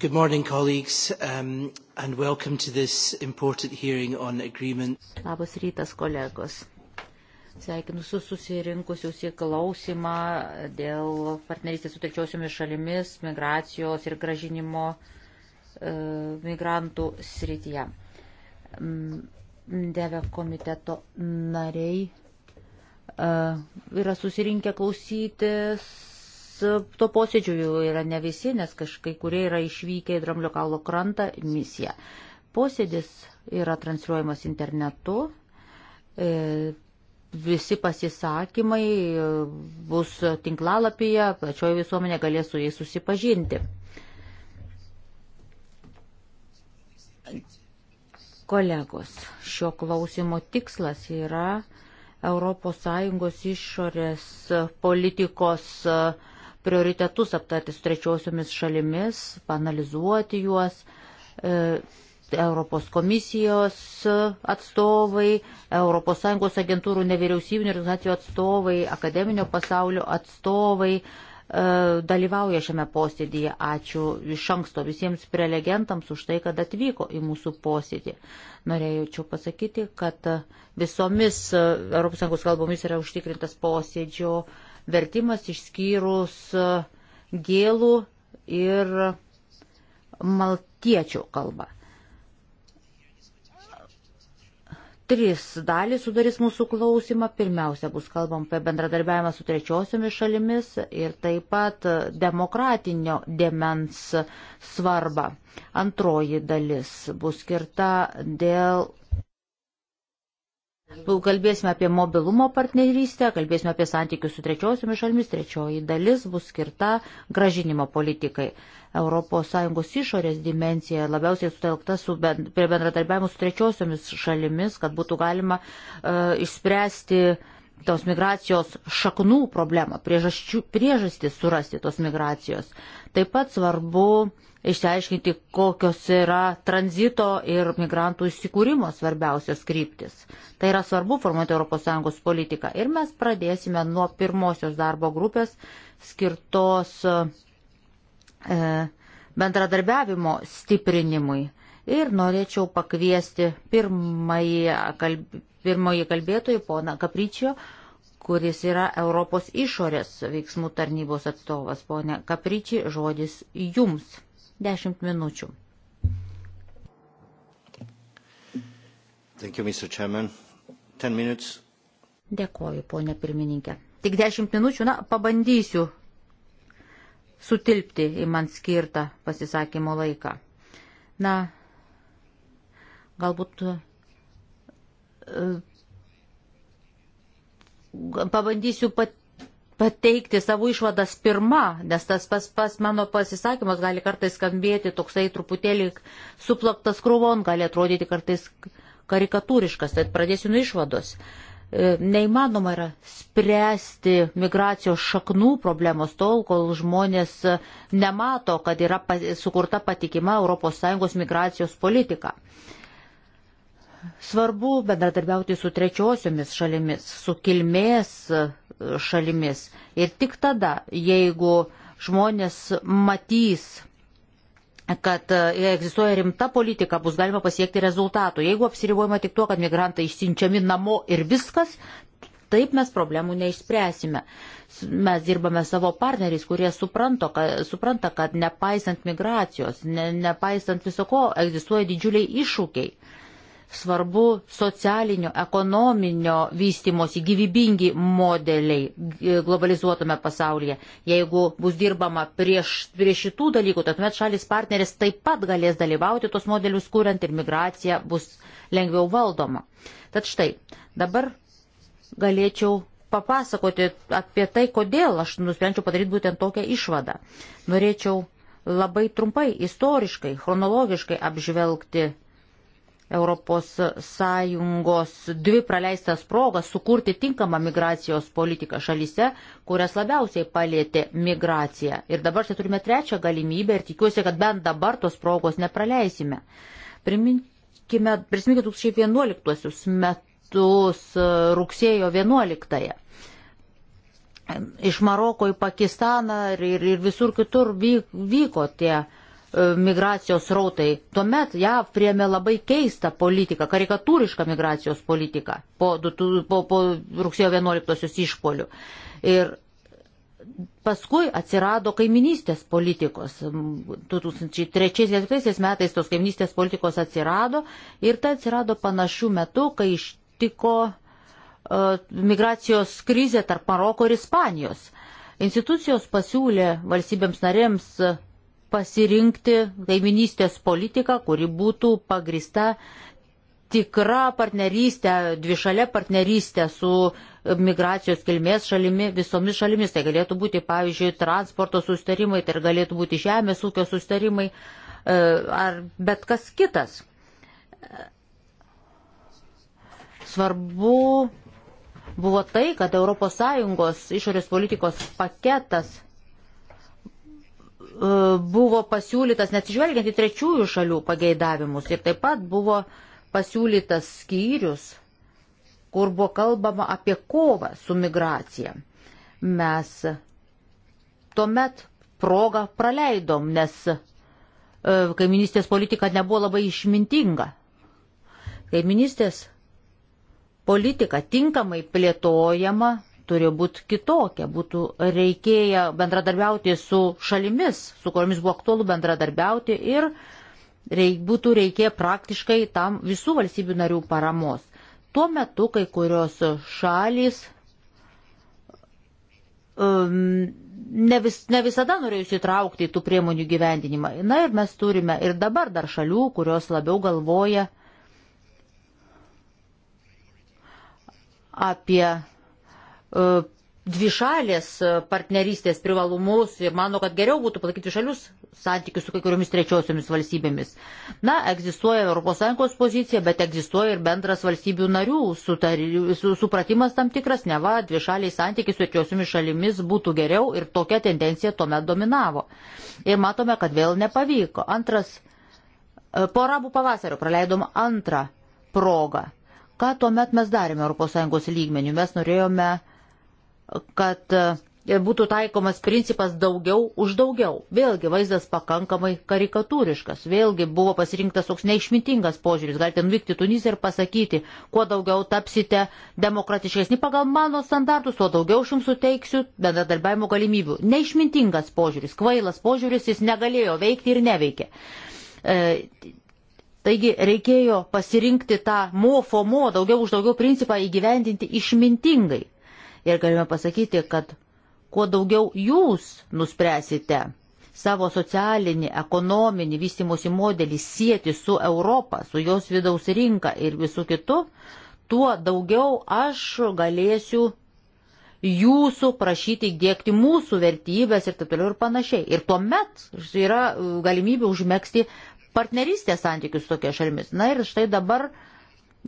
Good morning, colleagues, um, and welcome to this important hearing on agreements. Labas rytas, kolegos. Sveikinu su susirinkusius į klausimą dėl partnerystės su trečiosiomis šalimis, migracijos ir gražinimo e, migrantų srityje. Mm, Deve komiteto nariai e, yra susirinkę klausytis to posėdžių jau yra ne visi, nes kažkai kurie yra išvykę į Dramblio kalno krantą misiją. Posėdis yra transliuojamas internetu. E, visi pasisakymai e, bus tinklalapyje, pačioji visuomenė galės su jais susipažinti. Kolegos, šio klausimo tikslas yra ES išorės politikos uh, prioritetus aptarti su trečiosiomis šalimis, panalizuoti juos. E, Europos komisijos atstovai, ES agentūrų nevyriausybinio organizacijų atstovai, akademinio pasaulio atstovai e, dalyvauja šiame posėdėje. Ačiū iš anksto visiems prelegentams už tai, kad atvyko į mūsų posėdį. Norėjau pasakyti, kad visomis ES kalbomis yra užtikrintas posėdžio uh, vertimas išskyrus e, gėlų ir maltiečių kalbą. Tris dalys sudarys mūsų klausimą. Pirmiausia, bus kalbam apie bendradarbiavimą su trečiosiomis šalimis ir taip pat demokratinio demens svarbą. Antroji dalis bus skirta dėl Kalbėsime apie mobilumo partnerystę, kalbėsime apie santykius su trečiosiomis šalimis. Trečioji dalis bus skirta gražinimo politikai. ES išorės dimencija labiausiai sutelkta su ben, prie bendradarbiavimo su trečiosiomis šalimis, kad būtų galima uh, išspręsti uh, tos migracijos šaknų problemą, priežastį surasti tos migracijos. Taip pat svarbu išsiaiškinti, kokios yra tranzito ir migrantų įsikūrimo svarbiausias kryptis. Tai yra svarbu formuoti ES politiką. Ir mes pradėsime nuo pirmosios darbo grupės skirtos e, bendradarbiavimo stiprinimui. Ir norėčiau pakviesti pirmąjį kalb pirmoji kalbėtojų pona Kapryčio, kuris yra Europos išorės veiksmų tarnybos atstovas. Pone Kapryčiai, žodis jums. Dešimt minučių. Thank you, Mr. Chairman. Ten minutes. Dėkoju, ponė pirmininkė. Tik dešimt minučių, na, pabandysiu sutilpti į man skirtą pasisakymo laiką. Na, galbūt Ehm, pabandysiu pat, pateikti savo išvadas pirmą, nes tas pas, pas mano pasisakymas gali kartais skambėti toksai truputėlį suplaktas krūvon, gali atrodyti kartais karikatūriškas, tad pradėsiu nuo išvados. Ehm, neįmanoma yra spręsti migracijos šaknų problemos tol, kol žmonės nemato, kad yra sukurta patikima ES migracijos politika svarbu bendradarbiauti su trečiosiomis šalimis, su kilmės e, šalimis. Ir tik tada, jeigu žmonės matys, kad e, egzistuoja rimta politika, bus galima pasiekti rezultatų. Jeigu apsiribuojama tik tuo, kad migrantai išsiunčiami namo ir viskas, taip mes problemų neišspręsime. Mes dirbame savo partneriais, kurie supranto, kad, supranta, kad nepaisant migracijos, ne, nepaisant visoko, egzistuoja didžiuliai iššūkiai svarbu socialinio, ekonominio vystimosi gyvybingi modeliai globalizuotame pasaulyje. Jeigu bus dirbama prieš, prie šitų dalykų, tai tuomet šalis partneris taip pat galės dalyvauti tos modelius kuriant ir migracija bus lengviau valdoma. Tad štai, dabar galėčiau papasakoti apie tai, kodėl aš nusprendžiau padaryti būtent tokią išvadą. Norėčiau labai trumpai, istoriškai, chronologiškai apžvelgti ES dvi praleistas progas sukurti tinkamą migracijos politiką šalyse, kurias labiausiai palėtė migracija. Ir dabar čia turime trečią galimybę ir tikiuosi, kad bent dabar tos progos nepraleisime. Priminkime, prisiminkime 2011 metus e, rugsėjo 11. -ąją. Iš Maroko į Pakistaną ir, ir, ir visur kitur vyko tie E, migracijos rautai. Tuomet JAV priemė labai keistą politiką, karikatūrišką migracijos politiką po, po, po rugsėjo 11 išpolių. Ir paskui atsirado kaiminystės politikos. 2003 metais tos kaiminystės politikos atsirado ir tai atsirado panašių metų, kai ištiko uh, migracijos krizė tarp Maroko ir Ispanijos. Institucijos pasiūlė valstybėms narėms uh, pasirinkti kaiminystės politiką, kuri būtų pagrista tikra partnerystė, dvišalė partnerystė su migracijos kilmės šalimi, visomis šalimis. Tai galėtų būti, pavyzdžiui, transporto sustarimai, tai galėtų būti žemės ūkio sustarimai e, ar bet kas kitas. Svarbu buvo tai, kad ES išorės politikos paketas E, buvo pasiūlytas, neatsižvelgiant į trečiųjų šalių pageidavimus, ir taip pat buvo pasiūlytas skyrius, kur buvo kalbama apie kovą su migracija. Mes tuomet progą praleidom, nes e, kaiminystės politika nebuvo labai išmintinga. Kaiminystės politika tinkamai plėtojama turėjo būti kitokia, būtų reikėję bendradarbiauti su šalimis, su kuriomis buvo aktualu bendradarbiauti ir reik, būtų reikėję praktiškai tam visų valstybių narių paramos. Tuo metu kai kurios šalys um, ne, vis, ne visada norėjusi įtraukti į tų priemonių gyvendinimą. Na ir mes turime ir dabar dar šalių, kurios labiau galvoja apie E, dvišalės partnerystės privalumus ir mano, kad geriau būtų palaikyti šalius santykius su kai kuriomis trečiosiomis valstybėmis. Na, egzistuoja ES pozicija, bet egzistuoja ir bendras valstybių narių sutari, su, supratimas tam tikras, ne va, dvišaliai santykiai su trečiosiomis šalimis būtų geriau ir tokia tendencija tuomet dominavo. Ir matome, kad vėl nepavyko. Antras, e, po arabų pavasario praleidom antrą progą. Ką tuomet mes darėme ES lygmenių? Mes norėjome kad e, būtų taikomas principas daugiau už daugiau. Vėlgi vaizdas pakankamai karikatūriškas, vėlgi buvo pasirinktas toks neišmintingas požiūris. Galite nuvykti Tunisį ir pasakyti, kuo daugiau tapsite demokratiškesni pagal mano standartus, tuo daugiau aš jums suteiksiu bendradarbiavimo galimybių. Neišmintingas požiūris, kvailas požiūris, jis negalėjo veikti ir neveikė. E, Taigi reikėjo pasirinkti tą mo fomo daugiau už daugiau principą įgyvendinti išmintingai ir galime pasakyti, kad kuo daugiau jūs nuspręsite savo socialinį, ekonominį vystimosi modelį sieti su Europą, su jos vidaus rinka ir visų kitų, tuo daugiau aš galėsiu jūsų prašyti įdėkti mūsų vertybės ir taip toliau ir panašiai. Ir tuomet yra galimybė užmėgsti partnerystės santykius su tokia šalimis. Na ir štai dabar uh,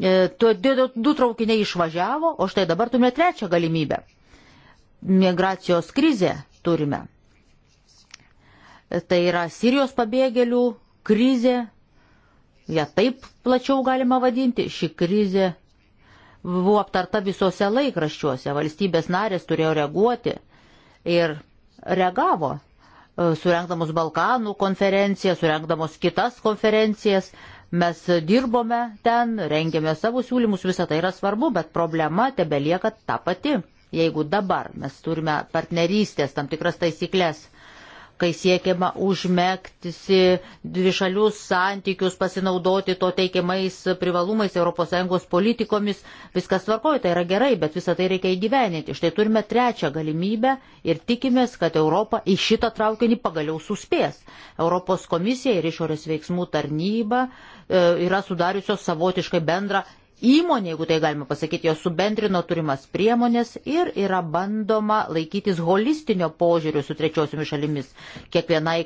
E, tu, du, du traukiniai išvažiavo, o štai dabar turime trečią galimybę. Migracijos krizę turime. Tai yra Sirijos pabėgėlių krizė, ją ja, taip plačiau galima vadinti. Ši krizė buvo aptarta visose laikraščiuose, valstybės narės turėjo reaguoti ir reagavo, e, surenkdamos Balkanų konferenciją, surenkdamos kitas konferencijas Mes dirbome ten, rengėme savo siūlymus, visą tai yra svarbu, bet problema tebelieka ta pati. Jeigu dabar mes turime partnerystės tam tikras taisyklės, kai siekiama užmėgtisi dvišalius santykius, pasinaudoti to teikiamais privalumais ES politikomis, viskas tvarkoja, tai yra gerai, bet visą tai reikia įgyveninti. Štai turime trečią galimybę ir tikimės, kad Europa į šitą traukinį pagaliau suspės. Europos komisija ir išorės veiksmų tarnyba e, yra sudariusios savotiškai bendrą Įmonė, jeigu tai galima pasakyti, jos subendrino turimas priemonės ir yra bandoma laikytis holistinio požiūrių su trečiosiomis šalimis. Kiekvienai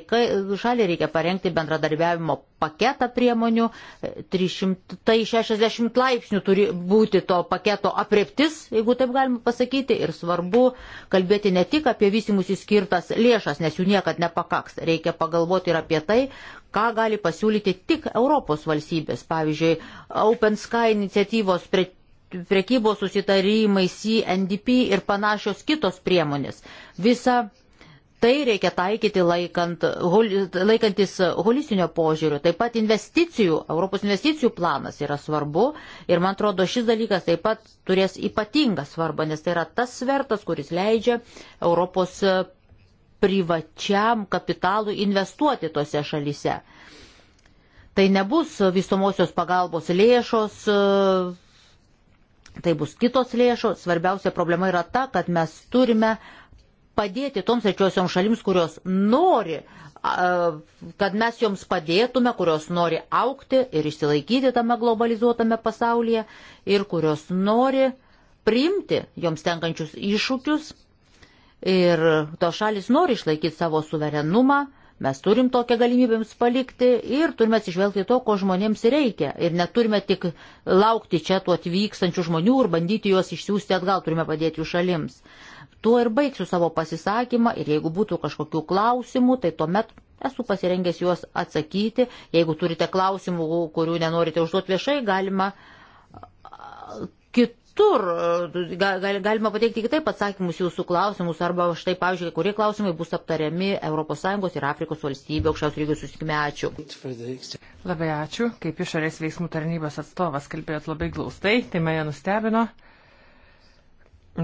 šaliai reikia parengti bendradarbiavimo paketą priemonių, 360 e, laipsnių turi būti to paketo apreptis, jeigu taip galima pasakyti, ir svarbu kalbėti ne tik apie vystimus įskirtas lėšas, nes jų niekad nepakaks. Reikia pagalvoti ir apie tai, ką gali pasiūlyti tik Europos valstybės, pavyzdžiui, Open Sky iniciatyvos prie prekybos susitarimai, CNDP ir panašios kitos priemonės. Visa tai reikia taikyti laikant, laikantis holistinio požiūrio. Taip pat investicijų, Europos investicijų planas yra svarbu ir man atrodo šis dalykas taip pat turės ypatingą svarbą, nes tai yra tas svertas, kuris leidžia Europos privačiam kapitalui investuoti tose šalyse. Tai nebus vystomosios pagalbos lėšos, tai bus kitos lėšos. Svarbiausia problema yra ta, kad mes turime padėti toms trečiosioms šalims, kurios nori, kad mes joms padėtume, kurios nori aukti ir išsilaikyti tame globalizuotame pasaulyje ir kurios nori priimti joms tenkančius iššūkius Ir tos šalis nori išlaikyti savo suverenumą, mes turim tokią galimybę jums palikti ir turime atsižvelgti to, ko žmonėms reikia. Ir neturime tik laukti čia tų atvykstančių žmonių ir bandyti juos išsiųsti atgal, turime padėti jų šalims. Tuo ir baigsiu savo pasisakymą ir jeigu būtų kažkokių klausimų, tai tuomet esu pasirengęs juos atsakyti. Jeigu turite klausimų, kurių nenorite užduoti viešai, galima kitur. E, gal, galima pateikti kitaip atsakymus jūsų klausimus, arba štai, pavyzdžiui, kurie klausimai bus aptariami ES ir Afrikos valstybių aukščiausių lygių susitikime. Ačiū. Labai ačiū. Kaip išorės veiksmų tarnybos atstovas kalbėjot labai glaustai, tai mane nustebino.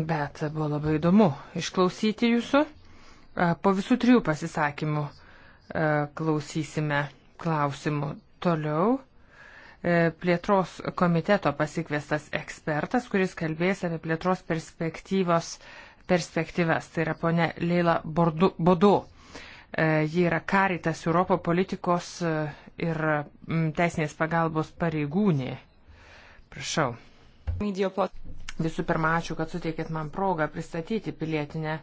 Bet buvo labai įdomu išklausyti jūsų. E, po visų trijų pasisakymų e, klausysime klausimų toliau. E, plėtros komiteto pasikviestas ekspertas, kuris kalbės apie plėtros perspektyvos perspektyves. Tai yra ponė Leila Bodu. E, ji yra karitas Europo politikos e, ir teisinės pagalbos pareigūnė. Prašau. Visų pirma, ačiū, kad suteikėt man progą pristatyti pilietinę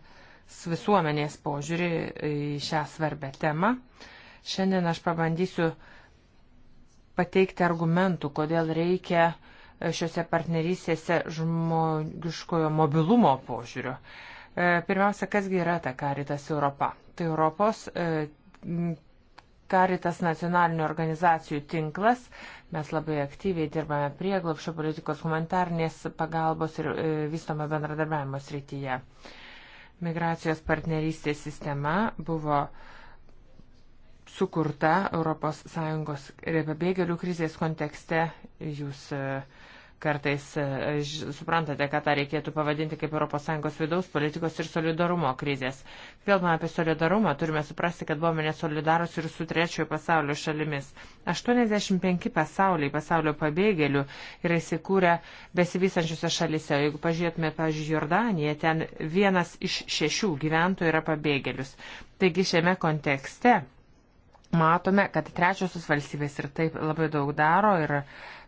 visuomenės požiūrį į šią svarbę temą. Šiandien aš pabandysiu uh, pateikti argumentų, kodėl reikia e, šiuose partnerysėse žmogiškojo mobilumo požiūrio. E, pirmiausia, kasgi yra ta Karitas Europa? Tai Europos Karitas e, nacionalinių organizacijų tinklas. Mes labai aktyviai dirbame prieglopšio politikos humanitarnės pagalbos ir vystome bendradarbiavimo srityje. Migracijos partnerystės sistema buvo uh, sukurta ES ir pabėgėlių krizės kontekste. Jūs e, kartais e, suprantate, kad tą reikėtų pavadinti kaip ES vidaus politikos ir solidarumo krizės. Kalbame apie solidarumą, turime suprasti, kad buvome nesolidarus ir su trečiojo pasaulio šalimis. 85 pasauliai pasaulio pabėgėlių yra įsikūrę besivysančiuose šalise. O jeigu pažiūrėtume, pavyzdžiui, Jordaniją, ten vienas iš šešių gyventojų yra pabėgėlius. Taigi šiame kontekste matome, kad trečiosios valstybės ir taip labai daug daro ir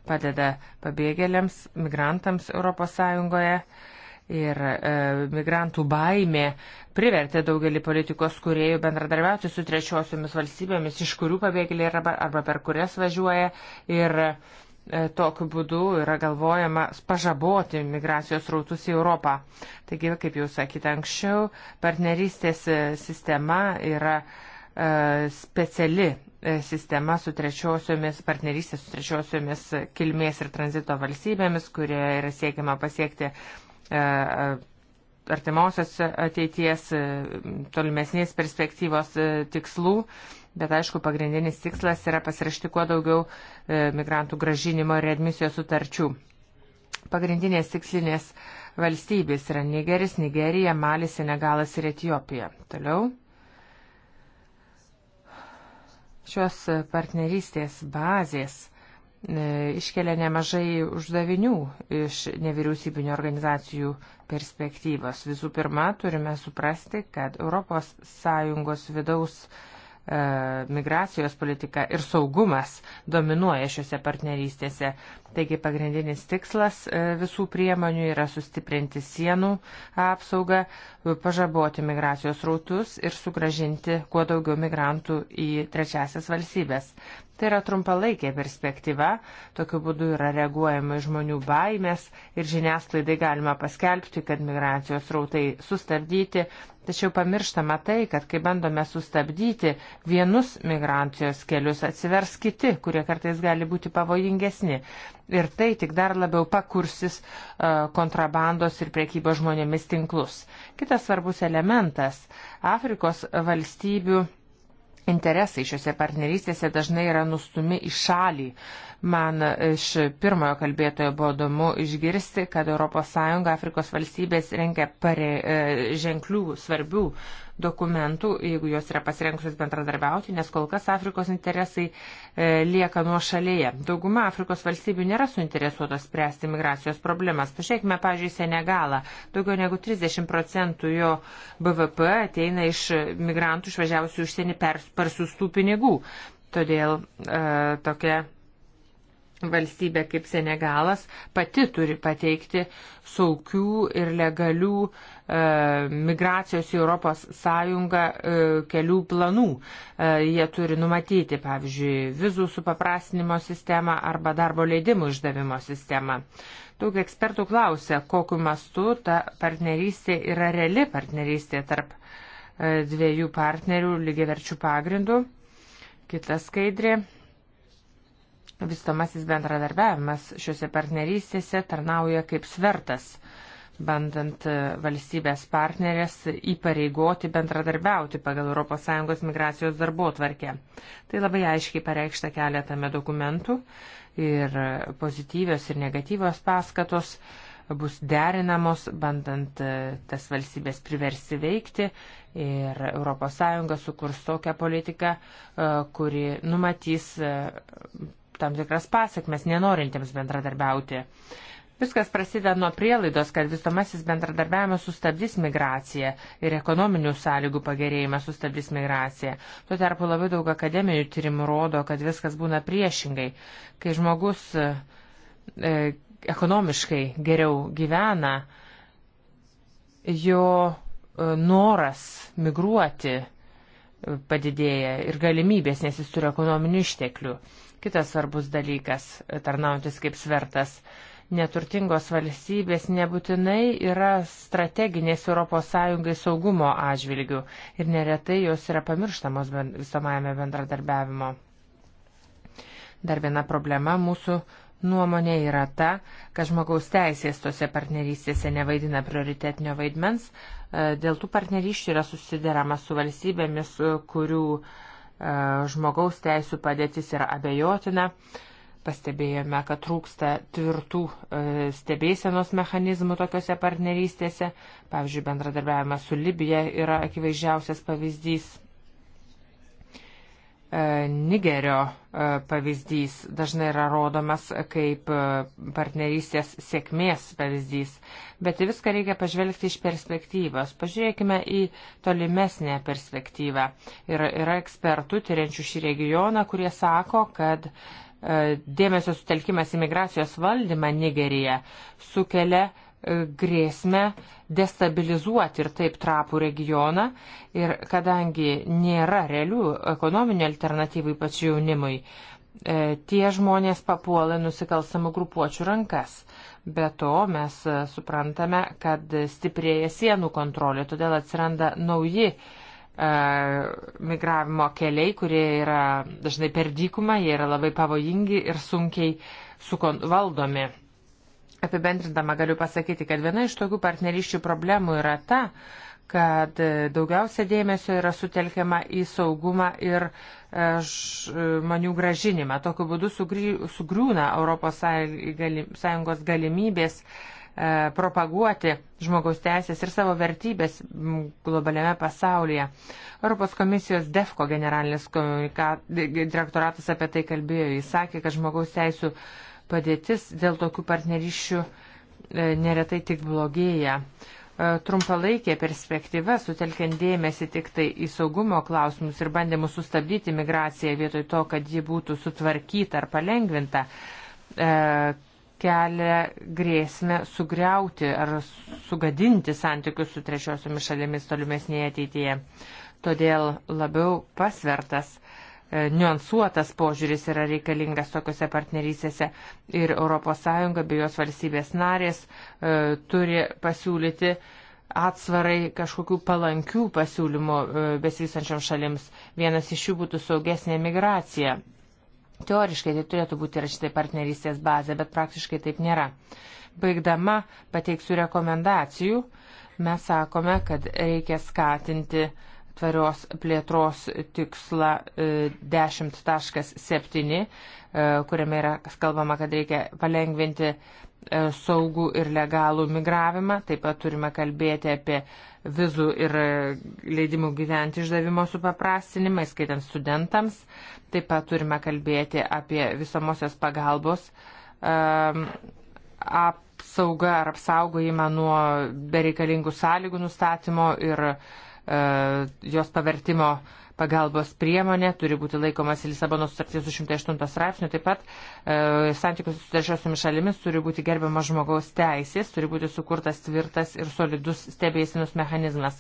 padeda pabėgėliams, migrantams ES. Ir e, migrantų baimė privertė daugelį politikos kuriejų bendradarbiauti su trečiosiomis valstybėmis, iš kurių pabėgėliai arba, arba per kurias važiuoja. Ir e, tokiu būdu yra galvojama pažaboti migracijos rautus į Europą. Taigi, kaip jau sakyt anksčiau, partnerystės e, sistema yra e, E, speciali e, sistema su trečiosiomis, partnerystė su trečiosiomis kilmės ir tranzito valstybėmis, kurie yra siekiama pasiekti e, artimiausios ateities, tolimesnės perspektyvos tikslų. Bet aišku, pagrindinis tikslas yra pasirašti kuo daugiau migrantų gražinimo ir admisijos sutarčių. Pagrindinės tikslinės valstybės yra Nigeris, Nigerija, Malis, Senegalas ir Etijopija. Toliau. Šios partnerystės bazės e, iškelia nemažai uždavinių iš nevyriausybinio organizacijų perspektyvos. Visų pirma, turime suprasti, kad ES vidaus E, migracijos politika ir saugumas dominuoja šiuose partnerystėse. Taigi pagrindinis tikslas e, visų priemonių yra sustiprinti sienų apsaugą, pažaboti migracijos rautus ir sugražinti kuo daugiau migrantų į trečiasias valstybės. Tai yra trumpalaikė perspektyva, tokiu būdu yra reaguojama į žmonių baimės ir žiniasklaidai galima paskelbti, kad migracijos rautai sustabdyti, Tačiau pamirštama tai, kad kai bandome sustabdyti vienus migracijos kelius, atsivers kiti, kurie kartais gali būti pavojingesni. Ir tai tik dar labiau pakursis e, kontrabandos ir priekybos žmonėmis tinklus. Kitas svarbus elementas - Afrikos valstybių interesai šiuose partnerystėse dažnai yra nustumi į šalį. Uh, Man iš pirmojo kalbėtojo buvo įdomu išgirsti, kad ES Afrikos valstybės rengia pare, e, ženklių svarbių dokumentų, jeigu jos yra pasirengusios bendradarbiauti, nes kol kas Afrikos interesai e, lieka nuo šalyje. Dauguma Afrikos valstybių nėra suinteresuotos spręsti migracijos problemas. Pažiūrėkime, pažiūrėjau, Senegalą. Daugiau negu 30 procentų jo BVP ateina iš migrantų išvažiavusių užsienį persiųstų pinigų. Todėl e, tokia valstybė kaip Senegalas pati turi pateikti saukių ir legalių e, migracijos į ES e, kelių planų. E, jie turi numatyti, pavyzdžiui, vizų supaprastinimo sistemą arba darbo leidimų išdavimo sistemą. Daug ekspertų klausia, kokiu mastu ta partnerystė yra reali partnerystė tarp e, dviejų partnerių lygiaverčių pagrindų. Kita skaidrė Vystomasis bendradarbiavimas šiuose partnerystėse tarnauja kaip svertas, bandant e, valstybės partnerės įpareigoti bendradarbiauti pagal ES migracijos darbo tvarkę. Tai labai aiškiai pareikšta keletame dokumentų ir pozityvios ir negatyvios paskatos bus derinamos, bandant e, tas valstybės priversti veikti ir ES sukurs tokią politiką, e, kuri numatys tam tikras pasiekmes nenorintiems bendradarbiauti. Viskas prasideda nuo prielaidos, kad visomasis bendradarbiavimas sustabdys migraciją ir ekonominių sąlygų pagerėjimas sustabdys migraciją. Tuo tarpu labai daug akademinių tyrimų rodo, kad viskas būna priešingai. Kai žmogus e, e ekonomiškai geriau gyvena, jo e, noras migruoti e, padidėja ir galimybės, nes jis turi ekonominių išteklių. Kitas svarbus dalykas, tarnaujantis kaip svertas. Neturtingos valstybės nebūtinai yra strateginės ES saugumo atžvilgių ir neretai jos yra pamirštamos visamajame bendradarbiavimo. Dar viena problema mūsų nuomonė yra ta, kad žmogaus teisės tose partnerystėse nevaidina prioritetinio vaidmens. E, dėl tų partnerysčių yra susiderama su valstybėmis, e, kurių uh, E, žmogaus teisų padėtis yra abejotina. Pastebėjome, kad trūksta tvirtų e, stebėsenos mechanizmų tokiuose partnerystėse. Pavyzdžiui, bendradarbiavimas su Libija yra akivaizdžiausias pavyzdys. E, Nigerio e, pavyzdys dažnai yra rodomas kaip e, partnerystės sėkmės pavyzdys, bet į viską reikia pažvelgti iš perspektyvos. Pažiūrėkime į tolimesnę perspektyvą. Ir yra ekspertų tyriančių šį regioną, kurie sako, kad dėmesio sutelkimas į migracijos valdymą Nigerija sukelia grėsmę destabilizuoti ir taip trapų regioną ir kadangi nėra realių ekonominių alternatyvų ypač jaunimui, e, tie žmonės papuola nusikalstamų grupuočių rankas. Be to mes e, suprantame, kad stiprėja sienų kontrolė, todėl atsiranda nauji e, migravimo keliai, kurie yra dažnai per dykumą, jie yra labai pavojingi ir sunkiai suvaldomi. Apibendrindama galiu pasakyti, kad viena iš tokių partnerysčių problemų yra ta, kad daugiausia dėmesio yra sutelkiama į saugumą ir e, žmonių gražinimą. Tokiu būdu sugriūna ES galimybės e, propaguoti žmogaus teisės ir savo vertybės globaliame pasaulyje. Europos komisijos DEFCO generalinis direktoratas apie tai kalbėjo. Jis sakė, kad žmogaus teisų uh, Padėtis dėl tokių partnerysčių e, neretai tik blogėja. E, trumpalaikė perspektyva, sutelkiant dėmesį tik tai į saugumo klausimus ir bandymus sustabdyti migraciją vietoj to, kad ji būtų sutvarkyta ar palengvinta, e, kelia grėsmę sugriauti ar sugadinti santykius su trečiosiomis šalimis tolimesnėje ateityje. Todėl labiau pasvertas E, niuansuotas požiūris yra reikalingas tokiuose partnerysėse ir ES bei jos valstybės narės e, turi pasiūlyti atsvarai kažkokių palankių pasiūlymų e, besivysančiam šalims. Vienas iš jų būtų saugesnė migracija. Teoriškai tai turėtų būti rašytai partnerystės bazė, bet praktiškai taip nėra. Baigdama pateiksiu rekomendacijų. Mes sakome, kad reikia skatinti uh, tvarios plėtros tikslą 10.7, e, e, kuriame yra kalbama, kad reikia palengvinti e, saugų ir legalų migravimą. Taip pat turime kalbėti apie vizų ir leidimų gyventi išdavimo supaprastinimą, skaitant studentams. Taip pat turime kalbėti apie visamosios pagalbos apsaugą ar apsaugojimą nuo bereikalingų sąlygų nustatymo ir uh, E, jos pavertimo pagalbos priemonė, turi būti laikomas Lisabonos sutarties 208 straipsnių, taip pat e, santykius su trečiosiomis šalimis turi būti gerbiamas žmogaus teisės, turi būti sukurtas tvirtas ir solidus stebėsinus mechanizmas.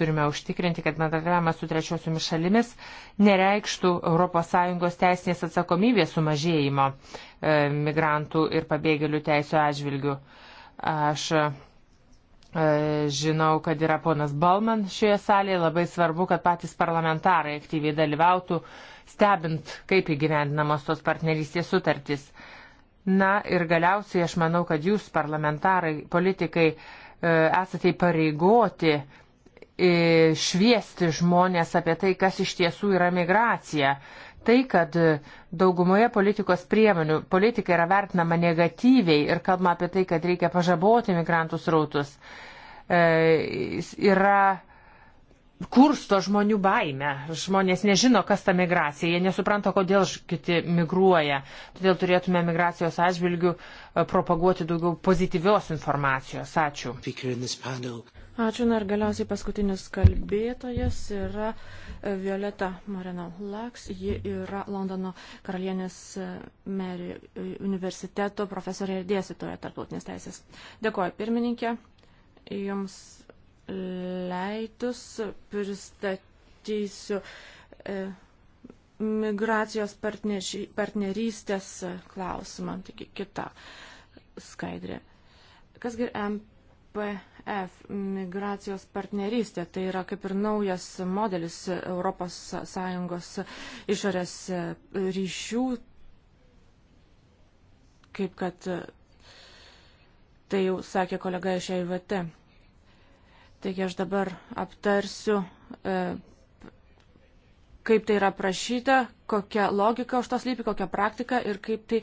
Turime užtikrinti, kad bendradarbiavimas su trečiosiomis šalimis nereikštų ES teisinės atsakomybės sumažėjimo e, migrantų ir pabėgėlių teisų atžvilgių. Aš e, E, žinau, kad yra ponas Balman šioje salėje. Labai svarbu, kad patys parlamentarai aktyviai dalyvautų, stebint, kaip įgyvendinamos tos partnerystės sutartys. Na ir galiausiai aš manau, kad jūs, parlamentarai, politikai, e, esate įpareigoti e, šviesti žmonės apie tai, kas iš tiesų yra migracija tai, kad daugumoje politikos priemonių politika yra vertinama negatyviai ir kalbama apie tai, kad reikia pažaboti migrantų srautus, e, yra kursto žmonių baimę. Žmonės nežino, kas ta migracija, jie nesupranta, kodėl kiti migruoja. Todėl turėtume migracijos atžvilgių e, propaguoti daugiau pozityvios informacijos. Ačiū. Ačiū, na ir galiausiai paskutinis kalbėtojas yra e, Violeta Moreno Laks. Ji yra Londono karalienės e, Mary e, universiteto profesorė ir dėstytoja tarptautinės teisės. Dėkuoju, pirmininkė. Jums leidus pristatysiu migracijos partnerystės klausimą, taigi kitą skaidrę. Kasgi MP IPF migracijos partnerystė. Tai yra kaip ir naujas modelis ES išorės ryšių, kaip kad tai jau sakė kolega iš EIVT. Taigi aš dabar aptarsiu, e, kaip tai yra prašyta, kokia logika už tos lypi, kokia praktika ir kaip tai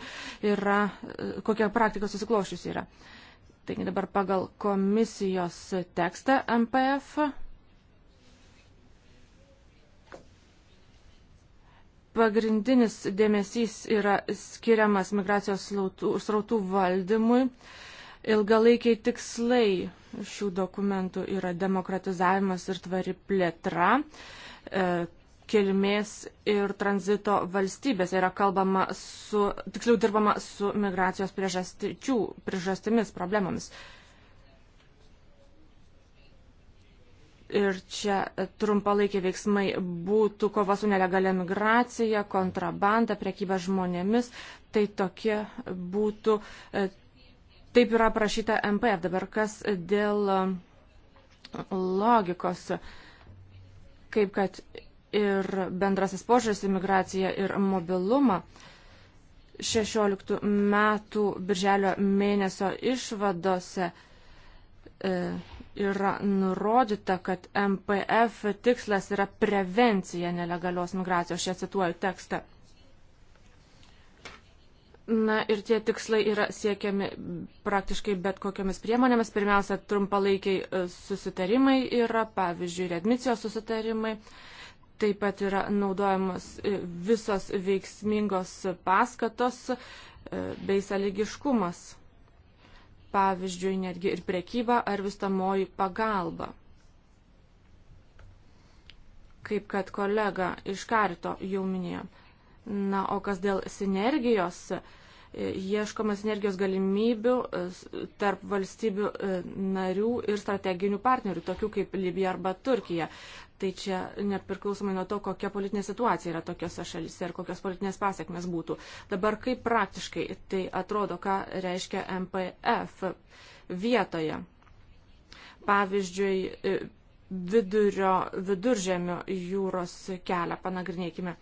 yra, e, kokia praktika susiklošius yra. Uh, Taigi dabar pagal komisijos tekstą MPF pagrindinis dėmesys yra skiriamas migracijos srautų valdymui. Ilgalaikiai tikslai šių dokumentų yra demokratizavimas ir tvari plėtra, e, kilmės ir tranzito valstybės yra kalbama su, tiksliau dirbama su migracijos priežastičių, priežastimis, problemomis. Ir čia trumpalaikiai veiksmai būtų kova su nelegalia migracija, kontrabanda, priekyba žmonėmis. Tai tokie būtų, e, taip yra aprašyta MPF. Dabar kas dėl logikos, kaip kad ir bendrasis požiūris į migraciją ir mobilumą. 16 metų birželio mėnesio išvadose e, yra nurodyta, kad MPF tikslas yra prevencija nelegalios migracijos. Aš čia cituoju tekstą. Na ir tie tikslai yra siekiami praktiškai bet kokiamis priemonėmis. Pirmiausia, trumpalaikiai e, susitarimai yra, pavyzdžiui, redmicijos susitarimai. Taip pat yra naudojamos e, visos veiksmingos paskatos e, bei sąlygiškumas. Pavyzdžiui, netgi ir prekyba ar visamoji pagalba. Kaip kad kolega iš karto jau minėjo. Na, o kas dėl sinergijos, ieškoma sinergijos galimybių e, tarp valstybių e, narių ir strateginių partnerių, tokių kaip Libija arba Turkija. Tai čia nepriklausomai nuo to, kokia politinė situacija yra tokiose šalise ir kokios politinės pasiekmes būtų. Dabar kaip praktiškai tai atrodo, ką reiškia MPF vietoje. Pavyzdžiui, e, vidurio, viduržėmio jūros kelią panagrinėkime.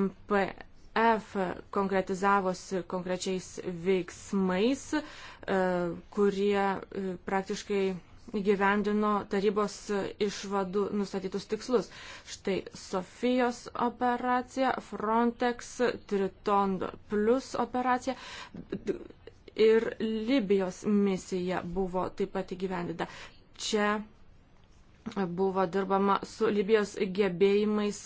MPF F konkretizavosi konkrečiais veiksmais, e, kurie e, praktiškai įgyvendino tarybos išvadų nustatytus tikslus. Štai Sofijos operacija, Frontex, Tritondo plus operacija ir Libijos misija buvo taip pat įgyvendinta. Čia buvo dirbama su Libijos gebėjimais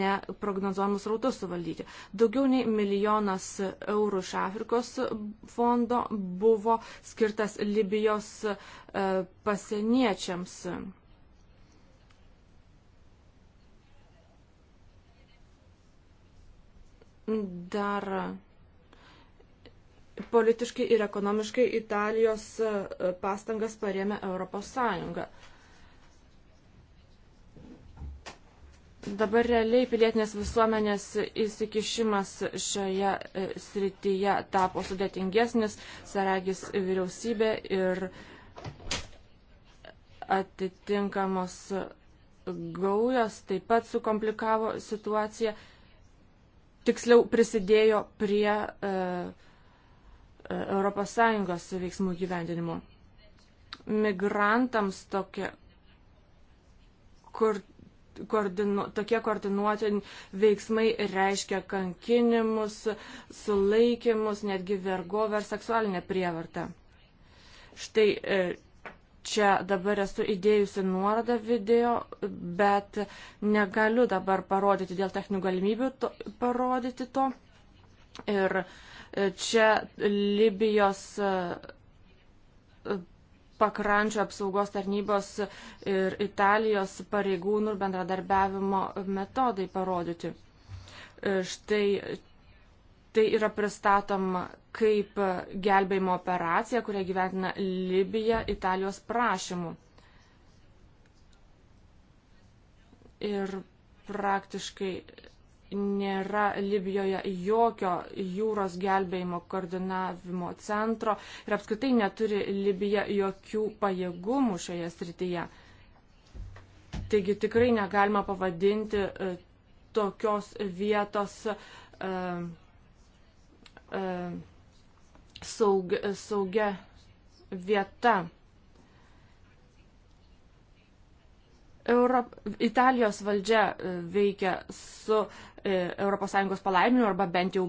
neprognozuojamus rautus suvaldyti. Daugiau nei milijonas eurų iš Afrikos fondo buvo skirtas Libijos e, pasieniečiams. Dar politiškai ir ekonomiškai Italijos e, pastangas parėmė Europos Sąjunga. Dabar realiai pilietinės visuomenės įsikišimas šioje e, srityje tapo sudėtingesnis, Saragis vyriausybė ir atitinkamos gaujos taip pat sukomplikavo situaciją, tiksliau prisidėjo prie uh, e, ES veiksmų gyvendinimo. Migrantams tokia kur koordinu, tokie koordinuoti veiksmai reiškia kankinimus, sulaikimus, netgi vergovę ar seksualinę prievartą. Štai e, čia dabar esu įdėjusi nuorodą video, bet negaliu dabar parodyti dėl techninių galimybių to, parodyti to. Ir e, čia Libijos e, pakrančio apsaugos tarnybos ir Italijos pareigūnų bendradarbiavimo metodai parodyti. E, štai tai yra pristatoma kaip gelbėjimo operacija, kurią gyventina Libija Italijos prašymu. Ir praktiškai nėra Libijoje jokio jūros gelbėjimo koordinavimo centro ir apskritai neturi Libija jokių pajėgumų šioje srityje. Taigi tikrai negalima pavadinti e, tokios vietos e, e, saug, saugia vieta. Europ... Italijos valdžia e, veikia su uh, ES palaiminimo arba bent jau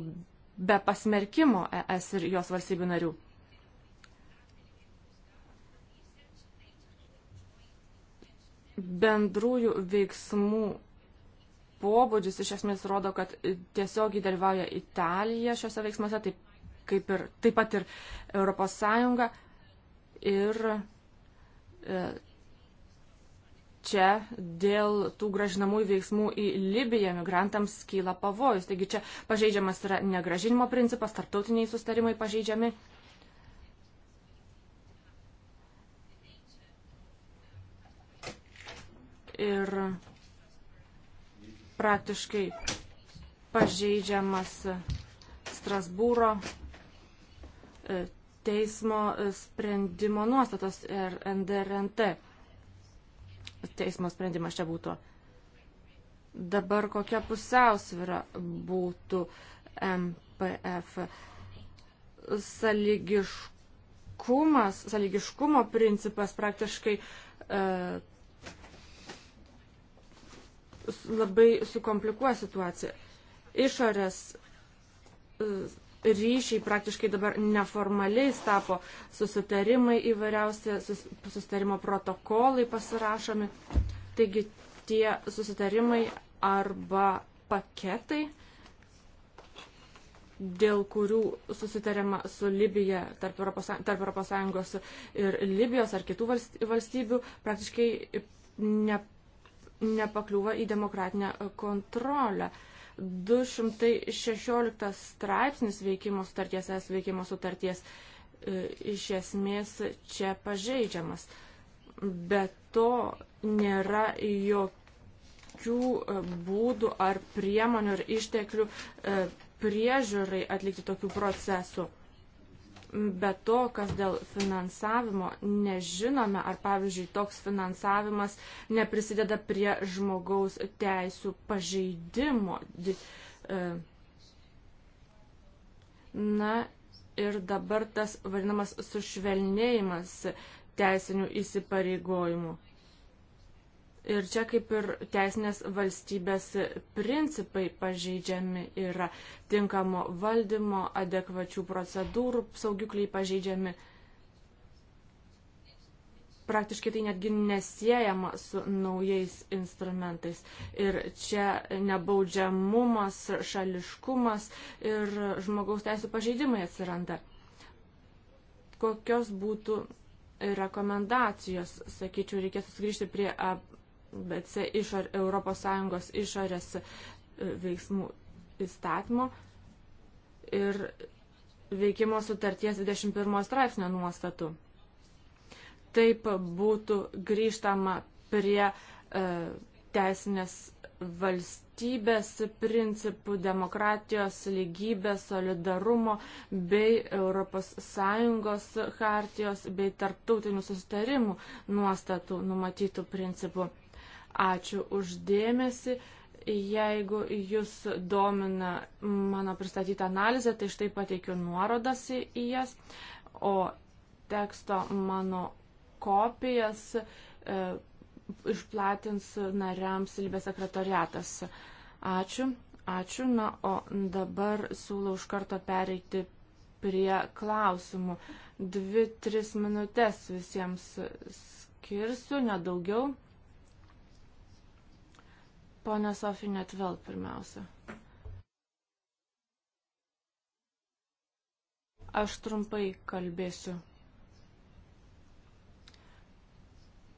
be pasmerkimo ES ir jos valstybių narių. Bendrųjų veiksmų pobūdis iš esmės rodo, kad tiesiogiai dalyvauja Italija šiuose veiksmuose, taip, kaip ir, taip pat ir ES ir e, čia dėl tų gražinamųjų veiksmų į Libiją migrantams kyla pavojus. Taigi čia pažeidžiamas yra negražinimo principas, tarptautiniai sustarimai pažeidžiami. Ir praktiškai pažeidžiamas Strasbūro e, teismo e, sprendimo nuostatos ir NDRNT teismo sprendimas čia būtų. Dabar kokia pusiausvyra būtų MPF? Saligiškumas, saligiškumo principas praktiškai e, labai sukomplikuoja situaciją. Išorės e, ryšiai praktiškai dabar neformaliais tapo susitarimai įvairiausi, sus, susitarimo protokolai pasirašomi. Taigi tie susitarimai arba paketai, dėl kurių susitarima su Libija tarp ES, tarp ES ir Libijos ar kitų valstybių, praktiškai ne, nepakliūva į demokratinę kontrolę. Uh, 216 straipsnis veikimo sutarties, es veikimo sutarties e, iš esmės čia pažeidžiamas. Be to nėra jokių e, būdų ar priemonių ir išteklių e, priežiūrai atlikti tokių procesų. Be to, kas dėl finansavimo, nežinome, ar pavyzdžiui toks finansavimas neprisideda prie žmogaus teisų pažeidimo. E, na ir dabar tas vadinamas sušvelnėjimas teisinių įsipareigojimų. Ir čia kaip ir teisinės valstybės principai pažeidžiami yra tinkamo valdymo, adekvačių procedūrų, saugikliai pažeidžiami. Praktiškai tai netgi nesiejama su naujais instrumentais. Ir čia nebaudžiamumas, šališkumas ir žmogaus teisų pažeidimai atsiranda. Kokios būtų rekomendacijos, sakyčiau, reikės sugrįžti prie bet išor, ES išorės e, veiksmų įstatymo ir veikimo sutarties 21 straipsnio nuostatų. Taip būtų grįžtama prie e, teisinės valstybės principų, demokratijos, lygybės, solidarumo bei ES hartijos bei tarptautinių sustarimų nuostatų numatytų principų. Ačiū uždėmesi. Jeigu jūs domina mano pristatytą analizę, tai štai pateikiu nuorodas į jas, o teksto mano kopijas e, išplatins nariams Silbės sekretariatas. Ačiū, ačiū. Na, o dabar siūlau iš karto pereiti prie klausimų. Dvi, tris minutės visiems skirsiu, nedaugiau. Pone Sofinė Tvel pirmiausia. Aš trumpai kalbėsiu.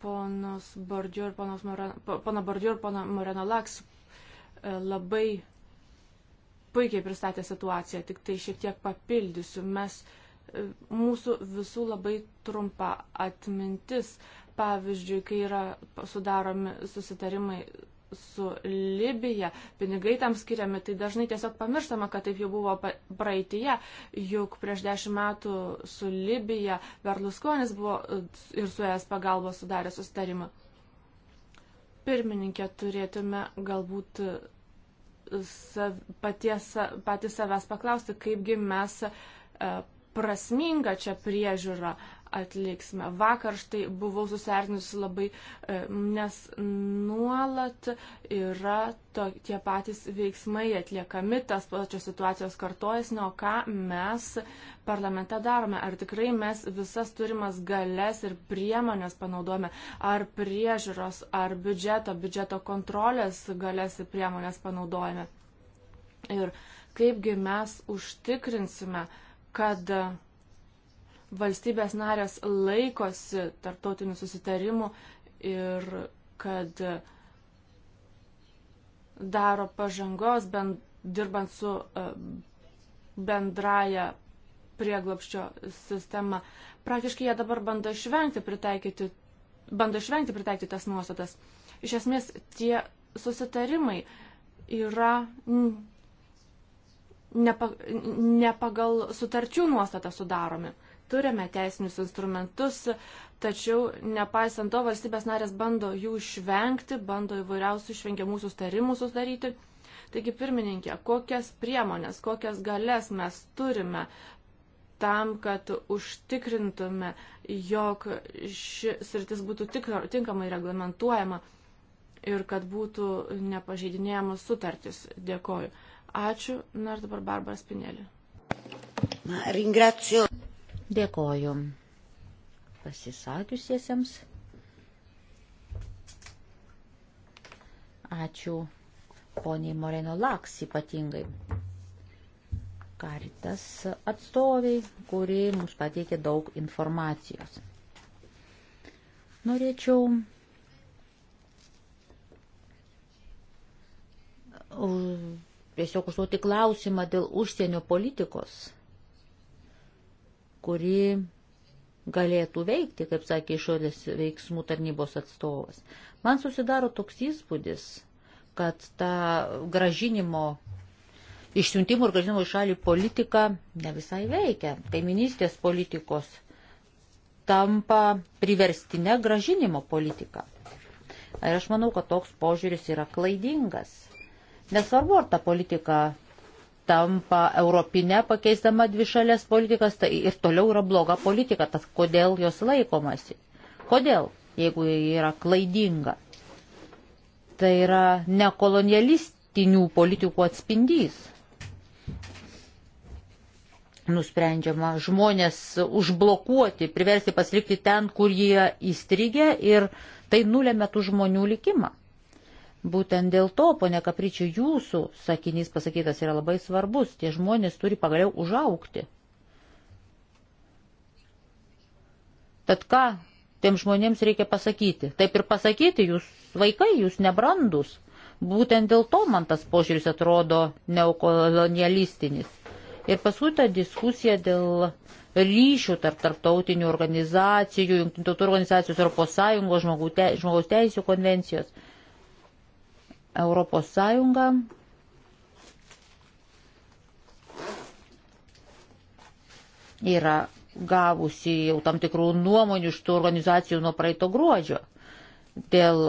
Ponas Bordžių ir ponas Moreno, pana Bordžių ir pana Moreno Laks e, labai puikiai pristatė situaciją, tik tai šiek tiek papildysiu. Mes, e, mūsų visų labai trumpa atmintis, pavyzdžiui, kai yra sudaromi susitarimai su Libija, pinigai tam skiriami, tai dažnai tiesiog pamirštama, kad taip jau buvo praeitie, juk prieš dešimt metų su Libija Berlusconis buvo ir su ES pagalba sudarė sustarimą. Pirmininkė turėtume galbūt sav, paties, patys savęs paklausti, kaipgi mes e, prasminga čia priežiūra atliksime. Vakar štai buvau susierzinusi labai, e, nes nuolat yra to, tie patys veiksmai atliekami, tas pačios situacijos kartojasi, o ką mes parlamente darome, ar tikrai mes visas turimas galės ir priemonės panaudojame, ar priežiūros, ar biudžeto, biudžeto kontrolės galės ir priemonės panaudojame. Ir kaipgi mes užtikrinsime, kad uh, valstybės narės laikosi tarptautinių susitarimų ir kad daro pažangos, bent, dirbant su e, bendraja prieglopščio sistema. Praktiškai jie dabar bando išvengti pritaikyti, bando išvengti pritaikyti tas nuostatas. Iš esmės, tie susitarimai yra ne, pa, ne pagal sutarčių nuostatą sudaromi turime teisinius instrumentus, tačiau nepaisant to valstybės narės bando jų išvengti, bando įvairiausių išvengiamų sustarimų sudaryti. Taigi, pirmininkė, kokias priemonės, kokias galės mes turime tam, kad užtikrintume, jog ši sritis būtų tikra, tinkamai reglamentuojama ir kad būtų nepažeidinėjamos sutartis. Dėkoju. Ačiū. Na ir dabar Barbara Spinelė. Ringrazio. Dėkoju pasisakiusiesiems. Ačiū poniai Moreno Laks ypatingai. Karitas atstoviai, kuri mums pateikė daug informacijos. Norėčiau tiesiog užduoti klausimą dėl užsienio politikos kuri galėtų veikti, kaip sakė išorės veiksmų tarnybos atstovas. Man susidaro toks įspūdis, kad ta gražinimo, išsiuntimo ir gražinimo į šalį politika ne visai veikia. Kaiminystės politikos tampa priverstinė gražinimo politika. Ir aš manau, kad toks požiūris yra klaidingas. Nesvarbu, ar ta politika tampa europinė, pakeisdama dvišalės politikas, tai ir toliau yra bloga politika, tad kodėl jos laikomasi? Kodėl, jeigu jie yra klaidinga? Tai yra nekolonialistinių politikų atspindys. Nusprendžiama žmonės užblokuoti, priversti pasilikti ten, kur jie įstrigė ir tai nulėmė tų žmonių likimą. Būtent dėl to, ponė Kapričių, jūsų sakinys pasakytas yra labai svarbus. Tie žmonės turi pagaliau užaukti. Tad ką tiem žmonėms reikia pasakyti? Taip ir pasakyti, jūs vaikai, jūs nebrandus. Būtent dėl to man tas požiūris atrodo neokolonialistinis. Ir paskui ta diskusija dėl ryšių tarp tarptautinių organizacijų, jungtinių tautų organizacijos, Europos Sąjungos žmogaus teisų konvencijos Europos Sąjunga yra gavusi jau tam tikrų nuomonių iš tų organizacijų nuo praeito gruodžio dėl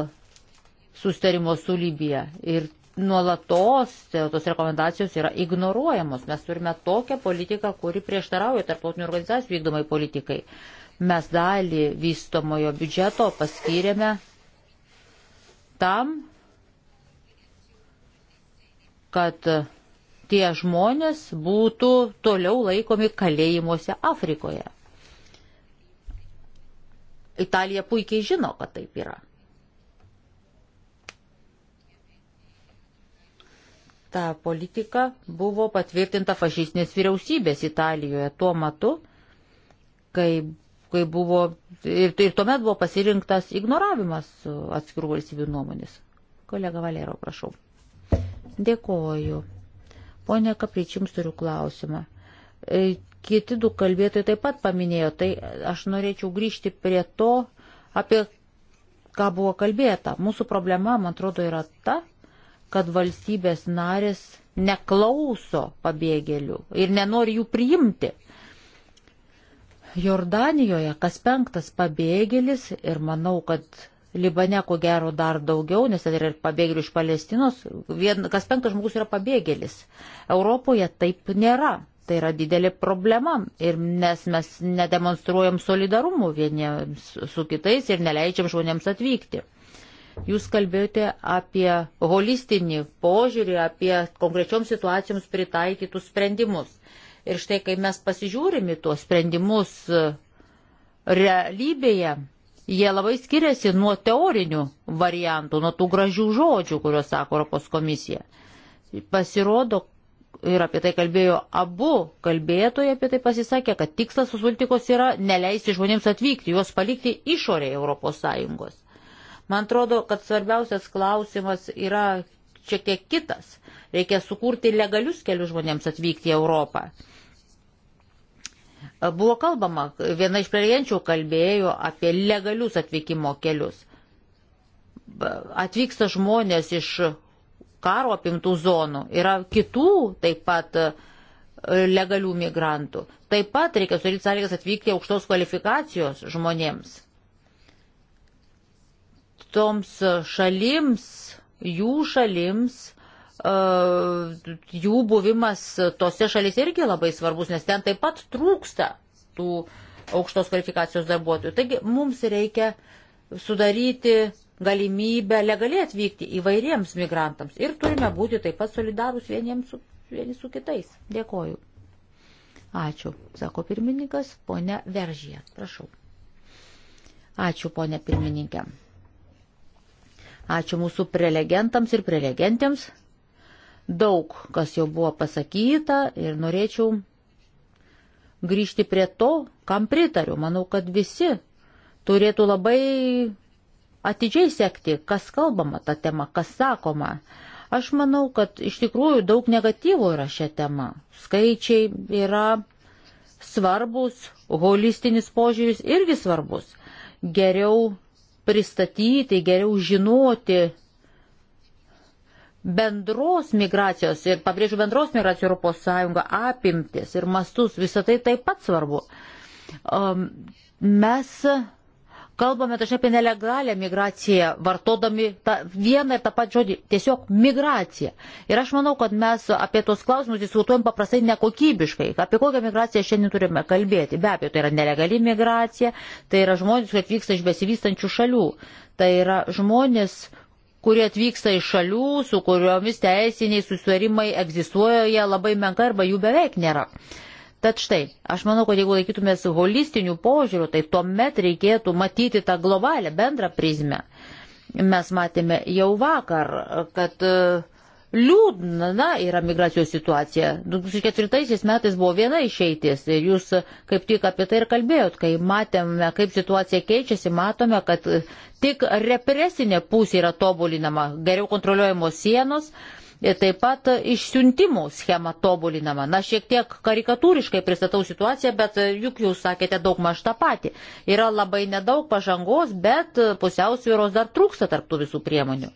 sustarimo su Libija. Ir nuolatos tos rekomendacijos yra ignoruojamos. Mes turime tokią politiką, kuri prieštarauja tarptautinių organizacijų vykdomai politikai. Mes dalį vystomojo biudžeto paskyrėme tam, kad tie žmonės būtų toliau laikomi kalėjimuose Afrikoje. Italija puikiai žino, kad taip yra. Ta politika buvo patvirtinta fašistinės vyriausybės Italijoje tuo metu, kai, kai buvo ir, ir tuomet buvo pasirinktas ignoravimas atskirų valstybių nuomonės. Kolega Valero, prašau. Dėkoju. Pone Kapryč, jums turiu klausimą. E, kiti du kalbėtojai taip pat paminėjo, tai aš norėčiau grįžti prie to, apie ką buvo kalbėta. Mūsų problema, man atrodo, yra ta, kad valstybės narės neklauso pabėgėlių ir nenori jų priimti. Jordanijoje kas penktas pabėgėlis ir manau, kad Libane ko gero dar daugiau, nes tai yra ir pabėgėlių iš Palestinos. Vien, kas penktas žmogus yra pabėgėlis. Europoje taip nėra. Tai yra didelė problema, ir nes mes nedemonstruojam solidarumų vieniems su kitais ir neleidžiam žmonėms atvykti. Jūs kalbėjote apie holistinį požiūrį, apie konkrečioms situacijoms pritaikytus sprendimus. Ir štai, kai mes pasižiūrime tuos sprendimus realybėje, jie labai skiriasi nuo teorinių variantų, nuo tų gražių žodžių, kuriuos sako Europos komisija. Pasirodo, ir apie tai kalbėjo abu kalbėtojai, apie tai pasisakė, kad tikslas susultikos yra neleisti žmonėms atvykti, juos palikti išorėje Europos Sąjungos. Man atrodo, kad svarbiausias klausimas yra šiek tiek kitas. Reikia sukurti legalius kelius žmonėms atvykti į Europą. Buvo kalbama, viena iš prelienčių kalbėjo apie legalius atvykimo kelius. Atvyksta žmonės iš karo apimtų zonų, yra kitų taip pat e, legalių migrantų. Taip pat reikia sudaryti sąlygas atvykti aukštos kvalifikacijos žmonėms. Toms šalims, jų šalims E, jų buvimas tose šalise irgi labai svarbus, nes ten taip pat trūksta tų aukštos kvalifikacijos darbuotojų. Taigi mums reikia sudaryti galimybę legaliai atvykti įvairiems migrantams ir turime būti taip pat solidarūs vieniems su, vieni su kitais. Dėkoju. Ačiū, sako pirmininkas, ponia Veržyje. Prašau. Ačiū, ponia pirmininkė. Ačiū mūsų prelegentams ir prelegentėms. Daug kas jau buvo pasakyta ir norėčiau grįžti prie to, kam pritariu. Manau, kad visi turėtų labai atidžiai sekti, kas kalbama tą temą, kas sakoma. Aš manau, kad iš tikrųjų daug negatyvų yra šią temą. Skaičiai yra svarbus, holistinis požiūris irgi svarbus. Geriau pristatyti, geriau žinoti bendros migracijos ir, pabrėžiu, bendros migracijos Europos Sąjunga apimtis ir mastus, visą tai taip pat svarbu. Um, mes kalbame dažnai apie nelegalią migraciją, vartodami tą vieną ir tą patį žodį, tiesiog migracija. Ir aš manau, kad mes apie tos klausimus diskutuojam paprastai nekokybiškai. Apie kokią migraciją šiandien turime kalbėti? Be abejo, tai yra nelegali migracija, tai yra žmonės, kurie atvyksta iš besivystančių šalių, tai yra žmonės, kurie atvyksta iš šalių, su kuriomis teisiniai susitarimai egzistuoja, jie labai menka arba jų beveik nėra. Tad štai, aš manau, kad jeigu laikytumės holistinių požiūrių, tai tuomet reikėtų matyti tą globalę bendrą prizmę. Mes matėme jau vakar, kad uh, liūdna na, yra migracijos situacija. 2004 metais buvo viena išeitis ir jūs kaip tik apie tai ir kalbėjot, kai matėme, kaip situacija keičiasi, matome, kad tik represinė pusė yra tobulinama, geriau kontroliuojamos sienos. Ir taip pat išsiuntimų schema tobulinama. Na, šiek tiek karikatūriškai pristatau situaciją, bet juk jūs sakėte daug maž tą patį. Yra labai nedaug pažangos, bet pusiausvėros dar trūksta tarptų visų priemonių.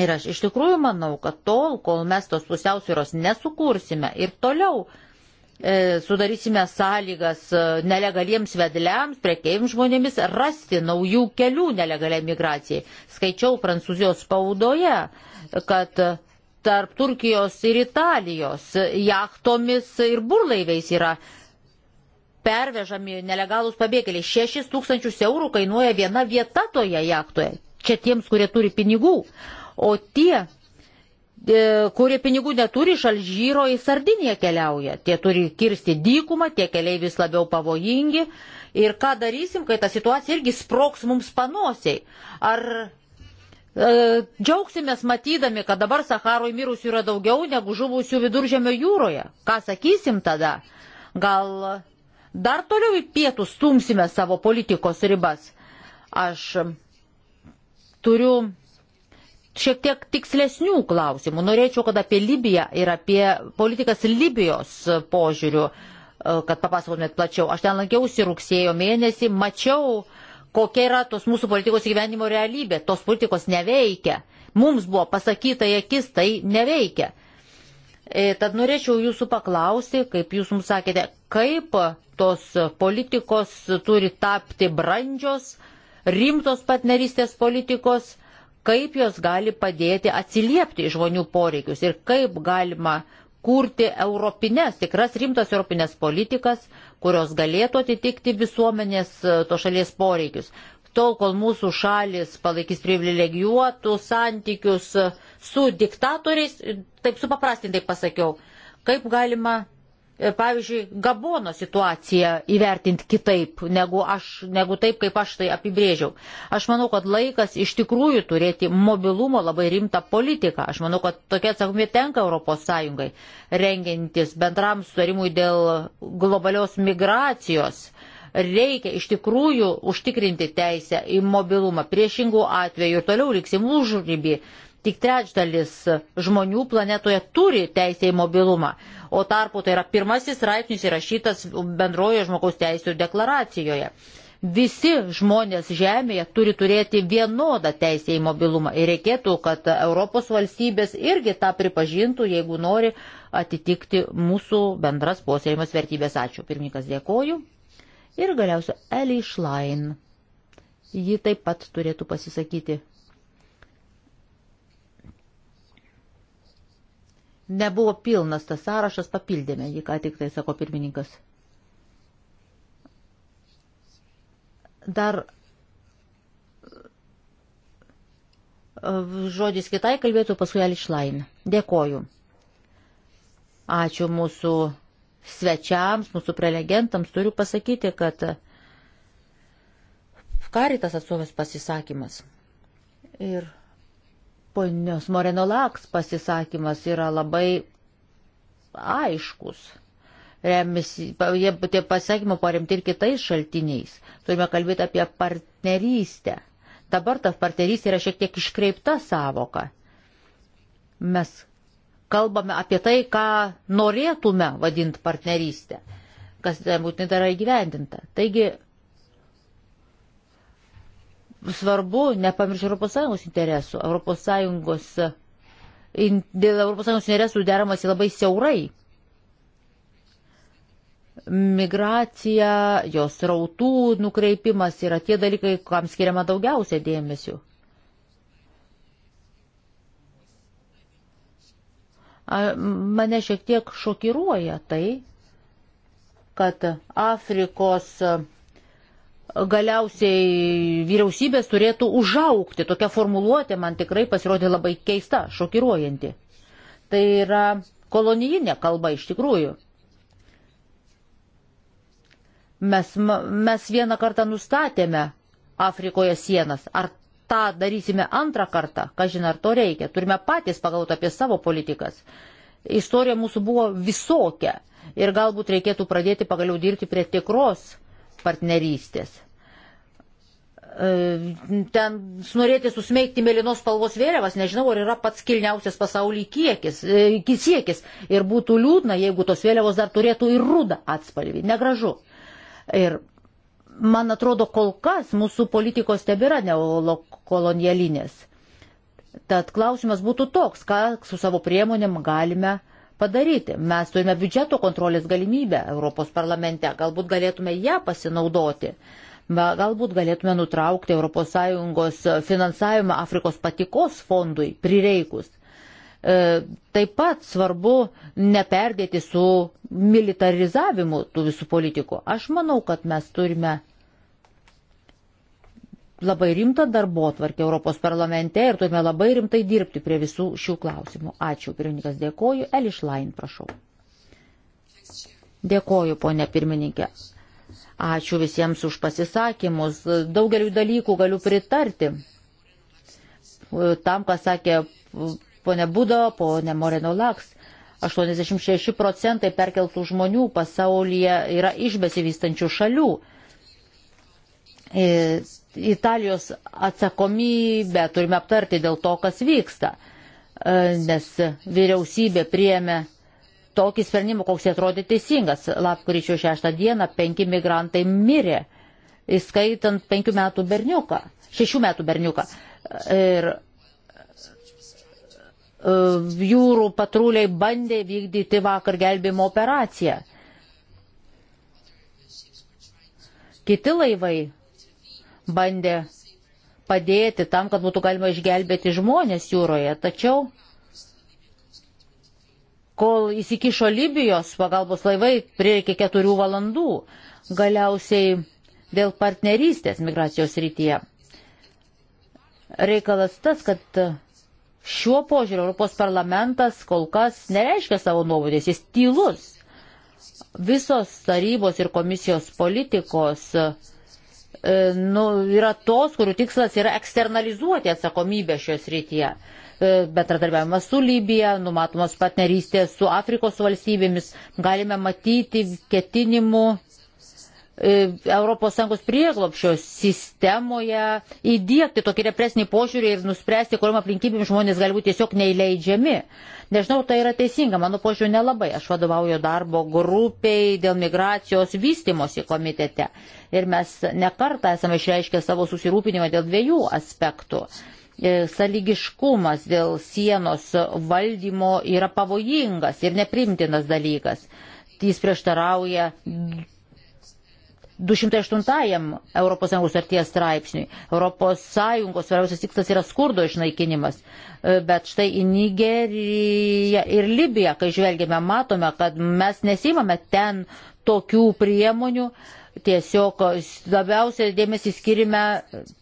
Ir aš iš tikrųjų manau, kad tol, kol mes tos pusiausvyros nesukursime ir toliau e, sudarysime sąlygas e, nelegaliems vedliams, prekeivims žmonėmis rasti naujų kelių nelegaliai migracijai. Skaičiau Prancūzijos spaudoje, kad tarp Turkijos ir Italijos jachtomis ir burlaiviais yra pervežami nelegalūs pabėgėliai. 6 tūkstančius eurų kainuoja viena vieta toje jachtoje. Čia tiems, kurie turi pinigų o tie, e, kurie pinigų neturi, iš Alžyro į Sardiniją keliauja. Tie turi kirsti dykumą, tie keliai vis labiau pavojingi. Ir ką darysim, kai ta situacija irgi sproks mums panosiai? Ar e, džiaugsimės matydami, kad dabar Saharoje mirusių yra daugiau negu žuvusių viduržėmio jūroje? Ką sakysim tada? Gal dar toliau į pietus stumsime savo politikos ribas? Aš turiu šiek tiek tikslesnių klausimų. Norėčiau, kad apie Libiją ir apie politikas Libijos požiūrių, e, kad papasakotumėt plačiau. Aš ten lankiausi rugsėjo mėnesį, mačiau, kokia yra tos mūsų politikos gyvenimo realybė. Tos politikos neveikia. Mums buvo pasakyta į akis, tai neveikia. E, tad norėčiau jūsų paklausti, kaip jūs mums sakėte, kaip tos politikos turi tapti brandžios, rimtos partnerystės politikos kaip jos gali padėti atsiliepti į žmonių poreikius ir kaip galima kurti europinės, tikras rimtas europinės politikas, kurios galėtų atitikti visuomenės e, to šalies poreikius. Tol, kol mūsų šalis palaikys privilegijuotų santykius e, su diktatoriais, e, taip supaprastintai pasakiau, kaip galima E, pavyzdžiui, Gabono situaciją įvertinti kitaip, negu, aš, negu taip, kaip aš tai apibrėžiau. Aš manau, kad laikas iš tikrųjų turėti mobilumo labai rimtą politiką. Aš manau, kad tokia atsakomybė tenka ES, rengintis bendram sutarimui dėl globalios migracijos. Reikia iš tikrųjų užtikrinti teisę į mobilumą. Priešingų atveju ir toliau liksim užrybį Tik trečdalis žmonių planetoje turi teisę į mobilumą, o tarpu tai yra pirmasis straipsnis įrašytas bendrojo žmogaus teisų deklaracijoje. Visi žmonės Žemėje turi turėti vienodą teisę į mobilumą ir reikėtų, kad Europos valstybės irgi tą pripažintų, jeigu nori atitikti mūsų bendras posėjimas vertybės. Ačiū. Pirmininkas dėkoju. Ir galiausia Eli Šlain. Ji taip pat turėtų pasisakyti. Nebuvo pilnas tas sąrašas, papildėme jį, ką tik tai sako pirmininkas. Dar žodis kitai kalbėtų paskui Ališlain. Dėkoju. Ačiū mūsų svečiams, mūsų prelegentams. Turiu pasakyti, kad karitas atstovės pasisakymas ir Ponios Moreno Laks pasisakymas yra labai aiškus. Remisi, jie, tie pasakymai paremti ir kitais šaltiniais. Turime kalbėti apie partnerystę. Dabar ta partnerystė yra šiek tiek iškreipta savoka. Mes kalbame apie tai, ką norėtume vadinti partnerystę, kas būtinai dar tai yra įgyvendinta. Taigi svarbu nepamiršti ES interesų. ES, in, dėl ES interesų deramasi labai siaurai. Migracija, jos rautų nukreipimas yra tie dalykai, kam skiriama daugiausia dėmesio. Mane šiek tiek šokiruoja tai, kad Afrikos galiausiai vyriausybės turėtų užaukti. Tokia formuluotė man tikrai pasirodė labai keista, šokiruojanti. Tai yra kolonijinė kalba iš tikrųjų. Mes, mes vieną kartą nustatėme Afrikoje sienas. Ar tą darysime antrą kartą? Kažin ar to reikia? Turime patys pagalvoti apie savo politikas. Istorija mūsų buvo visokia. Ir galbūt reikėtų pradėti pagaliau dirbti prie tikros partnerystės. E, ten norėti susmeigti mėlynos spalvos vėliavas, nežinau, ar yra pats kilniausias pasaulyje kiekis, e, siekis. Ir būtų liūdna, jeigu tos vėliavos dar turėtų ir rudą atspalvį. Negražu. Ir man atrodo, kol kas mūsų politikos tebėra neolokolonialinės. Tad klausimas būtų toks, ką su savo priemonėm galime padaryti. Mes turime biudžeto kontrolės galimybę Europos parlamente, galbūt galėtume ją pasinaudoti. Galbūt galėtume nutraukti ES finansavimą Afrikos patikos fondui prireikus. E, taip pat svarbu neperdėti su militarizavimu tų visų politikų. Aš manau, kad mes turime labai rimtą darbo atvarkę Europos parlamente ir turime labai rimtai dirbti prie visų šių klausimų. Ačiū, pirmininkas, dėkoju. Eliš Lain, prašau. Dėkoju, ponė pirmininkė. Ačiū visiems už pasisakymus. Daugeliu dalykų galiu pritarti. Tam, ką sakė ponė Budo, ponė Moreno Laks. 86 procentai perkeltų žmonių pasaulyje yra iš besivystančių šalių. E, Italijos atsakomybę turime aptarti dėl to, kas vyksta, e, nes vyriausybė priėmė tokį sprendimą, koks jie atrodė teisingas. Lapkričio 6 dieną penki migrantai mirė, įskaitant penkių metų berniuką, šešių metų berniuką. E, ir e, jūrų patruliai bandė vykdyti vakar gelbėjimo operaciją. Kiti laivai bandė padėti tam, kad būtų galima išgelbėti žmonės jūroje. Tačiau, kol įsikišo Libijos pagalbos laivai, prireikė keturių valandų. Galiausiai dėl partnerystės migracijos rytyje. Reikalas tas, kad šiuo požiūriu Europos parlamentas kol kas nereiškia savo nuomonės, jis tylus. Visos tarybos ir komisijos politikos uh, E, nu, yra tos, kurių tikslas yra eksternalizuoti atsakomybę šios rytyje. E, Betradarbiavimas su Libija, numatomos partnerystės su Afrikos valstybėmis, galime matyti ketinimų E, ES prieglopšio sistemoje įdėkti tokį represinį požiūrį ir nuspręsti, kuriam aplinkybėm žmonės gali būti tiesiog neįleidžiami. Nežinau, tai yra teisinga, mano požiūriu nelabai. Aš vadovauju darbo grupiai dėl migracijos vystimosi komitete. Ir mes nekartą esame išreiškę savo susirūpinimą dėl dviejų aspektų. E, Saligiškumas dėl sienos valdymo yra pavojingas ir neprimtinas dalykas. Jis prieštarauja 208 ES sarties straipsniui. ES svarbiausias tikslas yra skurdo išnaikinimas. E, bet štai į Nigeriją ir Libiją, kai žvelgėme, matome, kad mes nesimame ten tokių priemonių. Tiesiog labiausiai dėmesį skirime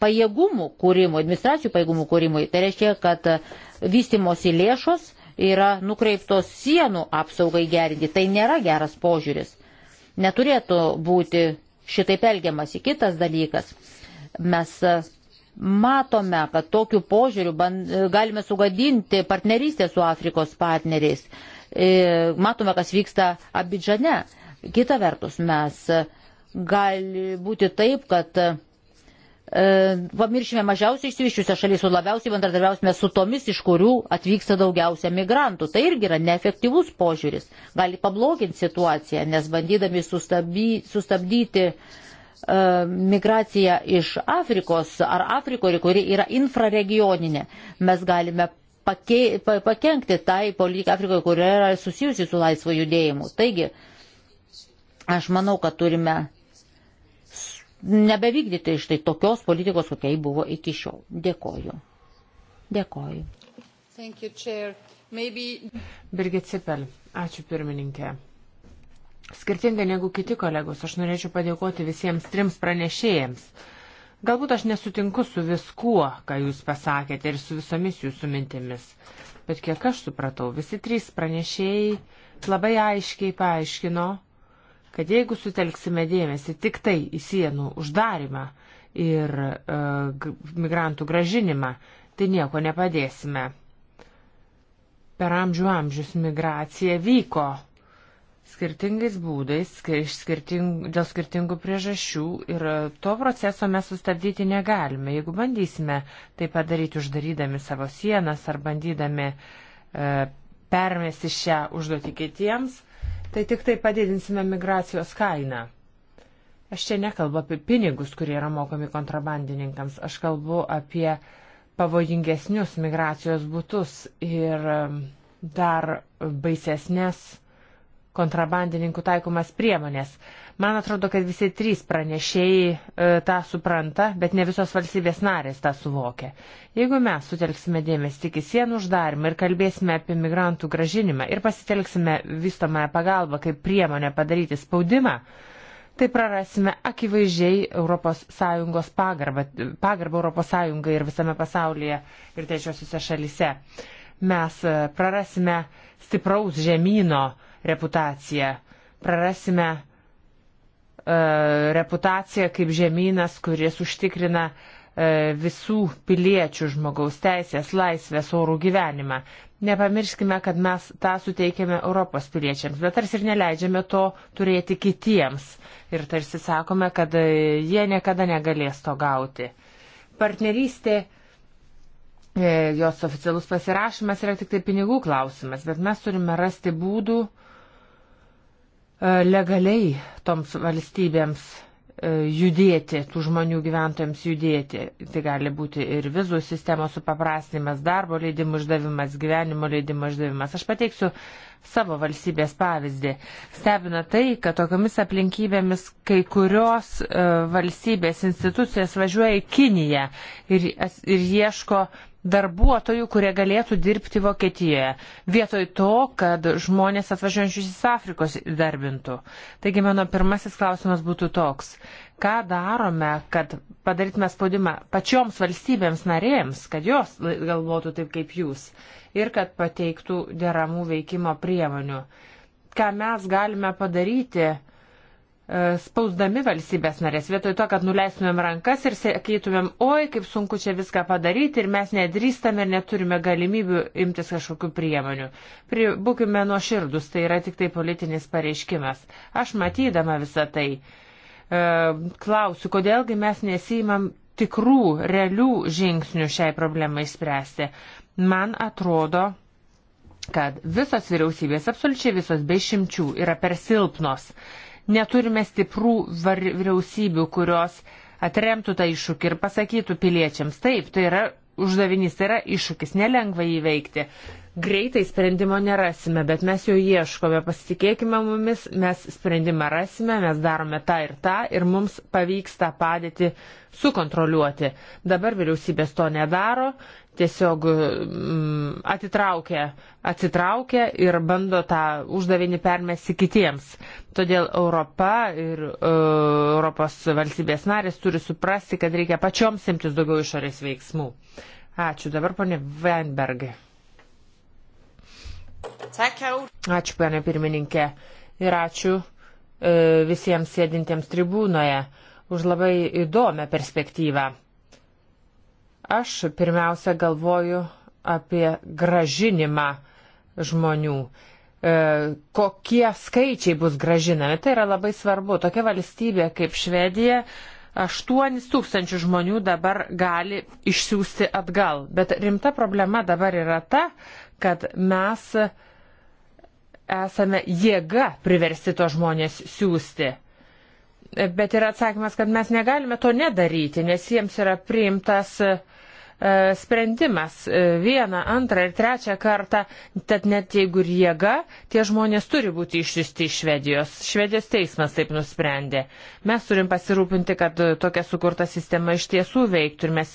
pajėgumų kūrimui, administracijų pajėgumų kūrimui. Tai reiškia, kad vystimosi lėšos yra nukreiptos sienų apsaugai gerinti. Tai nėra geras požiūris. Neturėtų būti šitaip elgiamasi. Kitas dalykas, mes e, matome, kad tokiu požiūriu e, galime sugadinti partnerystę su Afrikos partneriais. E, matome, kas vyksta Abidžane. Kita vertus, mes gali būti taip, kad E, pamiršime mažiausiai išsivyščiusią šalis, o labiausiai bendradarbiausime su tomis, iš kurių atvyksta daugiausia migrantų. Tai irgi yra neefektyvus požiūris. Gali pabloginti situaciją, nes bandydami sustaby, sustabdyti uh, migraciją iš Afrikos ar Afrikoje, kuri yra infraregioninė, mes galime pake, pakenkti tai politikai Afrikoje, kuri yra susijusi su laisvo judėjimu. Taigi, aš manau, kad turime nebevykdyti iš tai tokios politikos, kokiai buvo iki šiol. Dėkoju. Dėkoju. Thank you, Chair. Maybe... Birgit Cipel, ačiū pirmininkė. Skirtingai negu kiti kolegos, aš norėčiau padėkoti visiems trims pranešėjams. Galbūt aš nesutinku su viskuo, ką jūs pasakėte ir su visomis jūsų mintimis, bet kiek aš supratau, visi trys pranešėjai labai aiškiai paaiškino, kad jeigu sutelksime dėmesį tik tai į sienų uždarimą ir e, migrantų gražinimą, tai nieko nepadėsime. Per amžių amžius migracija vyko skirtingais būdais, skirting, dėl skirtingų priežasčių ir to proceso mes sustabdyti negalime. Jeigu bandysime tai padaryti uždarydami savo sienas ar bandydami e, permesti šią užduotį kitiems, tai tik tai padidinsime migracijos kainą. Aš čia nekalbu apie pinigus, kurie yra mokami kontrabandininkams, aš kalbu apie pavojingesnius migracijos būtus ir um, dar baisesnės kontrabandininkų taikomas priemonės. Man atrodo, kad visi trys pranešėjai e, tą supranta, bet ne visos valstybės narės tą suvokia. Jeigu mes sutelksime dėmesį tik į sienų uždarimą ir kalbėsime apie migrantų gražinimą ir pasitelksime vystomąją pagalbą kaip priemonę padaryti spaudimą, tai prarasime akivaizdžiai ES pagarbą, pagarbą ES ir visame pasaulyje ir trečiosiuose šalise. Mes e, prarasime stipraus žemynų, reputaciją. Prarasime e, reputaciją kaip žemynas, kuris užtikrina e, visų piliečių žmogaus teisės, laisvės, orų gyvenimą. Nepamirškime, kad mes tą suteikėme Europos piliečiams, bet tarsi ir neleidžiame to turėti kitiems ir tarsi sakome, kad e, jie niekada negalės to gauti. Partnerystė, e, jos oficialus pasirašymas yra tik tai pinigų klausimas, bet mes turime rasti būdų, uh, E, legaliai toms valstybėms e, judėti, tų žmonių gyventojams judėti. Tai gali būti ir vizų sistemos supaprastinimas, darbo leidimų išdavimas, gyvenimo leidimų išdavimas. Aš pateiksiu savo valstybės pavyzdį. Stebina tai, kad tokiamis aplinkybėmis kai kurios e, valstybės institucijos važiuoja į Kiniją ir, ir ieško darbuotojų, kurie galėtų dirbti Vokietijoje, vietoj to, kad žmonės atvažiuojančius iš Afrikos darbintų. Taigi mano pirmasis klausimas būtų toks ką darome, kad padarytume spaudimą pačioms valstybėms narėms, kad jos galvotų taip kaip jūs ir kad pateiktų deramų veikimo priemonių. Ką mes galime padaryti, e, spausdami valstybės narės, vietoj to, kad nuleistumėm rankas ir sakytumėm, oi, kaip sunku čia viską padaryti ir mes nedrįstame ir neturime galimybių imtis kažkokių priemonių. Pri, būkime nuoširdus, tai yra tik tai politinis pareiškimas. Aš matydama visą tai E, klausiu, kodėlgi mes nesijimam tikrų, realių žingsnių šiai problemai spręsti. Man atrodo, kad visos vyriausybės, absoliučiai visos be šimčių, yra per silpnos. Neturime stiprų vyriausybių, kurios atremtų tą iššūkį ir pasakytų piliečiams, taip, tai yra uždavinys, tai yra iššūkis, nelengva įveikti. Greitai sprendimo nerasime, bet mes jo ieškome, pasitikėkime mumis, mes sprendimą rasime, mes darome tą ir tą ir mums pavyks tą padėtį sukontroliuoti. Dabar vyriausybės to nedaro, tiesiog mm, atitraukia, atsitraukia ir bando tą uždavinį permesti kitiems. Todėl Europa ir uh, Europos valstybės narės turi suprasti, kad reikia pačioms imtis daugiau išorės veiksmų. Ačiū. Dabar ponė Weinberg. Ačiū, pane pirmininkė. Ir ačiū e, visiems sėdintiems tribūnoje už labai įdomią perspektyvą. Aš pirmiausia galvoju apie gražinimą žmonių. E, kokie skaičiai bus gražinami, tai yra labai svarbu. Tokia valstybė kaip Švedija 8 tūkstančių žmonių dabar gali išsiųsti atgal. Bet rimta problema dabar yra ta, kad mes esame jėga priversti to žmonės siūsti. Bet yra atsakymas, kad mes negalime to nedaryti, nes jiems yra priimtas uh, E, sprendimas e, vieną, antrą ir trečią kartą, tad net jeigu ir jėga, tie žmonės turi būti išsiusti iš Švedijos. Švedijos teismas taip nusprendė. Mes turim pasirūpinti, kad tokia sukurta sistema iš tiesų veiktų ir mes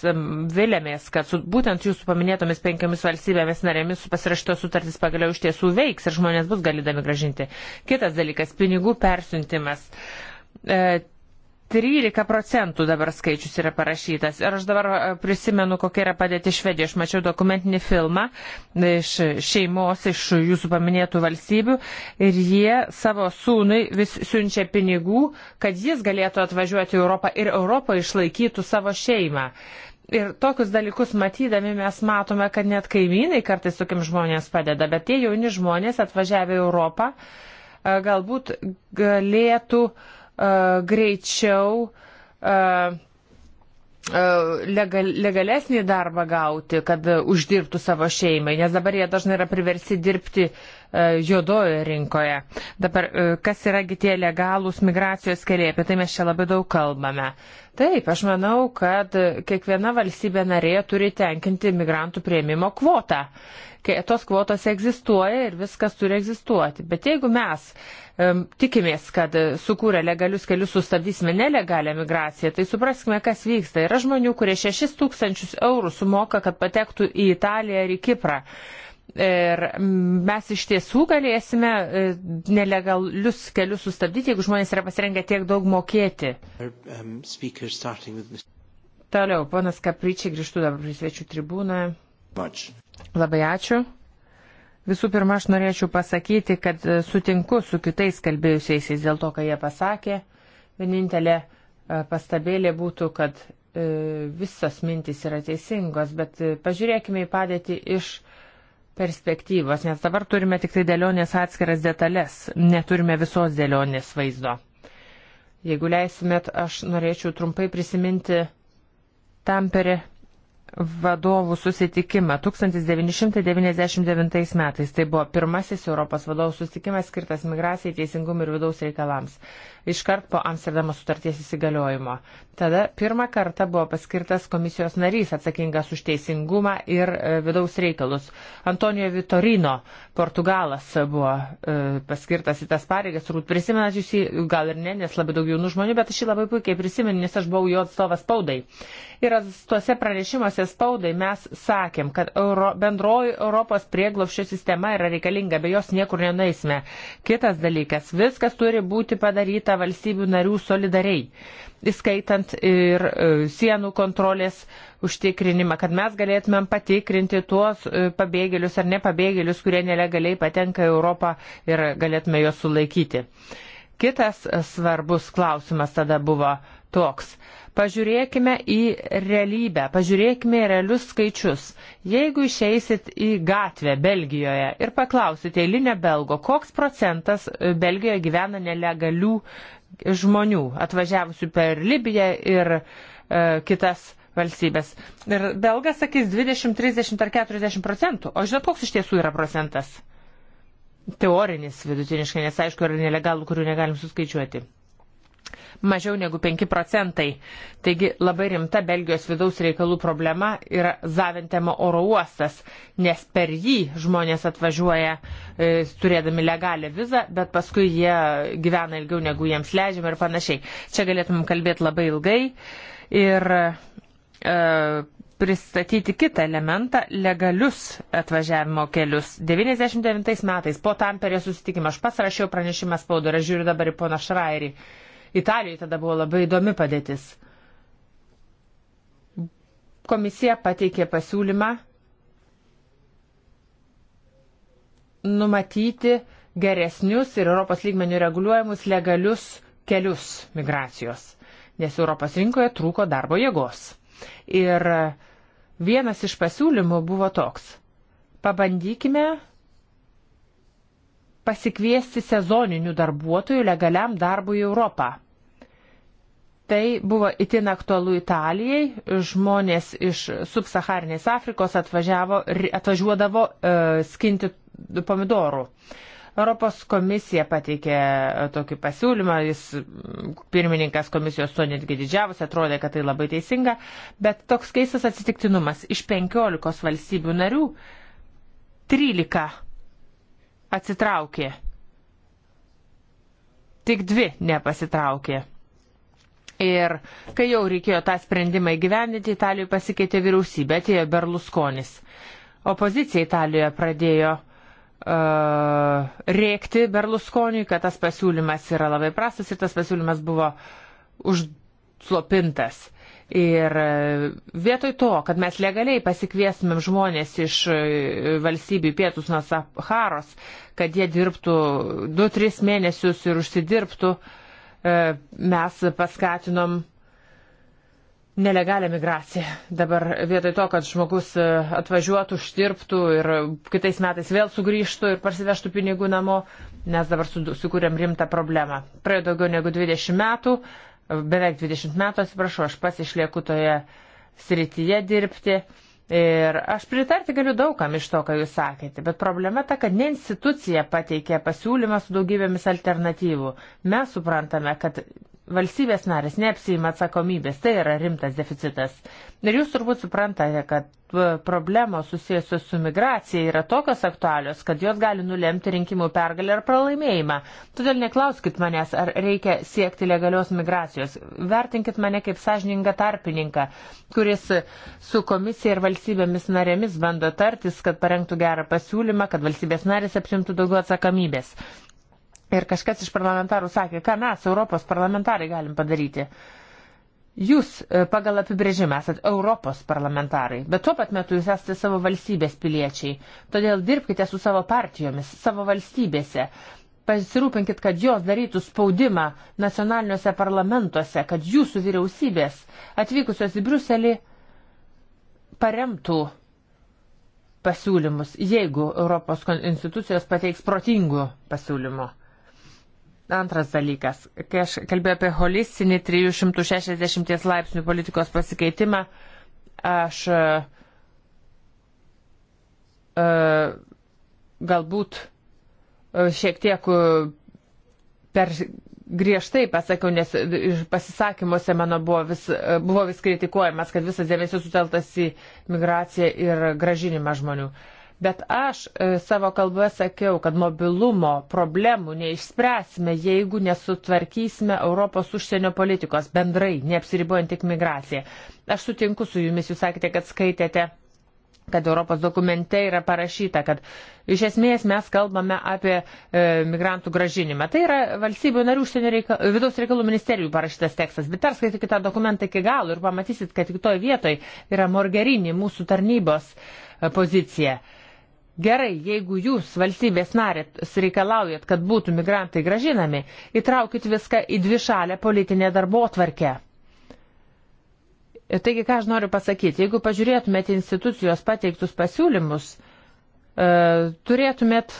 vilėmės, kad su, būtent jūsų paminėtomis penkiomis valstybėmis narėmis su pasirašytos sutartys pagaliau iš tiesų veiks ir žmonės bus galidami gražinti. Kitas dalykas - pinigų persiuntimas. E, 13 procentų dabar skaičius yra parašytas. Ir aš dabar e, prisimenu, kokia yra padėti Švedijoje. Aš mačiau dokumentinį filmą iš šeimos, iš jūsų paminėtų valstybių. Ir jie savo sūnui vis siunčia pinigų, kad jis galėtų atvažiuoti į Europą ir Europą išlaikytų savo šeimą. Ir tokius dalykus matydami mes matome, kad net kaimynai kartais tokiam žmonės padeda, bet tie jauni žmonės atvažiavę į Europą e, galbūt galėtų uh, E, greičiau e, e, legal, legalesnį darbą gauti, kad uždirbtų savo šeimai, nes dabar jie dažnai yra priversi dirbti E, juodojoje rinkoje. Dabar, e, kas yragi tie legalūs migracijos keliai, apie tai mes čia labai daug kalbame. Taip, aš manau, kad kiekviena valstybė narė turi tenkinti migrantų prieimimo kvotą. Tos kvotos egzistuoja ir viskas turi egzistuoti. Bet jeigu mes um, tikimės, kad sukūrę legalius kelius sustabdysime nelegalią migraciją, tai supraskime, kas vyksta. Yra žmonių, kurie 6 tūkstančius eurų sumoka, kad patektų į Italiją ar į Kiprą. Uh, Ir mes iš tiesų galėsime e, nelegalius kelius sustabdyti, jeigu žmonės yra pasirengę tiek daug mokėti. Um, Toliau, ponas Kapryčiai, grįžtų dabar prie svečių tribūną. Labai ačiū. Visų pirma, aš norėčiau pasakyti, kad e, sutinku su kitais kalbėjusiais dėl to, ką jie pasakė. Vienintelė e, pastabėlė būtų, kad visas mintis yra teisingos, bet pažiūrėkime į padėtį iš perspektyvos, nes dabar turime tik tai dėlionės atskiras detalės, neturime visos dėlionės vaizdo. Jeigu leisimėt, aš norėčiau trumpai prisiminti Tamperė vadovų susitikimą 1999 metais. Tai buvo pirmasis Europos vadovų susitikimas skirtas migracijai, teisingumui ir vidaus reikalams. Iškart po Amsterdamo sutarties įsigaliojimo. Tada pirmą kartą buvo paskirtas komisijos narys atsakingas už teisingumą ir e, vidaus reikalus. Antonijo Vitorino, portugalas, buvo e, paskirtas į tas pareigas. Turbūt prisimenat jūs jį, gal ir ne, nes labai daug jaunų žmonių, bet aš jį labai puikiai prisimenu, nes aš buvau jo atstovas spaudai. Ir tuose pranešimuose informaciją spaudai mes sakėm, kad Euro, bendroji Europos prieglopščio sistema yra reikalinga, be jos niekur nenaisime. Kitas dalykas, viskas turi būti padaryta valstybių narių solidariai, įskaitant ir e, sienų kontrolės užtikrinimą, kad mes galėtumėm patikrinti tuos e, pabėgėlius ar nepabėgėlius, kurie nelegaliai patenka į Europą ir galėtume juos sulaikyti. Kitas e, svarbus klausimas tada buvo toks Pažiūrėkime į realybę, pažiūrėkime į realius skaičius. Jeigu išeisit į gatvę Belgijoje ir paklausite eilinę Belgo, koks procentas e, Belgijoje gyvena nelegalių žmonių atvažiavusių per Libiją ir e, kitas valstybės. Ir Belgas sakys 20, 30 ar 40 procentų. O žinot, koks iš tiesų yra procentas? Teorinis vidutiniškai, nes aišku, yra nelegalų, kurių negalim suskaičiuoti mažiau negu 5 procentai. Taigi labai rimta Belgijos vidaus reikalų problema yra Zaventemo oro uostas, nes per jį žmonės atvažiuoja e, turėdami legalią vizą, bet paskui jie gyvena ilgiau negu jiems leidžiama ir panašiai. Čia galėtumėm kalbėti labai ilgai ir e, pristatyti kitą elementą - legalius atvažiavimo kelius. 99 metais po Tamperės susitikimo aš pasirašiau pranešimą spaudoje, žiūriu dabar į poną Šrairį. E, Italijai tada buvo labai įdomi padėtis. Komisija pateikė pasiūlymą numatyti geresnius ir Europos lygmenių reguliuojamus legalius kelius migracijos, nes Europos rinkoje trūko darbo jėgos. Ir vienas iš pasiūlymų buvo toks. Pabandykime pasikviesti sezoninių darbuotojų legaliam darbui į Europą. Tai buvo itin aktualu Italijai. Žmonės iš subsaharinės Afrikos atvažiuodavo e, skinti pomidorų. Europos komisija pateikė e, tokį pasiūlymą, jis pirmininkas komisijos to netgi didžiavus, atrodė, kad tai labai teisinga, bet toks keistas atsitiktinumas. Iš 15 valstybių narių 13 atsitraukė. Tik dvi nepasitraukė. Ir kai jau reikėjo tą sprendimą įgyvendinti, Italijoje pasikeitė vyriausybė, atėjo Berlusconis. Opozicija Italijoje pradėjo uh, rėkti Berlusconiui, kad tas pasiūlymas yra labai prastas ir tas pasiūlymas buvo užslopintas. Ir uh, vietoj to, kad mes legaliai pasikviestumėm žmonės iš uh, valstybių pietus nuo Saharos, kad jie dirbtų 2-3 mėnesius ir užsidirbtų uh, E, mes paskatinom nelegalią migraciją. Dabar vietoj to, kad žmogus e, atvažiuotų, uždirbtų ir kitais metais vėl sugrįžtų ir parsivežtų pinigų namo, mes dabar sukūrėm rimtą problemą. Praėjo daugiau negu 20 metų, beveik 20 metų, atsiprašau, aš pats išlieku toje srityje dirbti Ir aš pritarti galiu daugam iš to, ką jūs sakėte, bet problema ta, kad ne institucija pateikė pasiūlymą su daugybėmis alternatyvų. Mes suprantame, kad valstybės narės neapsima atsakomybės, tai yra rimtas deficitas. Ir jūs turbūt suprantate, kad e, problemos susijusios su migracija yra tokios aktualios, kad jos gali nulemti rinkimų pergalę ar pralaimėjimą. Todėl neklauskit manęs, ar reikia siekti legalios migracijos. Vertinkit mane kaip sąžiningą tarpininką, kuris su komisija ir valstybėmis narėmis bando tartis, kad parengtų gerą pasiūlymą, kad valstybės narės apsimtų daugiau atsakomybės. Ir kažkas iš parlamentarų sakė, ką mes, Europos parlamentarai, galim padaryti. Jūs e, pagal apibrėžimą esate Europos parlamentarai, bet tuo pat metu jūs esate savo valstybės piliečiai. Todėl dirbkite su savo partijomis, savo valstybėse. Pasirūpinkit, kad jos darytų spaudimą nacionaliniuose parlamentuose, kad jūsų vyriausybės atvykusios į Bruselį paremtų pasiūlymus, jeigu Europos institucijos pateiks protingų pasiūlymų. Antras dalykas, kai aš kalbėjau apie holistinį 360 laipsnių politikos pasikeitimą, aš uh, galbūt e, šiek tiek per griežtai pasakiau, nes pasisakymuose mano buvo vis, buvo vis kritikuojamas, kad visas dėmesys suteltas į migraciją ir gražinimą žmonių. Uh, Bet aš e, savo kalboje sakiau, kad mobilumo problemų neišspręsime, jeigu nesutvarkysime Europos užsienio politikos bendrai, neapsiribuojant tik migraciją. Aš sutinku su jumis, jūs sakėte, kad skaitėte kad Europos dokumente yra parašyta, kad iš esmės mes kalbame apie e, migrantų gražinimą. Tai yra valstybių narių užsienio reikalų, vidaus reikalų ministerijų parašytas tekstas, bet perskaitykite tą dokumentą iki galo ir pamatysit, kad kitoje vietoje yra morgerinė mūsų tarnybos e, pozicija. E, Gerai, jeigu jūs valstybės narės reikalaujat, kad būtų migrantai gražinami, įtraukit viską į dvi šalę politinę darbo tvarkę. Ir taigi, ką aš noriu pasakyti, jeigu pažiūrėtumėt institucijos pateiktus pasiūlymus, e, turėtumėt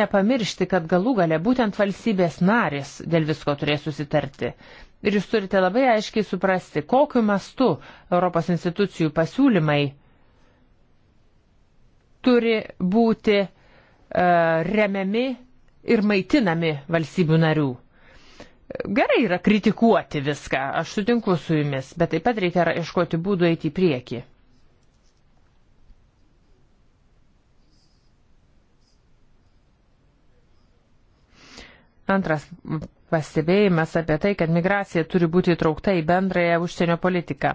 nepamiršti, kad galų gale būtent valstybės narės dėl visko turės susitarti. Ir jūs turite labai aiškiai suprasti, kokiu mastu Europos institucijų pasiūlymai turi būti e, remiami ir maitinami valstybių narių. Gerai yra kritikuoti viską, aš sutinku su jumis, bet taip pat reikia ieškoti būdų eiti į priekį. Antras pastebėjimas apie tai, kad migracija turi būti įtraukta į bendrąją užsienio politiką.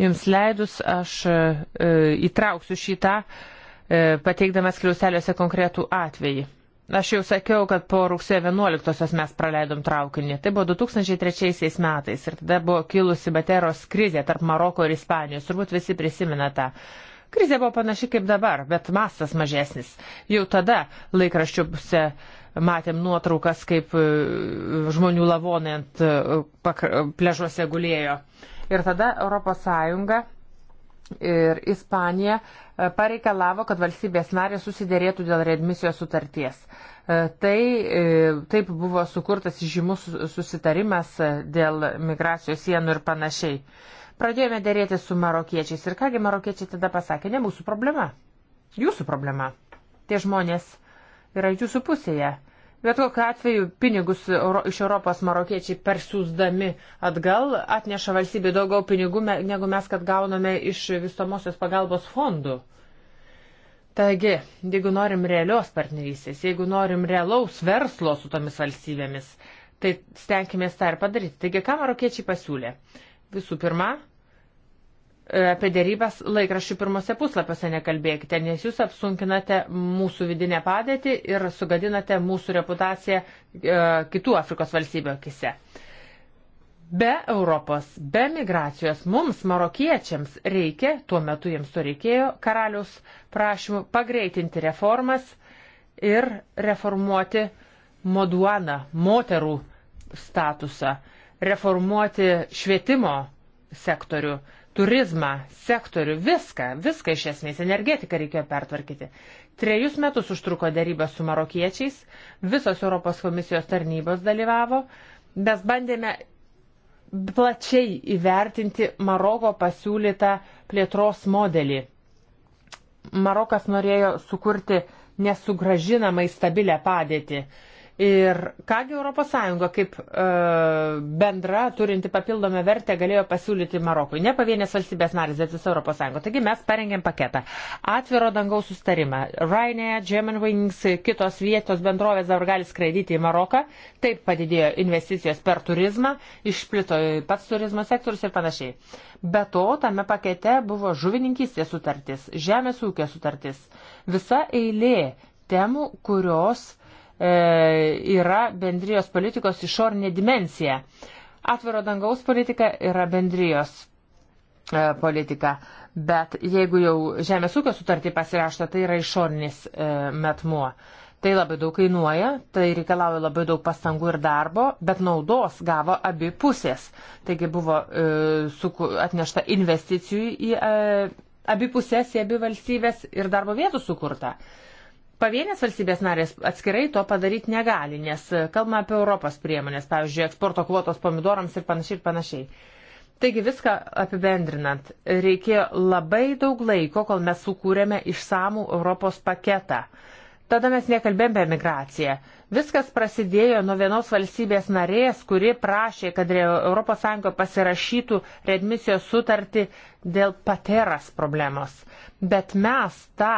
Jums leidus aš e, įtrauksiu šitą e, E, pateikdamas kliuseliuose konkretų atvejį. Aš jau sakiau, kad po rugsėjo 11-osios mes praleidom traukinį. Tai buvo 2003 metais ir tada buvo kilusi bateros krizė tarp Maroko ir Ispanijos. Turbūt visi prisimena tą. Krizė buvo panaši kaip dabar, bet mastas mažesnis. Jau tada laikraščiuose matėm nuotraukas, kaip e, žmonių lavonai ant e, pležuose gulėjo. Ir tada ES ir Ispanija e, pareikalavo, kad valstybės narė susidėrėtų dėl readmisijos sutarties. E, tai e, taip buvo sukurtas žymus susitarimas dėl migracijos sienų ir panašiai. Pradėjome dėrėti su marokiečiais ir kągi marokiečiai tada pasakė, ne mūsų problema, jūsų problema. Tie žmonės yra jūsų pusėje Bet kokiu atveju pinigus Euro, iš Europos marokiečiai persiūsdami atgal atneša valstybė daugiau pinigų, me, negu mes, kad gauname iš vystomosios pagalbos fondų. Taigi, jeigu norim realios partnerystės, jeigu norim realaus verslo su tomis valstybėmis, tai stenkimės tą ir padaryti. Taigi, ką marokiečiai pasiūlė? Visų pirma, E, apie dėrybas laikraščių pirmose puslapiuose nekalbėkite, nes jūs apsunkinate mūsų vidinę padėtį ir sugadinate mūsų reputaciją e, kitų Afrikos valstybių akise. Be Europos, be migracijos mums, marokiečiams, reikia, tuo metu jiems to reikėjo, karalius prašymų pagreitinti reformas ir reformuoti moduaną, moterų statusą, reformuoti švietimo sektorių turizmą, sektorių, viską, viską iš esmės, energetiką reikėjo pertvarkyti. Trejus metus užtruko darybas su marokiečiais, visos Europos komisijos tarnybos dalyvavo, mes bandėme plačiai įvertinti Maroko pasiūlytą plėtros modelį. Marokas norėjo sukurti nesugražinamai stabilę padėtį. Ir kągi ES kaip e, bendra, turinti papildomą vertę, galėjo pasiūlyti Marokui. Ne pavienės valstybės narės, bet visa ES. Taigi mes parengėm paketą. Atviro dangaus sustarimą. Ryanair, German Wings, kitos vietos bendrovės dabar gali skraidyti į Maroką. Taip padidėjo investicijos per turizmą, išplito pats turizmo sektorius ir panašiai. Be to, tame pakete buvo žuvininkystės sutartis, žemės ūkio sutartis. Visa eilė temų, kurios E, yra bendrijos politikos išornė dimensija. Atviro dangaus politika yra bendrijos e, politika. Bet jeigu jau žemės ūkio sutartį pasirašta, tai yra išornis e, metmuo. Tai labai daug kainuoja, tai reikalauja labai daug pastangų ir darbo, bet naudos gavo abi pusės. Taigi buvo e, suku, atnešta investicijų į e, abi pusės, į abi valstybės ir darbo vietų sukurta. E, Pavienės valstybės narės atskirai to padaryti negali, nes kalbame apie Europos priemonės, pavyzdžiui, eksporto kvotos pomidorams ir panašiai ir panašiai. Taigi viską apibendrinant, reikėjo labai daug laiko, kol mes sukūrėme išsamų Europos paketą. Tada mes nekalbėjome apie migraciją. Viskas prasidėjo nuo vienos valstybės narės, kuri prašė, kad ES pasirašytų redmisijos sutartį dėl pateras problemos. Bet mes tą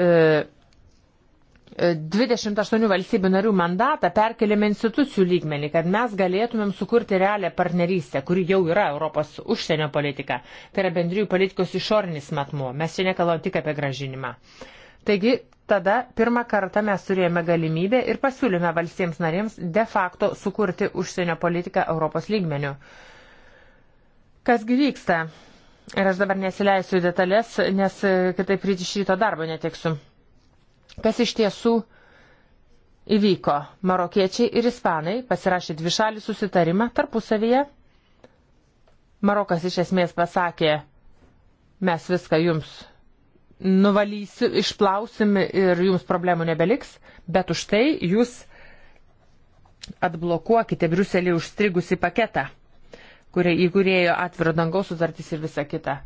e, 28 valstybių narių mandatą perkeliame institucijų lygmenį, kad mes galėtumėm sukurti realią partnerystę, kuri jau yra Europos užsienio politika. Tai yra bendrijų politikos išorinis matmuo. Mes čia nekalbam tik apie gražinimą. Taigi, tada pirmą kartą mes turėjome galimybę ir pasiūlėme valstybėms narėms de facto sukurti užsienio politiką Europos lygmenių. Kasgi vyksta? Ir aš dabar nesileisiu į detalės, nes kitaip ryte iš ryto darbo neteksiu. Kas iš tiesų įvyko? Marokiečiai ir ispanai pasirašė dvišalį susitarimą tarpusavyje. Marokas iš esmės pasakė, mes viską jums nuvalysim, išplausim ir jums problemų nebeliks, bet už tai jūs atblokuokite Briuselį užstrigusi paketą, kurį įkūrėjo atviro dangaus sutartys ir visa kita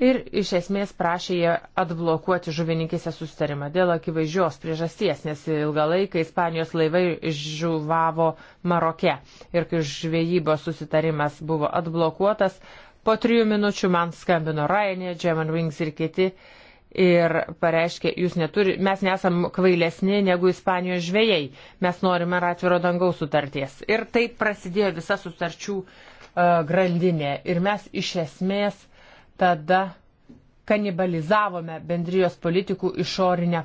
ir iš esmės prašė jie atblokuoti žuvininkėse sustarimą dėl akivaizdžios priežasties, nes ilgą laiką Ispanijos laivai žuvavo Maroke. Ir kai žvejybos susitarimas buvo atblokuotas, po trijų minučių man skambino Ryanair, German Wings ir kiti. Ir pareiškė, jūs neturi, mes nesam kvailesni negu Ispanijos žvėjai, mes norime atviro dangaus sutarties. Ir taip prasidėjo visa sutarčių uh, grandinė. Ir mes iš esmės tada kanibalizavome bendrijos politikų išorinę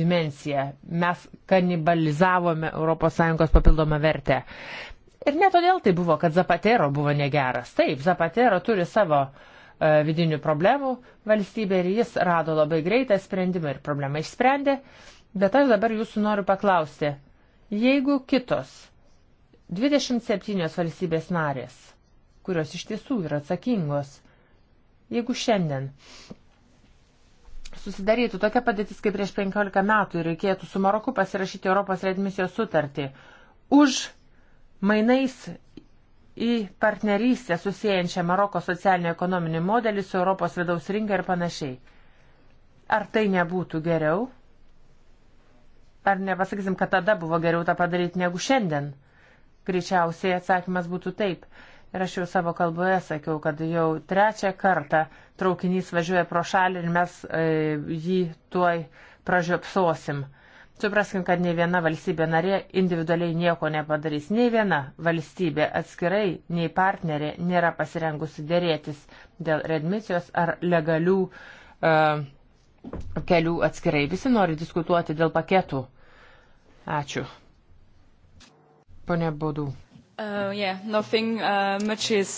dimensiją. Mes kanibalizavome ES papildomą vertę. Ir ne todėl tai buvo, kad Zapatero buvo negeras. Taip, Zapatero turi savo e, vidinių problemų valstybė ir jis rado labai greitą sprendimą ir problemą išsprendė. Bet aš dabar jūsų noriu paklausti, jeigu kitos 27 valstybės narės, kurios iš tiesų yra atsakingos, Jeigu šiandien susidarytų tokia padėtis kaip prieš 15 metų ir reikėtų su Maroku pasirašyti Europos redmisijos sutartį už mainais į partnerystę susijančią Maroko socialinio-ekonominį modelį su Europos vidaus rinka ir panašiai. Ar tai nebūtų geriau? Ar nepasakysim, kad tada buvo geriau tą padaryti negu šiandien? Greičiausiai atsakymas būtų taip. Ir aš jau savo kalboje sakiau, kad jau trečią kartą traukinys važiuoja pro šalį ir mes e, jį tuoj pražiopsosim. Supraskim, kad nei viena valstybė narė individualiai nieko nepadarys. Nei viena valstybė atskirai, nei partnerė nėra pasirengusi dėrėtis dėl redmisijos ar legalių e, kelių atskirai. Visi nori diskutuoti dėl paketų. Ačiū. Pone Bodų. Uh, yeah, nothing, uh, much is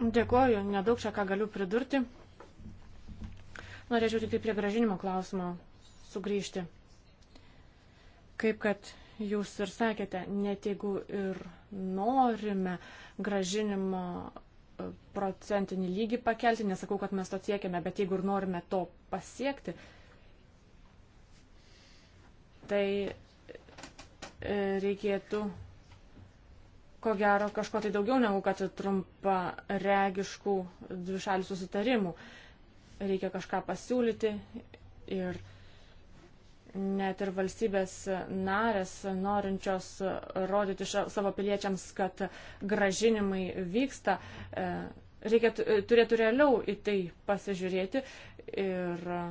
Dėkuoju, nedaug čia ką galiu pridurti. Norėčiau tik tai prie gražinimo klausimo sugrįžti. Kaip kad jūs ir sakėte, net jeigu ir norime gražinimo uh, procentinį lygį pakelti, nesakau, kad mes to siekiame, bet jeigu ir norime to pasiekti, tai uh, reikėtų ko gero kažko tai daugiau negu kad trumpa regiškų dvišalių susitarimų. Reikia kažką pasiūlyti ir net ir valstybės narės norinčios rodyti ša, savo piliečiams, kad gražinimai vyksta, e, reikia e, turėtų realiau į tai pasižiūrėti ir e,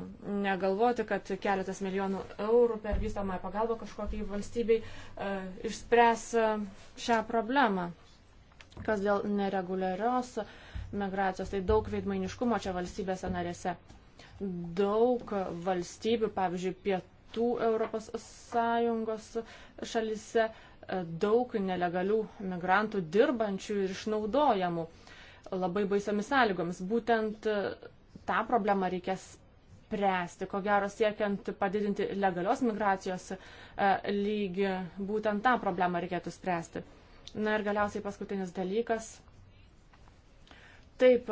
negalvoti, kad keletas milijonų eurų per vystamąją pagalbą kažkokiai valstybei e, išspręs e, šią problemą. Kas dėl nereguliarios migracijos, tai daug veidmainiškumo čia valstybėse narėse. Daug valstybių, pavyzdžiui, pietų Europos Sąjungos šalise, daug nelegalių migrantų dirbančių ir išnaudojamų. E, labai baisiomis sąlygomis. Būtent e, tą problemą reikės spręsti, ko gero siekiant padidinti legalios migracijos e, lygį, būtent tą problemą reikėtų spręsti. Na ir galiausiai paskutinis dalykas. Taip,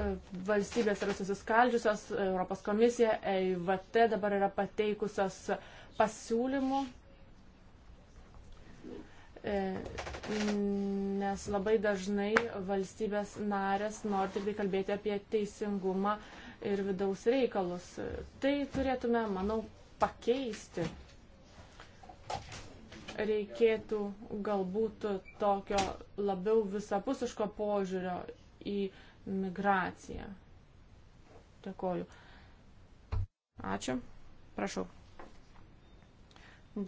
e, valstybės yra susiskaldžiusios, Europos komisija, EIVT dabar yra pateikusios pasiūlymų E, nes labai dažnai valstybės narės nori tik tai kalbėti apie teisingumą ir vidaus reikalus. Tai turėtume, manau, pakeisti. Reikėtų galbūt tokio labiau visapusiško požiūrio į migraciją. Dėkoju. Ačiū. Prašau.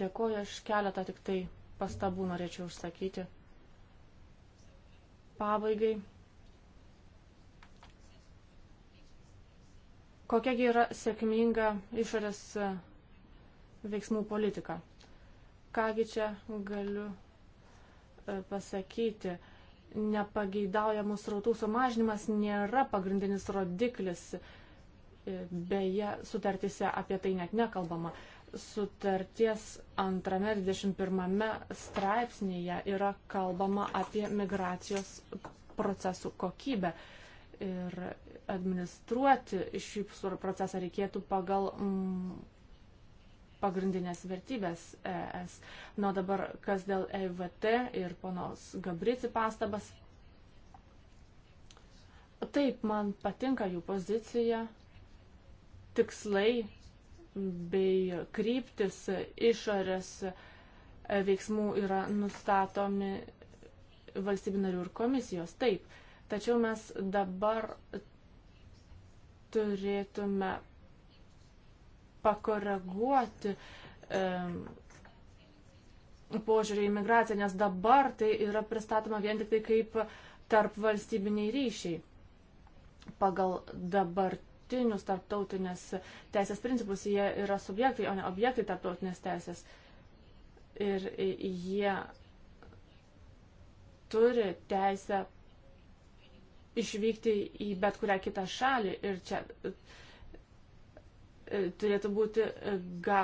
Dėkoju, aš keletą tik tai pastabų norėčiau užsakyti. Pabaigai. Kokiagi yra sėkminga išorės veiksmų politika? Kągi čia galiu e, pasakyti, nepageidaujamų srautų sumažinimas nėra pagrindinis rodiklis. E, beje, sutartise apie tai net nekalbama sutarties antrame 21 straipsnėje yra kalbama apie migracijos procesų kokybę. Ir administruoti šį procesą reikėtų pagal mm, pagrindinės vertybės ES. Nuo dabar, kas dėl EIVT ir ponos Gabrici pastabas. Taip, man patinka jų pozicija, tikslai bei kryptis išorės e, veiksmų yra nustatomi valstybinarių ir komisijos. Taip, tačiau mes dabar turėtume pakoreguoti e, požiūrį į migraciją, nes dabar tai yra pristatoma vien tik tai kaip tarp valstybiniai ryšiai. Pagal dabar pagrindinius tarptautinės teisės principus. Jie yra subjektai, o ne objektai tarptautinės teisės. Ir jie turi teisę išvykti į bet kurią kitą šalį. Ir čia turėtų būti ga,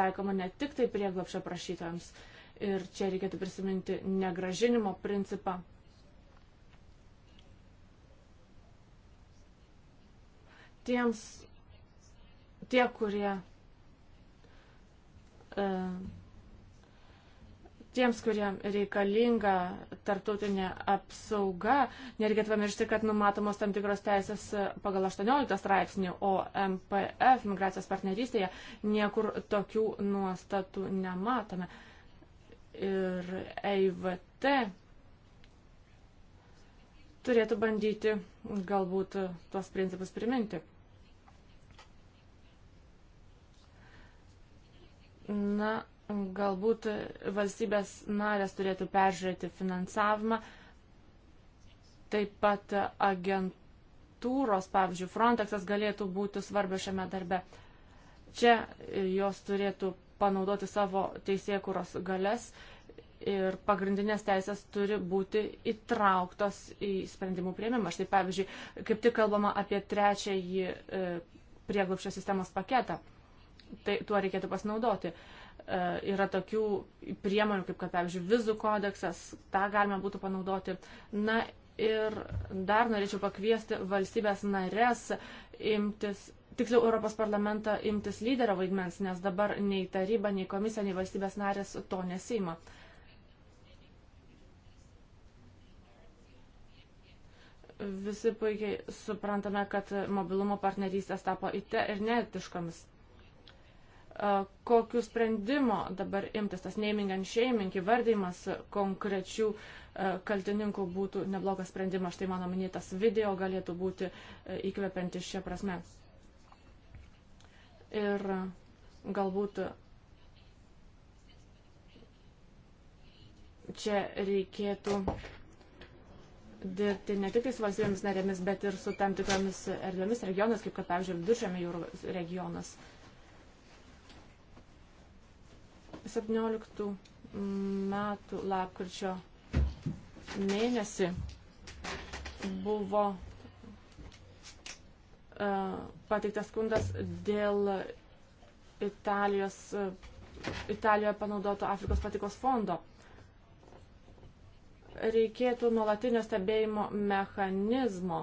taikoma ne tik tai prieglapšio prašytojams. Ir čia reikėtų prisiminti negražinimo principą. tiems, tie, kurie, e, tiems, kuriem reikalinga tartutinė apsauga, nereikėtų pamiršti, kad numatomos tam tikros teisės pagal 18 straipsnį, o MPF, migracijos partnerystėje, niekur tokių nuostatų nematome. Ir EIVT turėtų bandyti galbūt tuos principus priminti. Na, galbūt valstybės narės turėtų peržiūrėti finansavimą, taip pat agentūros, pavyzdžiui, Frontexas galėtų būti svarbios šiame darbe. Čia jos turėtų panaudoti savo teisėkuros galės ir pagrindinės teisės turi būti įtrauktos į sprendimų prieimimą. Štai pavyzdžiui, kaip tik kalbama apie trečiąjį e, prieglupščio sistemos paketą. Tai tuo reikėtų pasinaudoti. E, yra tokių priemonių, kaip kad, pavyzdžiui, vizų kodeksas, tą galima būtų panaudoti. Na ir dar norėčiau pakviesti valstybės narės imtis tiksliau Europos parlamentą imtis lyderio vaidmens, nes dabar nei taryba, nei komisija, nei valstybės narės to nesima. Uh, visi puikiai suprantame, kad mobilumo partnerystės tapo įte ir neetiškomis. Kokiu sprendimo dabar imtis tas naming and shaming įvardymas konkrečių kaltininkų būtų neblogas sprendimas. Štai mano minėtas video galėtų būti įkvepiantis šią prasme. Ir galbūt čia reikėtų dirbti ne tik su valstybėmis narėmis, bet ir su tam tikromis erdvėmis regionas, kaip kad, pavyzdžiui, viduržėmė jūrų regionas. 17 metų lapkričio mėnesį buvo uh, pateiktas skundas dėl Italijos, Italijoje panaudoto Afrikos patikos fondo. Uh, reikėtų nuolatinio stebėjimo mechanizmo.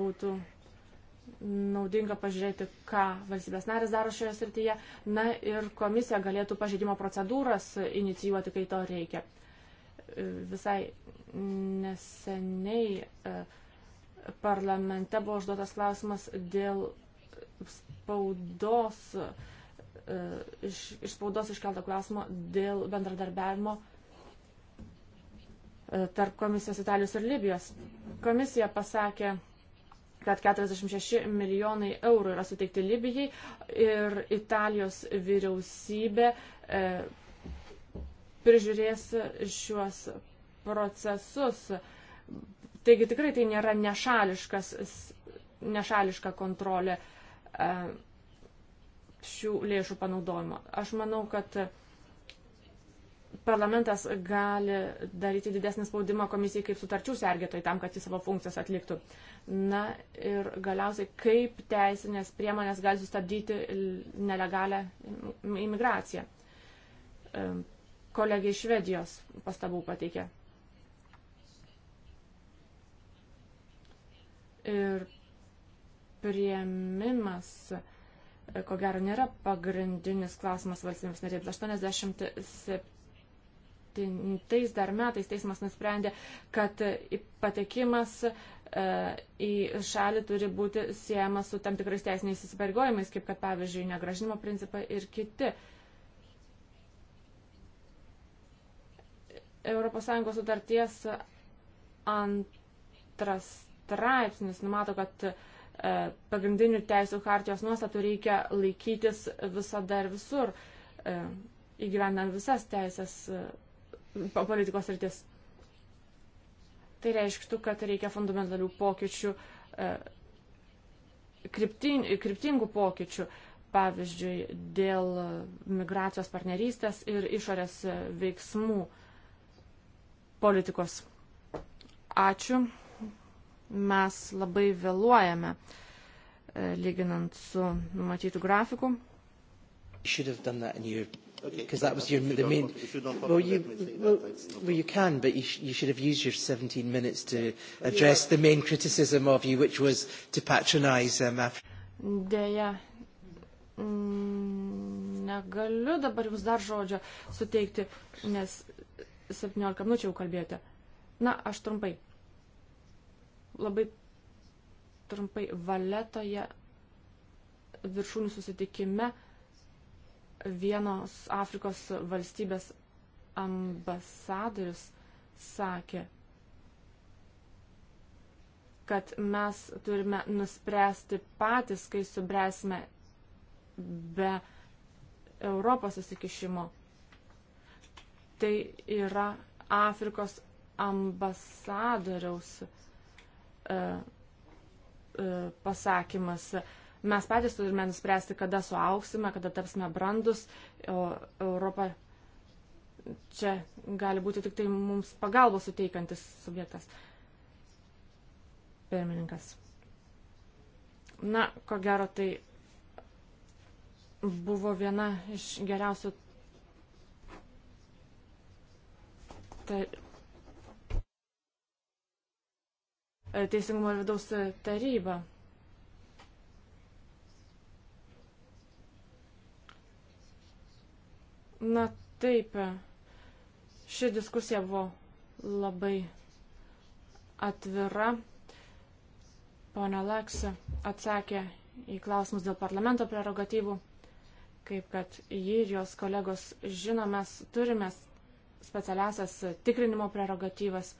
Būtų naudinga pažiūrėti, ką valstybės narės daro šioje srityje. Na ir komisija galėtų pažeidimo procedūras inicijuoti, kai to reikia. Visai neseniai e, parlamente buvo užduotas klausimas dėl spaudos uh, E, iš, iš spaudos iškeltą klausimą dėl bendradarbiavimo e, tarp komisijos Italijos ir Libijos. Komisija pasakė, kad 46 milijonai eurų yra suteikti Libijai ir Italijos vyriausybė e, prižiūrės šiuos procesus. Taigi tikrai tai nėra nešališkas, nešališka kontrolė. E, šių lėšų panaudojimo. Aš manau, kad parlamentas gali daryti didesnį spaudimą komisijai kaip sutarčių sergėtojai tam, kad jis savo funkcijas atliktų. Na ir galiausiai, kaip teisinės priemonės gali sustabdyti nelegalią imigraciją. Kolegė iš Švedijos pastabų pateikė. Ir prieimimas ko gero, nėra pagrindinis klausimas valstybėms narėms. 87 dar metais teismas nusprendė, kad patekimas e, į šalį turi būti siejamas su tam tikrais teisiniais įsipareigojimais, kaip kad, pavyzdžiui, negražinimo principai ir kiti. ES sutarties antras straipsnis numato, kad uh, E, pagrindinių teisų hartijos nuostatų reikia laikytis visada ir visur, e, įgyvendant visas teisės e, politikos rytis. Tai reiškia, kad reikia fundamentalių pokyčių, kryptin, kryptingų pokyčių, pavyzdžiui, dėl migracijos partnerystės ir išorės veiksmų politikos. Ačiū mes labai vėluojame e, lyginant su numatytų grafikų. Because that was your the main. Well, you well, well you can, but you, sh you should have used your 17 minutes to address yeah. the main criticism of you, which was to patronise um, Africa. Deja, mm, negaliu dabar jums dar žodžio suteikti, nes 17 minučių jau kalbėjote. Na, aš trumpai Labai trumpai valetoje viršūnių susitikime vienos Afrikos valstybės ambasadorius sakė, kad mes turime nuspręsti patys, kai subręsime be Europos įsikišimo. Tai yra Afrikos ambasadoriaus E, e, pasakymas. Mes patys turime nuspręsti, kada suauksime, kada tapsime brandus, o Europa čia gali būti tik tai mums pagalbos suteikantis subjektas. Pirmininkas. Na, ko gero, tai buvo viena iš geriausių E, Teisingumo ir vidaus taryba. Na taip, ši diskusija buvo labai atvira. Pone Leksa atsakė į klausimus dėl parlamento prerogatyvų. Kaip kad jį ir jos kolegos žino, mes turime specialiasias tikrinimo prerogatyvas.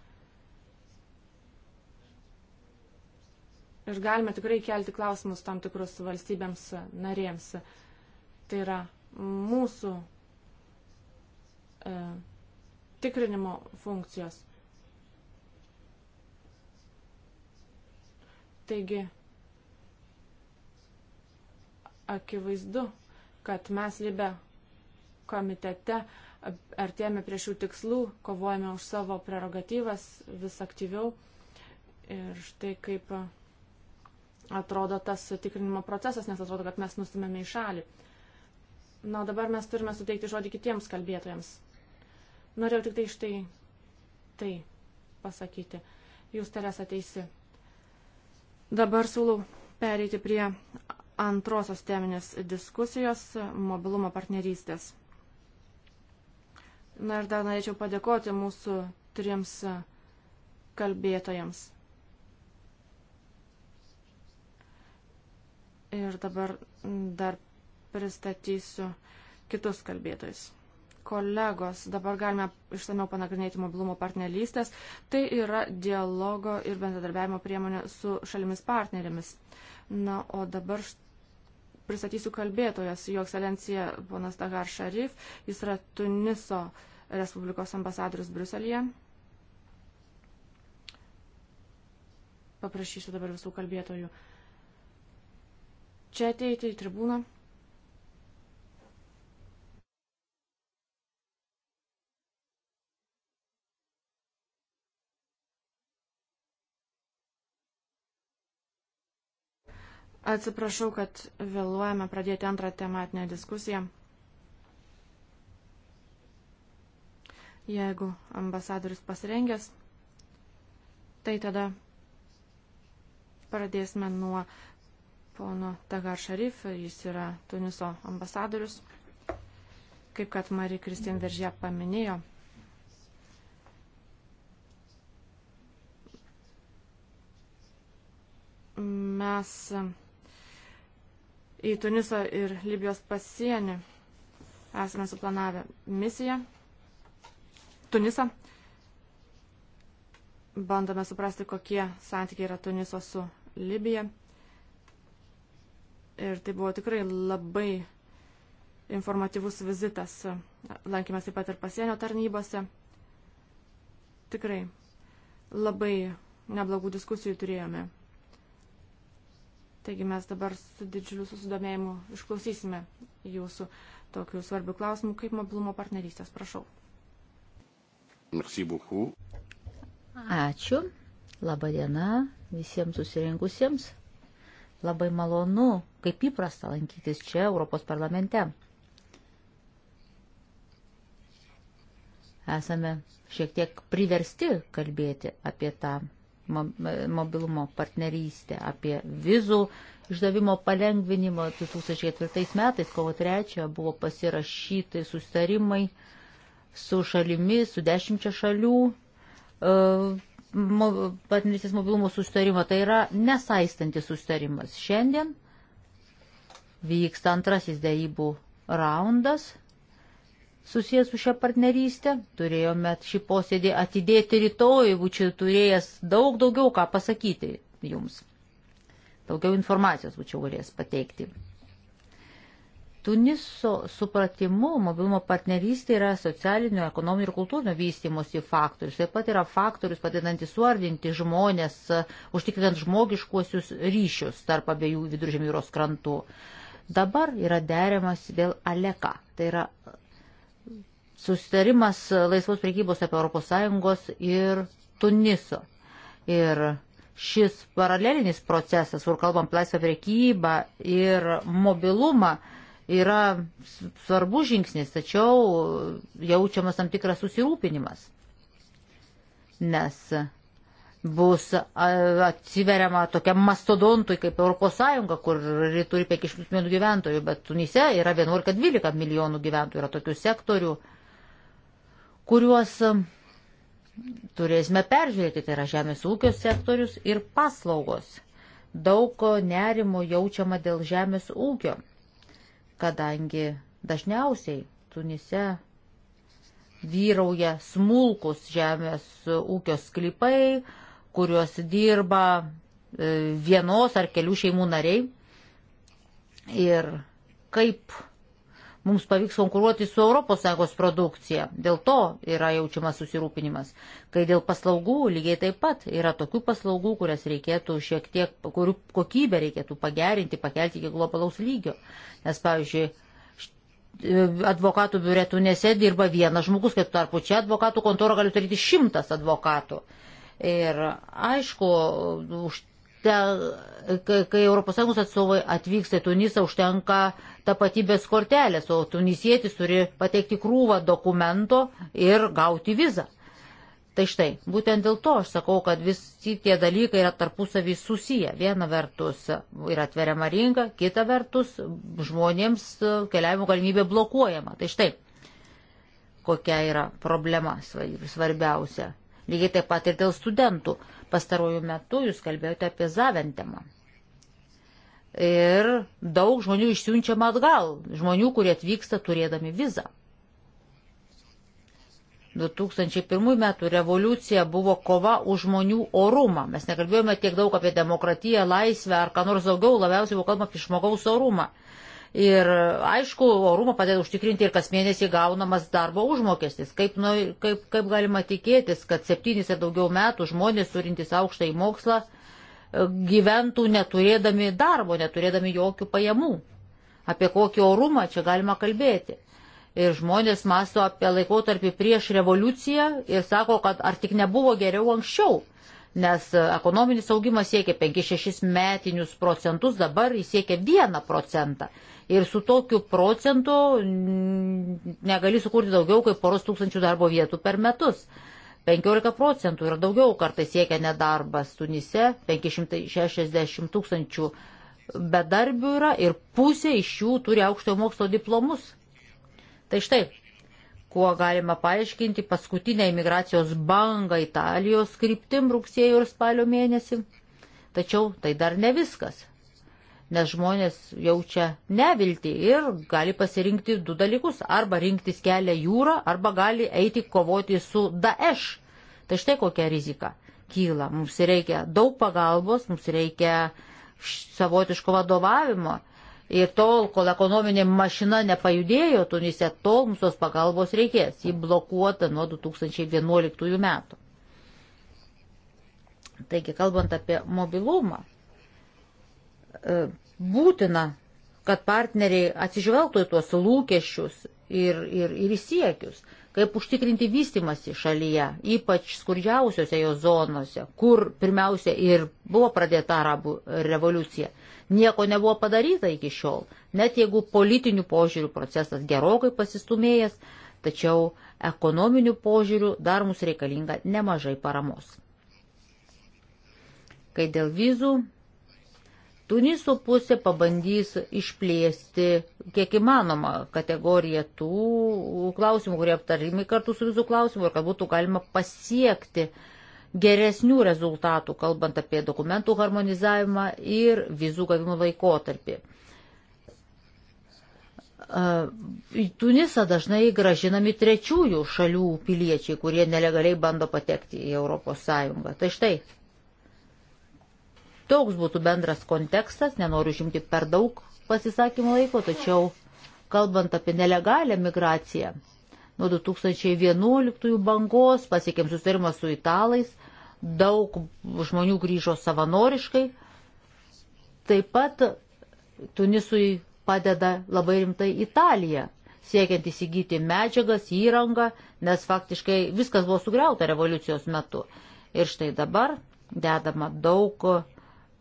ir galime tikrai kelti klausimus tam tikrus valstybėms narėms. Tai yra mūsų e, tikrinimo funkcijos. Taigi, akivaizdu, kad mes libe komitete artėjame prie šių tikslų, kovojame už savo prerogatyvas vis aktyviau. Ir štai kaip atrodo tas tikrinimo procesas, nes atrodo, kad mes nustumėme į šalį. Na, dabar mes turime suteikti žodį kitiems kalbėtojams. Norėjau tik tai štai tai pasakyti. Jūs, Teresa, teisi. Dabar siūlau pereiti prie antrosios teminės diskusijos - mobilumo partnerystės. Na ir dar norėčiau padėkoti mūsų trims kalbėtojams. ir dabar dar pristatysiu kitus kalbėtojus. Kolegos, dabar galime išsameu panagrinėti mobilumo partnerystės. Tai yra dialogo ir bendradarbiavimo priemonė su šalimis partnerėmis. Na, o dabar pristatysiu kalbėtojas, jo ekscelencija ponas Tagar Šarif, jis yra Tuniso Respublikos ambasadorius Bruselėje. Paprašysiu dabar visų kalbėtojų čia ateiti į tribūną. Atsiprašau, kad vėluojame pradėti antrą tematinę diskusiją. Jeigu ambasadorius pasirengęs, tai tada pradėsime nuo pono Tagar Šarif, jis yra Tuniso ambasadorius. Kaip kad Marija Kristin Veržė paminėjo, mes į Tuniso ir Libijos pasienį esame suplanavę misiją Tunisą. Bandome suprasti, kokie santykiai yra Tuniso su Libija. Ir tai buvo tikrai labai informatyvus vizitas. Lankėmės taip pat ir pasienio tarnybose. Tikrai labai neblogų diskusijų turėjome. Taigi mes dabar su didžiuliu susidomėjimu išklausysime jūsų tokių svarbių klausimų kaip mobilumo partnerystės. Prašau. Merci beaucoup. Ačiū. Labadiena visiems susirinkusiems. Labai malonu, kaip įprasta, lankytis čia Europos parlamente. Esame šiek tiek priversti kalbėti apie tą mobilumo partnerystę, apie vizų išdavimo palengvinimo 2004 metais, kovo 3 buvo pasirašyti sustarimai su šalimis, su dešimčia šalių, e, partnerystės mobilumo sustarimo. Tai yra nesaistantis sustarimas. Šiandien vyksta antrasis dėrybų raundas susijęs su šią partnerystę. Turėjome šį posėdį atidėti rytoj, būčiau turėjęs daug daugiau ką pasakyti jums. Daugiau informacijos būčiau galėjęs pateikti. Tuniso supratimu mobilumo partnerystė yra socialinio, ekonominio ir kultūrinio vystimosi faktorius. Taip pat yra faktorius padedantis suardinti žmonės, užtikrinant žmogiškuosius ryšius tarp abiejų viduržėmių jūros krantų. Dabar yra deriamas dėl Aleka. Tai yra susitarimas laisvos priekybos apie ES ir Tuniso. Ir šis paralelinis procesas, kur kalbam laisvą priekybą ir mobilumą, yra svarbus žingsnis, tačiau jaučiamas tam tikras susirūpinimas, nes bus atsiveriama tokiam mastodontui kaip ES, kur turi 500 milijonų gyventojų, bet Tunise yra 11-12 milijonų gyventojų, yra tokių sektorių, kuriuos turėsime peržiūrėti, tai yra žemės ūkio sektorius ir paslaugos. Daug nerimo jaučiama dėl žemės ūkio kadangi dažniausiai Tunise vyrauja smulkus žemės ūkio sklypai, kuriuos dirba e, vienos ar kelių šeimų nariai. Ir kaip mums pavyks konkuruoti su ES produkcija. Dėl to yra jaučiamas susirūpinimas. Kai dėl paslaugų lygiai taip pat yra tokių paslaugų, kurias reikėtų šiek tiek, kurių kokybę reikėtų pagerinti, pakelti iki globalaus lygio. Nes, pavyzdžiui, advokatų biure tu nesėdi dirba vienas žmogus, kad tarpu čia advokatų kontorą gali turėti šimtas advokatų. Ir aišku, už kai ES atstovai atvyksta į Tunisą, užtenka tapatybės kortelės, o tunisietis turi pateikti krūvą dokumento ir gauti vizą. Tai štai, būtent dėl to aš sakau, kad visi tie dalykai yra tarpusavį susiję. Viena vertus yra atveriama rinka, kita vertus žmonėms keliavimo galimybė blokuojama. Tai štai, kokia yra problema svarbiausia Lygiai taip pat ir dėl studentų. Pastarojų metų jūs kalbėjote apie Zaventemą. Ir daug žmonių išsiunčiama atgal, žmonių, kurie atvyksta turėdami vizą. 2001 metų revoliucija buvo kova už žmonių orumą. Mes nekalbėjome tiek daug apie demokratiją, laisvę ar ką nors daugiau, labiausiai buvo kalbama apie žmogaus orumą. Ir aišku, orumą padeda užtikrinti ir kas mėnesį gaunamas darbo užmokestis. Kaip, nu, kaip, kaip galima tikėtis, kad septynis ar daugiau metų žmonės turintys aukštą į mokslą e, gyventų neturėdami darbo, neturėdami jokių pajamų. Apie kokį orumą čia galima kalbėti. Ir žmonės masto apie laikotarpį prieš revoliuciją ir sako, kad ar tik nebuvo geriau anksčiau nes ekonominis augimas siekia 5-6 metinius procentus, dabar jis siekia 1 procentą ir su tokiu procentu negali sukurti daugiau kaip poros tūkstančių darbo vietų per metus. 15 procentų ir daugiau kartais siekia nedarbas Tunise, 560 tūkstančių bedarbių yra ir pusė iš jų turi aukštojo mokslo diplomus. Tai štai, kuo galima paaiškinti paskutinę imigracijos bangą Italijos kryptim rugsėjo ir spalio mėnesį. Tačiau tai dar ne viskas nes žmonės jaučia nevilti ir gali pasirinkti du dalykus - arba rinktis kelią jūrą, arba gali eiti kovoti su Daesh. Tai štai kokia rizika kyla. Mums reikia daug pagalbos, mums reikia savotiško vadovavimo. Ir tol, kol ekonominė mašina nepajudėjo Tunise, tol mums tos pagalbos reikės. Ji blokuota nuo 2011 metų. Taigi, kalbant apie mobilumą, e, būtina, kad partneriai atsižvelgtų į tuos lūkesčius ir, ir, ir į siekius, kaip užtikrinti vystimasi šalyje, ypač skurdžiausiose jo zonose, kur pirmiausia ir buvo pradėta arabų revoliucija. Nieko nebuvo padaryta iki šiol, net jeigu politinių požiūrių procesas gerokai pasistumėjęs, tačiau ekonominių požiūrių dar mums reikalinga nemažai paramos. Kai dėl vizų Tuniso pusė pabandys išplėsti kiek įmanoma kategoriją tų klausimų, kurie aptarimi kartu su visų klausimų ir kad būtų galima pasiekti geresnių rezultatų, kalbant apie dokumentų harmonizavimą ir vizų gavimo laikotarpį. Į e, Tunisą dažnai gražinami trečiųjų šalių piliečiai, kurie nelegaliai bando patekti į ES. Tai štai, Toks būtų bendras kontekstas, nenoriu žimti per daug pasisakymų laiko, tačiau kalbant apie nelegalią migraciją, nuo 2011 bangos pasiekėm susitarimą su italais, daug žmonių grįžo savanoriškai, taip pat Tunisui padeda labai rimtai Italija, siekiant įsigyti medžiagas, įrangą, nes faktiškai viskas buvo sugriauta revoliucijos metu. Ir štai dabar dedama daug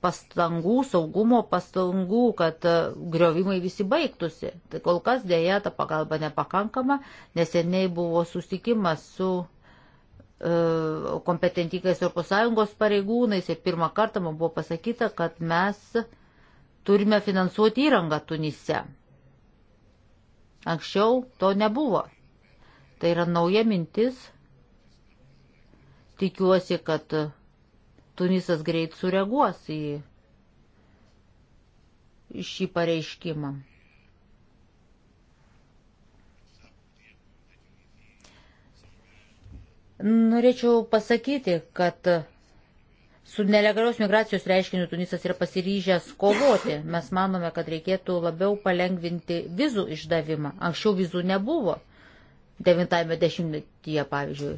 pastangų, saugumo pastangų, kad e, griovimai visi baigtųsi. Tai kol kas dėja ta pagalba nepakankama, neseniai buvo susitikimas su e, kompetentikais ES pareigūnais ir pirmą kartą man buvo pasakyta, kad mes turime finansuoti įrangą Tunise. Anksčiau to nebuvo. Tai yra nauja mintis. Tikiuosi, kad Tunisas greit sureaguos į šį pareiškimą. Norėčiau pasakyti, kad su nelegalios migracijos reiškiniu Tunisas yra pasiryžęs kovoti. Mes manome, kad reikėtų labiau palengvinti vizų išdavimą. Anksčiau vizų nebuvo, 90-metyje pavyzdžiui.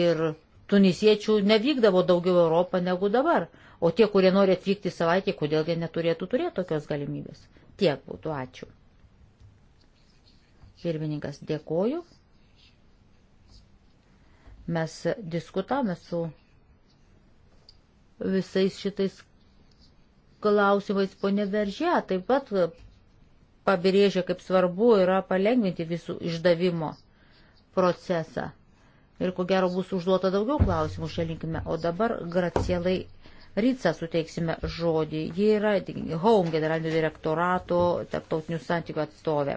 Ir tunisiečių nevykdavo daugiau Europą negu dabar. O tie, kurie nori atvykti savaitį, kodėl jie neturėtų turėti tokios galimybės. Tiek būtų. Ačiū. Pirmininkas, dėkoju. Mes diskutavome su visais šitais klausimais ponė Veržė. Taip pat pabrėžė, kaip svarbu yra palengvinti visų išdavimo procesą ir ko gero bus užduota daugiau klausimų šią linkime. O dabar Gracielai Rica suteiksime žodį. Ji yra Home generalinio direktorato tarptautinių santykių atstovė.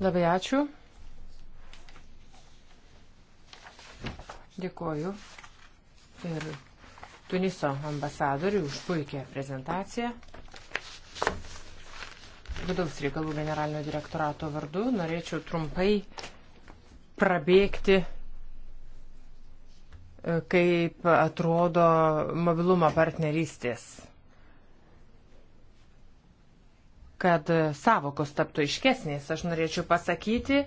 Labai ačiū. Dėkoju ir Tuniso ambasadoriui už puikią prezentaciją. Vidaus reikalų generalinio direktorato vardu norėčiau trumpai uh, prabėgti, e, kaip atrodo mobilumo partnerystės. Kad savokos taptų iškesnės, aš norėčiau pasakyti,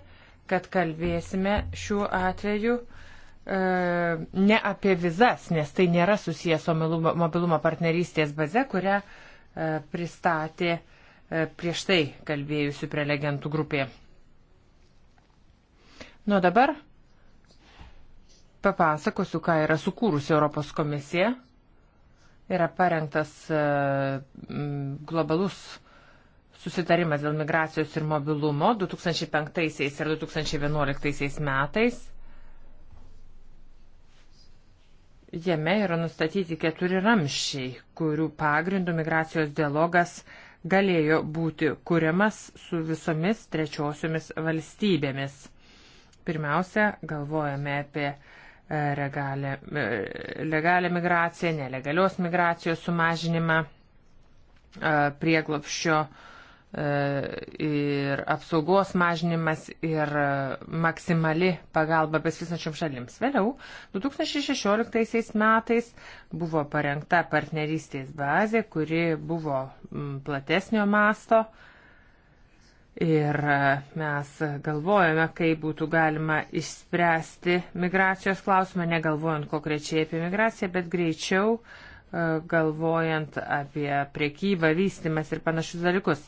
kad kalbėsime šiuo atveju e, ne apie vizas, nes tai nėra susijęs su mobilumo partnerystės baze, kurią e, pristatė prieš tai kalbėjusių prelegentų grupė. Nuo dabar papasakosiu, ką yra sukūrusi Europos komisija. Yra parengtas e, globalus susitarimas dėl migracijos ir mobilumo 2005 ir 2011 metais. Jame yra nustatyti keturi ramščiai, kurių pagrindų migracijos dialogas galėjo būti kuriamas su visomis trečiosiomis valstybėmis Pirmiausia, galvojame apie e, regalę, e, legalią migraciją, nelegalios migracijos sumažinimą, e, prieglopščio ir apsaugos mažinimas ir maksimali pagalba besvisančiam šalims. Vėliau, 2016 metais buvo parengta partnerystės bazė, kuri buvo platesnio masto Ir e, mes galvojame, kaip būtų galima išspręsti migracijos klausimą, negalvojant konkrečiai apie migraciją, bet greičiau e, galvojant apie priekybą, vystimas ir panašius dalykus.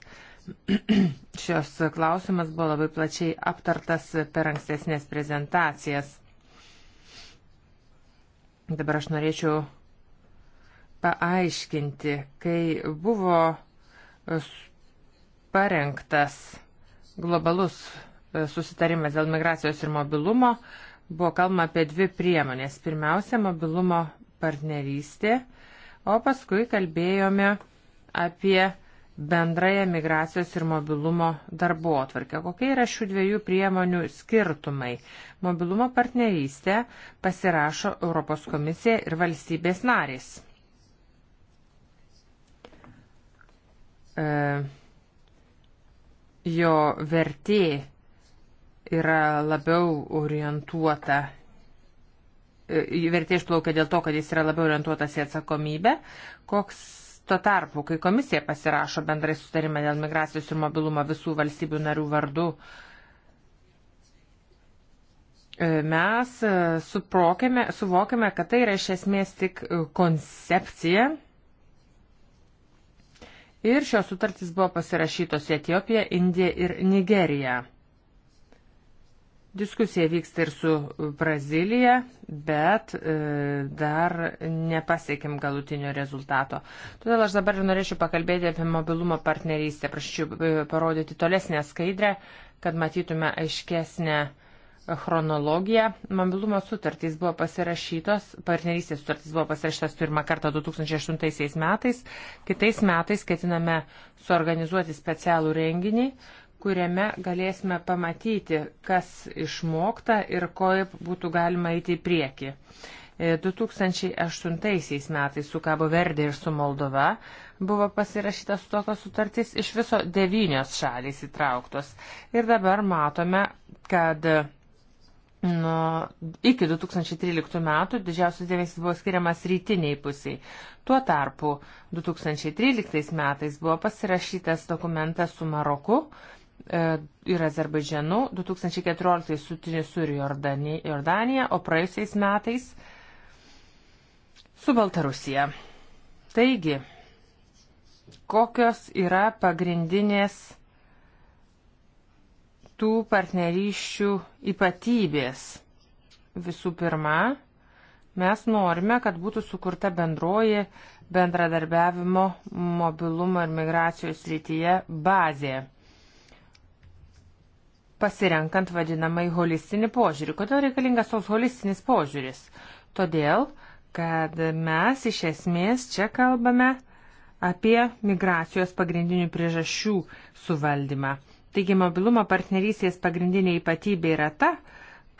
Šios klausimas buvo labai plačiai aptartas per ankstesnės prezentacijas. Dabar aš norėčiau paaiškinti, kai buvo parengtas globalus e, susitarimas dėl migracijos ir mobilumo, buvo kalbama apie dvi priemonės. Pirmiausia, mobilumo partnerystė, o paskui kalbėjome apie bendrąją migracijos ir mobilumo darbo atvarkę. Kokie yra šių dviejų priemonių skirtumai? Mobilumo partnerystę pasirašo Europos komisija ir valstybės narės. E, jo vertė yra labiau orientuota, e, vertė išplaukia dėl to, kad jis yra labiau orientuotas į atsakomybę, koks tuo tarpu, kai komisija pasirašo bendrai sutarimą dėl migracijos ir mobilumo visų valstybių narių vardu, e, mes e, suprokėme, suvokėme, kad tai yra iš esmės tik koncepcija ir šios sutartys buvo pasirašytos į Etiopiją, Indiją ir Nigeriją. Diskusija vyksta ir su Brazilija, bet e, dar nepasiekėm galutinio rezultato. Todėl aš dabar norėčiau pakalbėti apie mobilumo partnerystę. Prašyčiau e, parodyti tolesnę skaidrę, kad matytume aiškesnę e, chronologiją. Mobilumo sutartys buvo pasirašytos, partnerystės sutartys buvo pasirašytas pirmą kartą 2008 metais. Kitais metais ketiname suorganizuoti specialų renginį, kuriame galėsime pamatyti, kas išmokta ir kaip būtų galima eiti į priekį. 2008 e, metais su Kabo Verde ir su Moldova buvo pasirašytas tokios sutartys, iš viso devynios šalys įtrauktos. Ir dabar matome, kad Nuo iki 2013 metų didžiausias dėmesys buvo skiriamas rytiniai pusiai. Tuo tarpu 2013 metais buvo pasirašytas dokumentas su Maroku e, ir Azerbaidžianu, 2014 su Tunisu ir Jordanija, o praėjusiais metais su Baltarusija. Taigi, kokios yra pagrindinės tų partnerysčių ypatybės. Visų pirma, mes norime, kad būtų sukurta bendroji bendradarbiavimo mobilumo ir migracijos rytyje bazė pasirenkant vadinamai holistinį požiūrį. Kodėl reikalingas tos holistinis požiūris? Todėl, kad mes iš esmės čia kalbame apie migracijos pagrindinių priežasčių suvaldymą. Taigi mobilumo partnerystės pagrindinė ypatybė yra ta,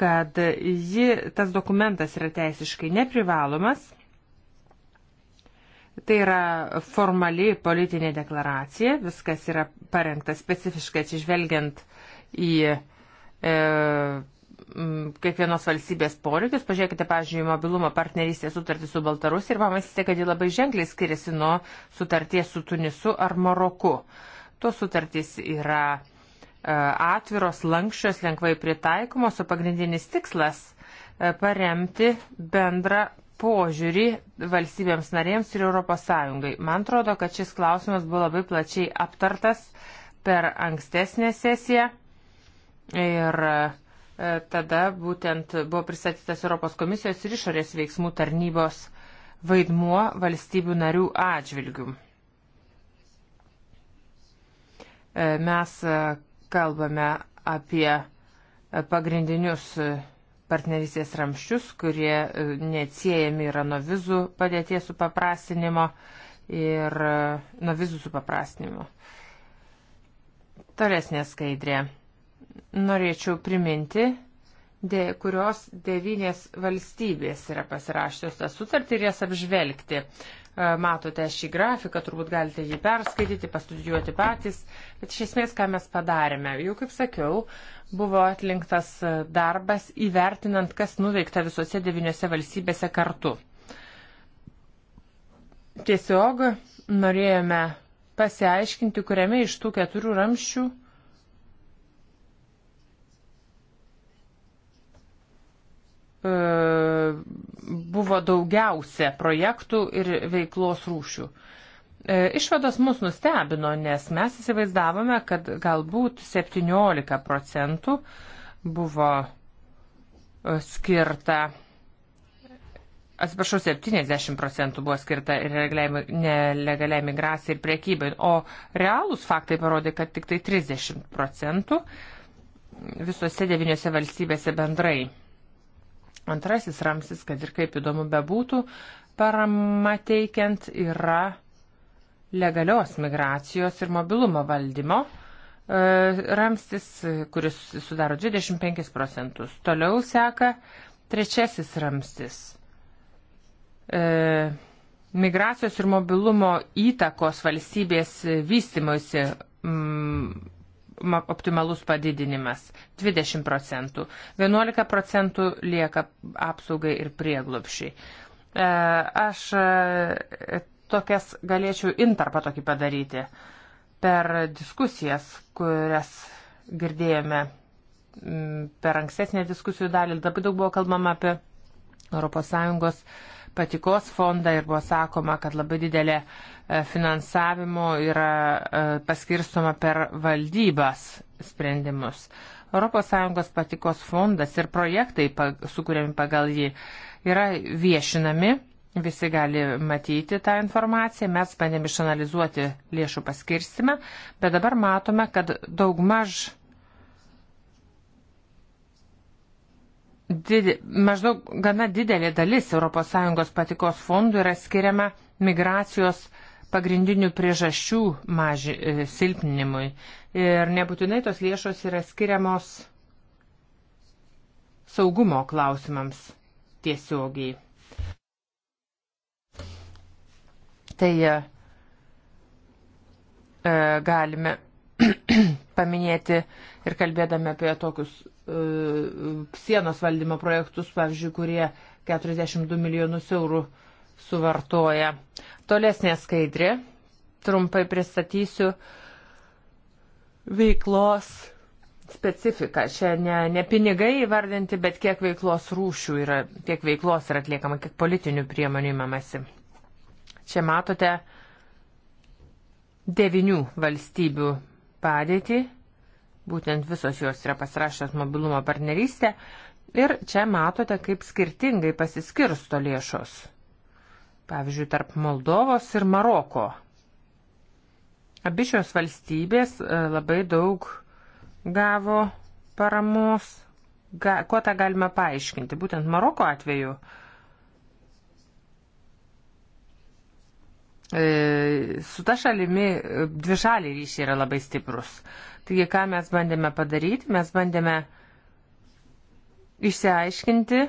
kad ji, tas dokumentas yra teisiškai neprivalomas. Tai yra formali politinė deklaracija, viskas yra parengta specifiškai atsižvelgiant į e, kiekvienos valstybės poreikius. Pažiūrėkite, pavyzdžiui, mobilumo partnerystės sutartį su Baltarusija ir pamatysite, kad ji labai ženkliai skiriasi nuo sutarties su Tunisu ar Maroku. Tos sutartys yra E, atviros, lankščios, lengvai pritaikomos, o pagrindinis tikslas e, - paremti bendrą požiūrį valstybėms narėms ir ES. Man atrodo, kad šis klausimas buvo labai plačiai aptartas per ankstesnę sesiją ir e, tada būtent buvo pristatytas Europos komisijos ir išorės veiksmų tarnybos vaidmuo valstybių narių atžvilgių. Mes kalbame apie e, pagrindinius e, partnerystės ramščius, kurie e, neatsiejami yra nuo vizų padėties supaprastinimo ir nuo vizų supaprastinimo. Tolesnė skaidrė. Norėčiau priminti, de, kurios devynės valstybės yra pasirašytos tą sutartį ir jas apžvelgti. E, matote šį grafiką, turbūt galite jį perskaityti, pastudijuoti patys, bet iš esmės, ką mes padarėme. Jau kaip sakiau, buvo atlinktas darbas įvertinant, kas nuveikta visose devyniose valstybėse kartu. Tiesiog norėjome pasiaiškinti, kuriame iš tų keturių ramščių E, buvo daugiausia projektų ir veiklos rūšių. E, išvados mus nustebino, nes mes įsivaizdavome, kad galbūt 17 e, procentų buvo skirta, atsiprašau, 70 procentų buvo skirta nelegaliai migracijai ir priekybai, o realūs faktai parodė, kad tik tai 30 procentų visose devyniose valstybėse bendrai Antrasis ramsis, kad ir kaip įdomu bebūtų, parama teikiant yra legalios migracijos ir mobilumo valdymo e, ramstis, kuris sudaro 25 procentus. Toliau seka trečiasis ramstis. E, migracijos ir mobilumo įtakos valstybės vystimuisi optimalus padidinimas - 20 procentų. 11 procentų lieka apsaugai ir prieglopšiai. E, aš e, tokias galėčiau intarpą tokį padaryti. Per diskusijas, kurias girdėjome per ankstesnę diskusijų dalį, labai daug buvo kalbama apie ES patikos fondą ir buvo sakoma, kad labai didelė uh, E, finansavimo yra e, paskirstoma per valdybas sprendimus. ES patikos fondas ir projektai, sukūrėmi pagal jį, yra viešinami, visi gali matyti tą informaciją, mes bandėm išanalizuoti lėšų paskirstimą, bet dabar matome, kad daugmaž Didi, maždaug gana didelė dalis ES patikos fondų yra skiriama migracijos uh, pagrindinių priežasčių maži, e, silpninimui. Ir nebūtinai tos lėšos yra skiriamos saugumo klausimams tiesiogiai. Tai e, e galime paminėti ir kalbėdami apie tokius e, sienos valdymo projektus, pavyzdžiui, kurie 42 milijonus eurų suvartoja. Tolesnė skaidrė. Trumpai pristatysiu veiklos specifika. Čia ne, ne pinigai įvardinti, bet kiek veiklos rūšių yra, kiek veiklos yra atliekama, kiek politinių priemonių įmamasi. Čia matote devinių valstybių padėtį, būtent visos jos yra pasirašęs mobilumo partnerystę ir čia matote, kaip skirtingai pasiskirsto lėšos pavyzdžiui, tarp Moldovos ir Maroko. Abi šios valstybės e, labai daug gavo paramos. Ga, kuo tą galima paaiškinti? Būtent Maroko atveju e, su ta šalimi e, dvišaliai ryšiai yra labai stiprus. Taigi, ką mes bandėme padaryti? Mes bandėme išsiaiškinti,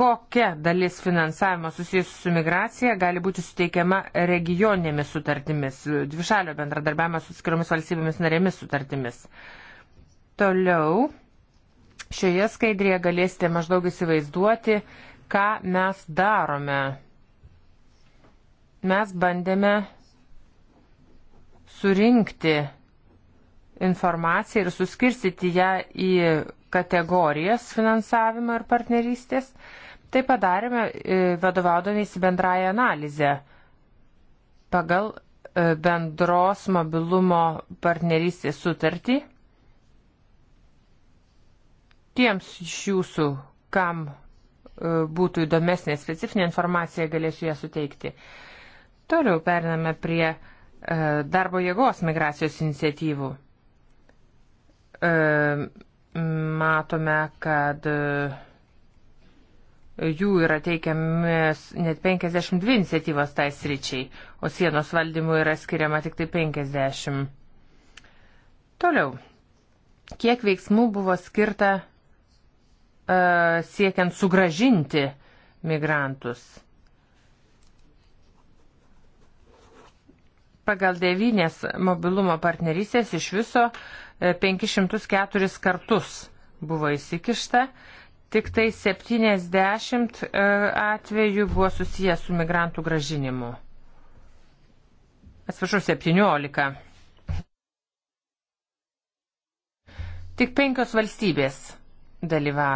kokia dalis finansavimo susijusi su migracija gali būti suteikiama regioninėmis sutartimis, dvišalio bendradarbiavimo su skiriomis valstybėmis narėmis sutartimis. Toliau šioje skaidrėje galėsite maždaug įsivaizduoti, ką mes darome. Mes bandėme surinkti informaciją ir suskirstyti ją į kategorijas finansavimo ir partnerystės. Uh, Tai padarėme e, vadovaudomėsi bendrąją analizę pagal e, bendros mobilumo partnerystės sutartį tiems iš jūsų, kam e, būtų įdomesnė specifinė informacija, galėsiu ją suteikti. Toliau periname prie darbo jėgos migracijos iniciatyvų. Matome, kad Jų yra teikiamis net 52 iniciatyvos tai sričiai, o sienos valdymui yra skiriama tik tai 50. Toliau. Kiek veiksmų buvo skirta uh, siekiant sugražinti migrantus? Pagal devynės mobilumo partnerysės iš viso 504 e, kartus buvo įsikišta. Uh, Tik tai 70 e, atvejų buvo susijęs su migrantų gražinimu. Atsiprašau, 17. Tik penkios valstybės dalyva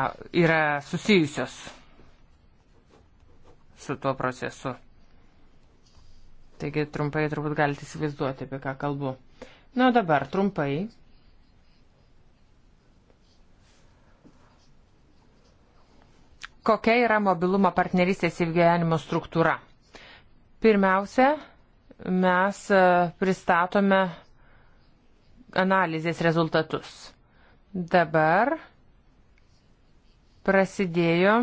yra susijusios su tuo procesu. Taigi trumpai turbūt galite įsivaizduoti, apie ką kalbu. Na, nu, dabar trumpai kokia yra mobilumo partnerystės įgyvenimo struktūra. Pirmiausia, mes e, pristatome analizės rezultatus. Dabar prasidėjo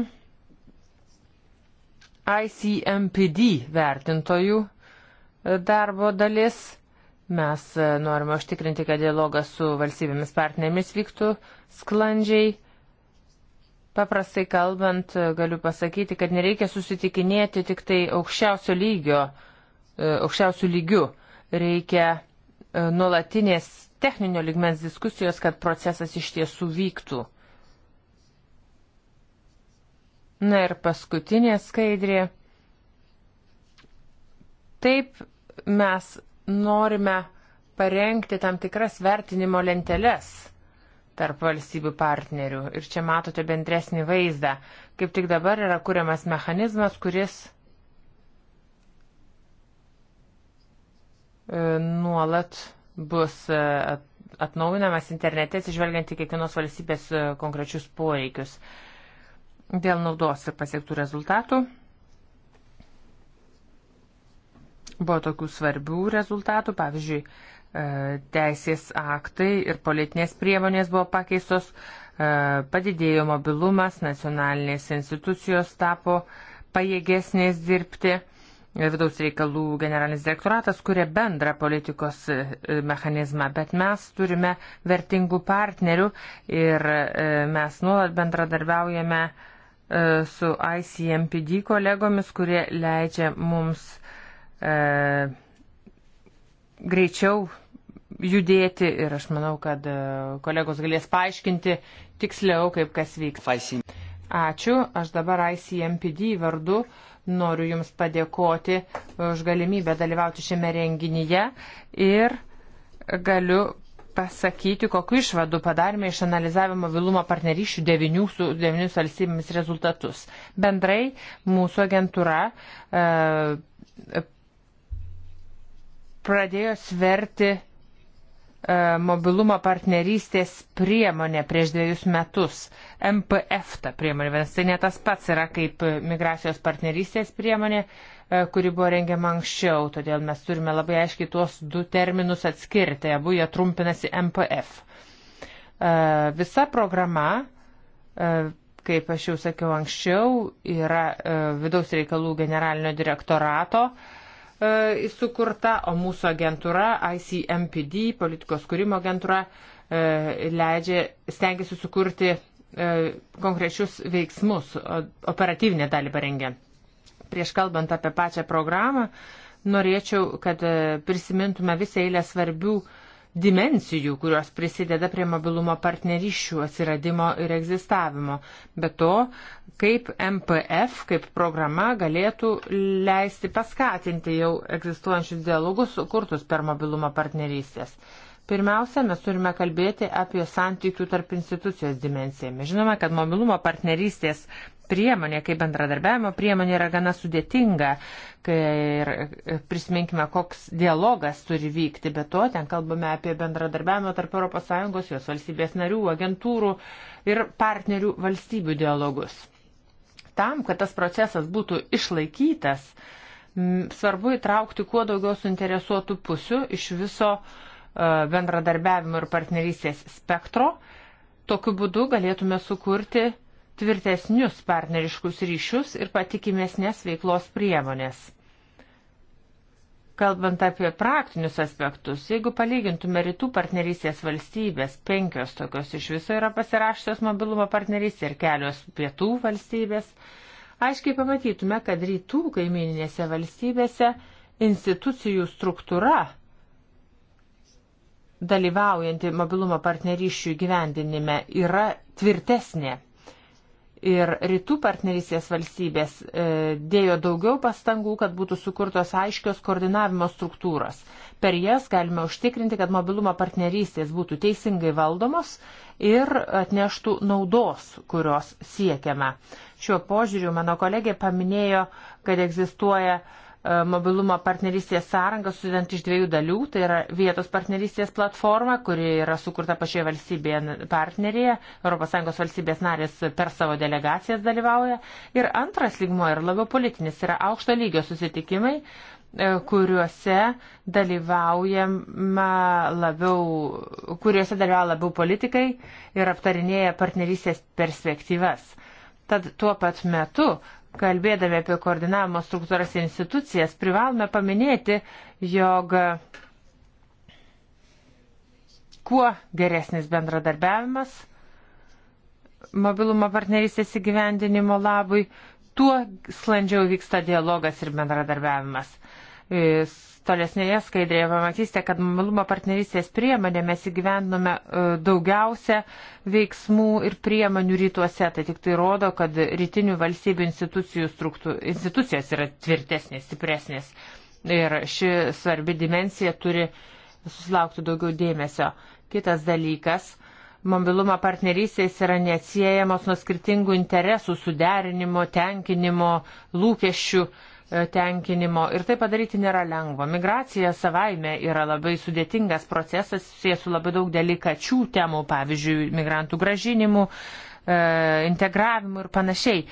ICMPD vertintojų e, darbo dalis. Mes e, norime užtikrinti, kad dialogas su valstybėmis partnerėmis vyktų sklandžiai Paprastai kalbant, galiu pasakyti, kad nereikia susitikinėti tik tai aukščiausio lygio, e, aukščiausių lygių. Reikia e, nuolatinės techninio ligmens diskusijos, kad procesas iš tiesų vyktų. Na ir paskutinė skaidrė. Taip mes norime parengti tam tikras vertinimo lenteles tarp valstybių partnerių. Ir čia matote bendresnį vaizdą. Kaip tik dabar yra kuriamas mechanizmas, kuris e, nuolat bus e, atnaujinamas internete, atsižvelgiant į kiekvienos valstybės e, konkrečius poreikius. Dėl naudos ir pasiektų rezultatų buvo tokių svarbių rezultatų, pavyzdžiui, E, teisės aktai ir politinės priemonės buvo pakeistos, e, padidėjo mobilumas, nacionalinės institucijos tapo pajėgesnės dirbti, e, vidaus reikalų generalinis direktoratas kuria bendrą politikos mechanizmą, bet mes turime vertingų partnerių ir mes nuolat bendradarbiaujame su ICMPD kolegomis, kurie leidžia mums greičiau judėti ir aš manau, kad e, kolegos galės paaiškinti tiksliau, kaip kas vyks. Ačiū, aš dabar ICMPD vardu noriu Jums padėkoti e, už galimybę dalyvauti šiame renginyje ir galiu pasakyti, kokiu išvadu padarėme iš analizavimo vilumo partnerysčių devinių su devynius valstybėmis rezultatus. Bendrai mūsų agentūra e, pradėjo sverti E, mobilumo partnerystės priemonė prieš dviejus metus. MPF ta priemonė, nes tai ne tas pats yra kaip migracijos partnerystės priemonė, e, kuri buvo rengiama anksčiau, todėl mes turime labai aiškiai tuos du terminus atskirti, abu jie trumpinasi MPF. E, visa programa, kaip aš jau sakiau anksčiau, yra vidaus reikalų generalinio direktorato E, sukurta, o mūsų agentūra, ICMPD, politikos kūrimo agentūra, e, leidžia, stengiasi sukurti e, konkrečius veiksmus, operatyvinę dalį parengė. Prieš kalbant apie pačią programą, norėčiau, kad prisimintume visą eilę svarbių uh, dimensijų, kurios prisideda prie mobilumo partnerysčių atsiradimo ir egzistavimo. Be to, kaip MPF, kaip programa galėtų leisti paskatinti jau egzistuojančius dialogus sukurtus per mobilumo partnerystės. Pirmiausia, mes turime kalbėti apie santykių tarp institucijos dimenciją. Mes žinome, kad mobilumo partnerystės priemonė, kaip bendradarbiavimo priemonė yra gana sudėtinga. Ir e, prisiminkime, koks dialogas turi vykti. Be to, ten kalbame apie bendradarbiavimo tarp ES, jos valstybės narių, agentūrų ir partnerių valstybių dialogus. Tam, kad tas procesas būtų išlaikytas, svarbu įtraukti kuo daugiau suinteresuotų pusių iš viso e, bendradarbiavimo ir partnerystės spektro. Tokiu būdu galėtume sukurti tvirtesnius partneriškus ryšius ir patikimesnės veiklos priemonės. Kalbant apie praktinius aspektus, jeigu palygintume rytų partnerystės valstybės, penkios tokios iš viso yra pasirašytos mobilumo partnerystė ir kelios pietų valstybės, aiškiai pamatytume, kad rytų kaimininėse valstybėse institucijų struktūra dalyvaujanti mobilumo partnerysčių gyvendinime yra tvirtesnė ir rytų partnerysės valstybės e, dėjo daugiau pastangų, kad būtų sukurtos aiškios koordinavimo struktūros. Per jas galime užtikrinti, kad mobilumo partnerystės būtų teisingai valdomos ir atneštų naudos, kurios siekiame. Šiuo požiūriu mano kolegė paminėjo, kad egzistuoja uh, E, mobilumo partnerystės sąrangą sudant iš dviejų dalių. Tai yra vietos partnerystės platforma, kuri yra sukurta pačioje valstybėje partnerėje. ES valstybės narės per savo delegacijas dalyvauja. Ir antras lygmo yra labiau politinis, yra aukšto lygio susitikimai e, kuriuose dalyvaujama labiau, kuriuose dalyvauja labiau politikai ir aptarinėja partnerystės perspektyvas. Tad tuo pat metu kalbėdami apie koordinavimo struktūras ir institucijas, privalome paminėti, jog kuo geresnis bendradarbiavimas mobilumo partnerystės įgyvendinimo labui, tuo sklandžiau vyksta dialogas ir bendradarbiavimas. E, tolesnėje skaidrėje pamatysite, kad mobilumo partnerystės priemonė mes įgyvendome e, daugiausia veiksmų ir priemonių rytuose. Tai tik tai rodo, kad rytinių valstybių institucijos yra tvirtesnės, stipresnės. Ir ši svarbi dimensija turi susilaukti daugiau dėmesio. Kitas dalykas mobilumo partnerystės yra neatsiejamos nuo skirtingų interesų suderinimo, tenkinimo, lūkesčių tenkinimo ir tai padaryti nėra lengva. Migracija savaime yra labai sudėtingas procesas, susijęs su labai daug delikačių temų, pavyzdžiui, migrantų gražinimų, e, integravimų ir panašiai.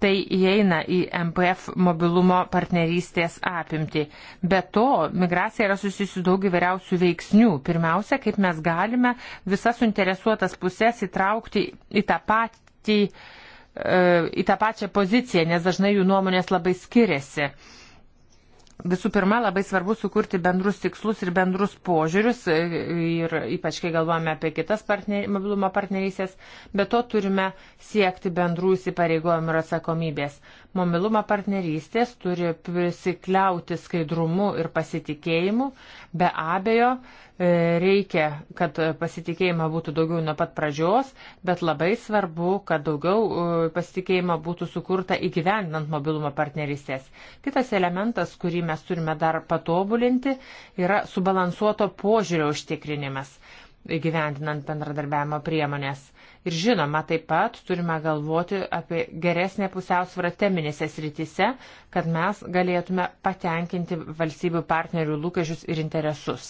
Tai įeina į MPF mobilumo partnerystės apimti. Be to, migracija yra susijusi daug įvairiausių veiksnių. Pirmiausia, kaip mes galime visas suinteresuotas pusės įtraukti į tą patį E, į tą pačią poziciją, nes dažnai jų nuomonės labai skiriasi. Visų pirma, labai svarbu sukurti bendrus tikslus ir bendrus požiūrius, e, ir ypač kai galvojame apie kitas partner, mobilumo partnerysės, bet to turime siekti bendrų įsipareigojimų ir atsakomybės. Mobilumą partnerystės turi prisikliauti skaidrumu ir pasitikėjimu. Be abejo, e, reikia, kad pasitikėjimą būtų daugiau nuo pat pradžios, bet labai svarbu, kad daugiau e, pasitikėjimo būtų sukurta įgyvendinant mobilumo partnerystės. Kitas elementas, kurį mes turime dar patobulinti, yra subalansuoto požiūrio užtikrinimas įgyvendinant bendradarbiavimo priemonės Ir žinoma, taip pat turime galvoti apie geresnę pusiausvyrą teminėse srityse, kad mes galėtume patenkinti valstybių partnerių lūkesčius ir interesus.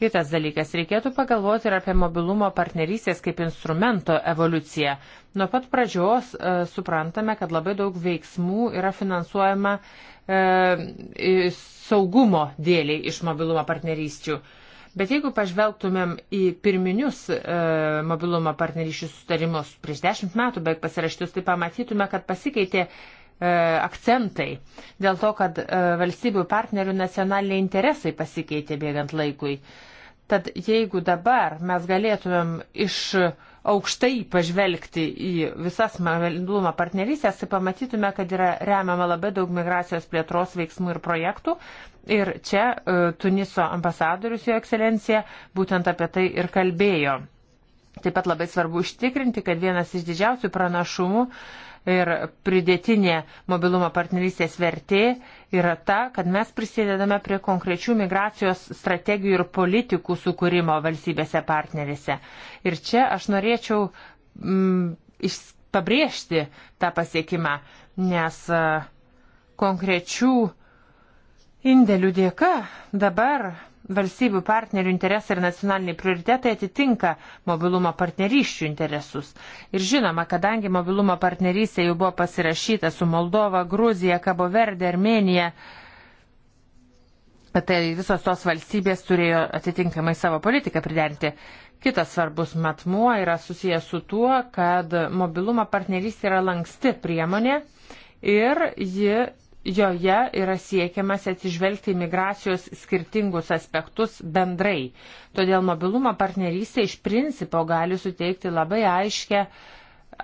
Kitas dalykas, reikėtų pagalvoti ir apie mobilumo partnerystės kaip instrumento evoliuciją. Nuo pat pradžios e, suprantame, kad labai daug veiksmų yra finansuojama e, saugumo dėliai iš mobilumo partnerysčių. E, Bet jeigu pažvelgtumėm į pirminius e, mobilumo partnerysčių sustarimus prieš dešimt metų beveik pasirašytus, tai pamatytume, kad pasikeitė e, akcentai dėl to, kad e, valstybių partnerių nacionaliniai interesai pasikeitė bėgant laikui. Tad jeigu dabar mes galėtumėm iš e, aukštai pažvelgti į visas mobilumo partnerystės, tai pamatytume, kad yra remiama labai daug migracijos plėtros veiksmų ir projektų. Ir čia e, Tuniso ambasadorius, jo ekscelencija, būtent apie tai ir kalbėjo. Taip pat labai svarbu užtikrinti, kad vienas iš didžiausių pranašumų ir pridėtinė mobilumo partnerystės vertė yra ta, kad mes prisidedame prie konkrečių migracijos strategijų ir politikų sukūrimo valstybėse partnerėse. Ir čia aš norėčiau mm, iš, pabrėžti tą pasiekimą, nes e, konkrečių indėlių dėka dabar valstybių partnerių interesai ir nacionaliniai prioritetai atitinka mobilumo partnerysčių interesus. Ir žinoma, kadangi mobilumo partnerystė jau buvo pasirašyta su Moldova, Gruzija, Kabo Verde, Armenija, tai visos tos valstybės turėjo atitinkamai savo politiką priderinti. Kitas svarbus matmuo yra susijęs su tuo, kad mobilumo partnerystė yra lanksti priemonė ir ji Joje yra siekiamas atsižvelgti į migracijos skirtingus aspektus bendrai. Todėl mobilumo partnerystė iš principo gali suteikti labai aiškę,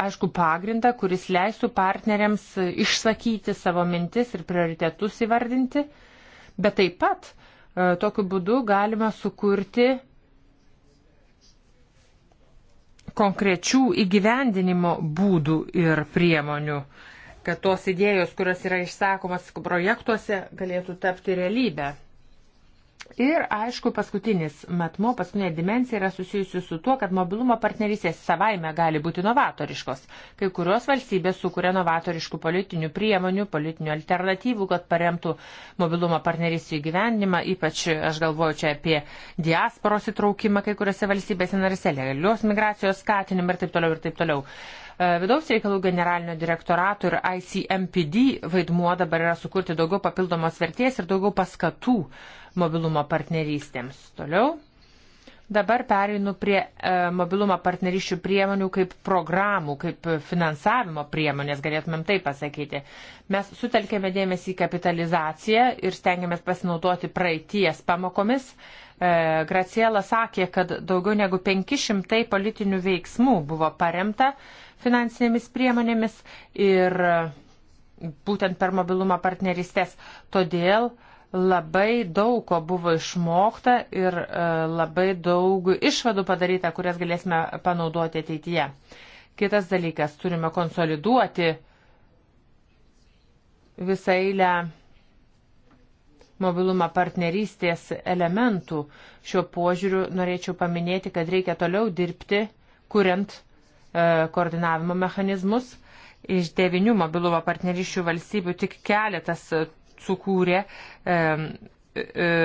aišku, pagrindą, kuris leistų partneriams išsakyti savo mintis ir prioritetus įvardinti. Bet taip pat e, tokiu būdu galima sukurti konkrečių įgyvendinimo būdų ir priemonių kad tos idėjos, kurios yra išsakomas projektuose, galėtų tapti realybę. Ir, aišku, paskutinis matmo, paskutinė dimensija yra susijusi su tuo, kad mobilumo partnerysės savaime gali būti novatoriškos. Kai kurios valstybės sukuria novatoriškų politinių priemonių, politinių alternatyvų, kad paremtų mobilumo partnerysijų gyvenimą. Ypač aš galvoju čia apie diasporos įtraukimą kai kuriuose valstybėse narise, legalios migracijos skatinimą ir taip toliau ir taip toliau. E, vidaus reikalų generalinio direktorato ir ICMPD vaidmuo dabar yra sukurti daugiau papildomos vertės ir daugiau paskatų mobilumo partnerystėms. Toliau Dabar pereinu prie e, mobilumo partnerysčių priemonių kaip programų, kaip finansavimo priemonės, galėtumėm tai pasakyti. Mes sutelkėme dėmesį į kapitalizaciją ir stengiamės pasinaudoti praeities pamokomis. E, Graciela sakė, kad daugiau negu 500 politinių veiksmų buvo paremta finansinėmis priemonėmis ir e, būtent per mobilumo partnerystės. Todėl e, Labai daug ko buvo išmokta ir e, labai daug išvadų padaryta, kurias galėsime panaudoti ateityje. Kitas dalykas, turime konsoliduoti visą eilę mobilumą partnerystės elementų. Šiuo požiūriu norėčiau paminėti, kad reikia toliau dirbti, kuriant e, koordinavimo mechanizmus. Iš devinių mobilumo partnerysčių valstybių tik keletas sukūrė e, e,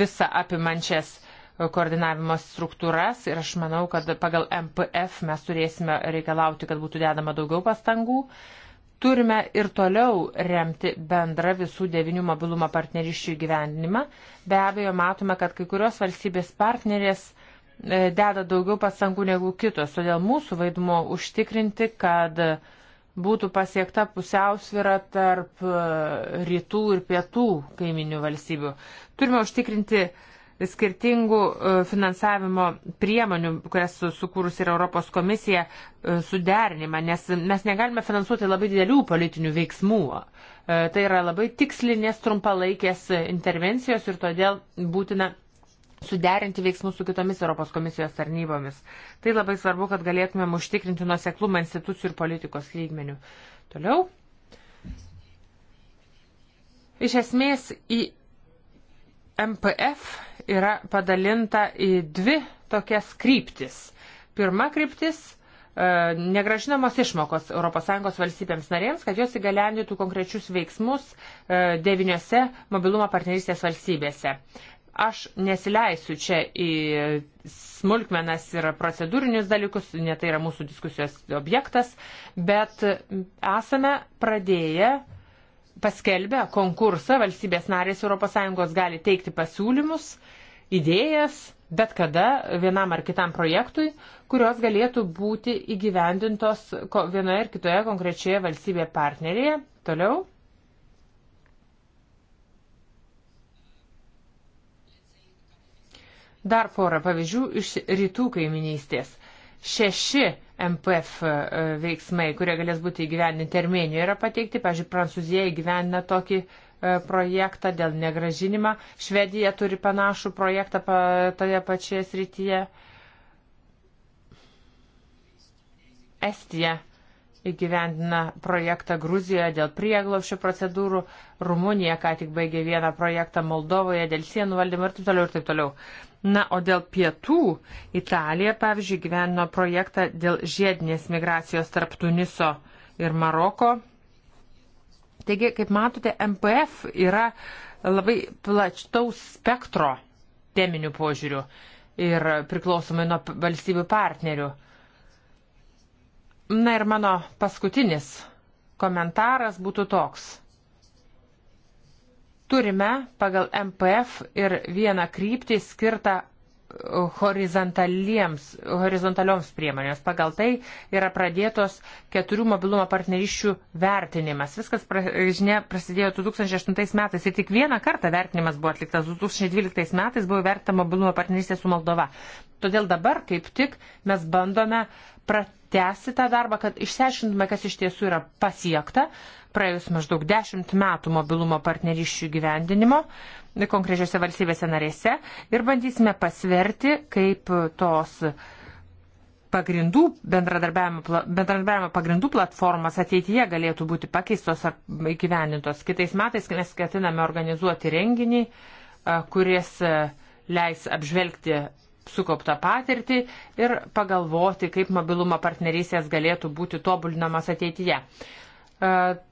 visą apimančias koordinavimo struktūras ir aš manau, kad pagal MPF mes turėsime reikalauti, kad būtų dedama daugiau pastangų. Turime ir toliau remti bendrą visų devinių mobilumo partneriščių gyvendinimą. Be abejo, matome, kad kai kurios valstybės partnerės e, deda daugiau pastangų negu kitos, todėl mūsų vaidmo užtikrinti, kad uh, būtų pasiekta pusiausvyra tarp e, rytų ir pietų kaiminių valstybių. Turime užtikrinti skirtingų e, finansavimo priemonių, kurias sukūrus yra Europos komisija, e, suderinimą, nes mes negalime finansuoti labai didelių politinių veiksmų. Tai yra labai tikslinės trumpalaikės intervencijos ir todėl būtina suderinti veiksmus su kitomis Europos komisijos tarnybomis. Tai labai svarbu, kad galėtumėm užtikrinti nuoseklumą institucijų ir politikos lygmenių. Toliau. Iš esmės į MPF yra padalinta į dvi tokias kryptis. Pirma kryptis e, negražinamos išmokos ES valstybėms narėms, kad jos įgalendytų konkrečius veiksmus e, devyniose mobilumo partnerystės valstybėse. Aš nesileisiu čia į smulkmenas ir procedūrinius dalykus, ne tai yra mūsų diskusijos objektas, bet esame pradėję paskelbę konkursą, valstybės narės ES gali teikti pasiūlymus, idėjas, bet kada vienam ar kitam projektui, kurios galėtų būti įgyvendintos vienoje ar kitoje konkrečioje valstybėje partnerėje. Toliau. Dar porą pavyzdžių iš rytų kaiminystės. Šeši MPF e, veiksmai, kurie galės būti įgyvendinti Armenijoje, yra pateikti. Pavyzdžiui, Prancūzija įgyvendina tokį e, projektą dėl negražinimą. Švedija turi panašų projektą pa, toje pačioje srityje. Estija įgyvendina projektą Gruzijoje dėl prieglaušio procedūrų, Rumunija ką tik baigė vieną projektą Moldovoje dėl sienų valdymo ir taip toliau ir taip toliau. Na, o dėl pietų Italija, pavyzdžiui, gyveno projektą dėl žiedinės migracijos tarp Tuniso ir Maroko. Taigi, kaip matote, MPF yra labai plačtaus spektro teminių požiūrių ir priklausomai nuo valstybių partnerių. Na ir mano paskutinis komentaras būtų toks turime pagal MPF ir vieną kryptį skirtą horizontalioms priemonėms. Pagal tai yra pradėtos keturių mobilumo partnerysčių vertinimas. Viskas žinia, prasidėjo 2008 metais ir tik vieną kartą vertinimas buvo atliktas. 2012 metais buvo vertinta mobilumo partnerystė su Moldova. Todėl dabar kaip tik mes bandome pratesti tą darbą, kad išsiaiškintume, kas iš tiesų yra pasiekta praėjus maždaug dešimt metų mobilumo partnerysčių gyvendinimo. Uh, konkrečiose valstybėse narėse ir bandysime pasverti, kaip tos pagrindų bendradarbiavimo, bendradarbiavimo pagrindų platformas ateityje galėtų būti pakeistos ar įgyvendintos. Kitais metais mes ketiname organizuoti renginį, kuris leis apžvelgti sukauptą patirtį ir pagalvoti, kaip mobilumo partnerysės galėtų būti tobulinamas ateityje.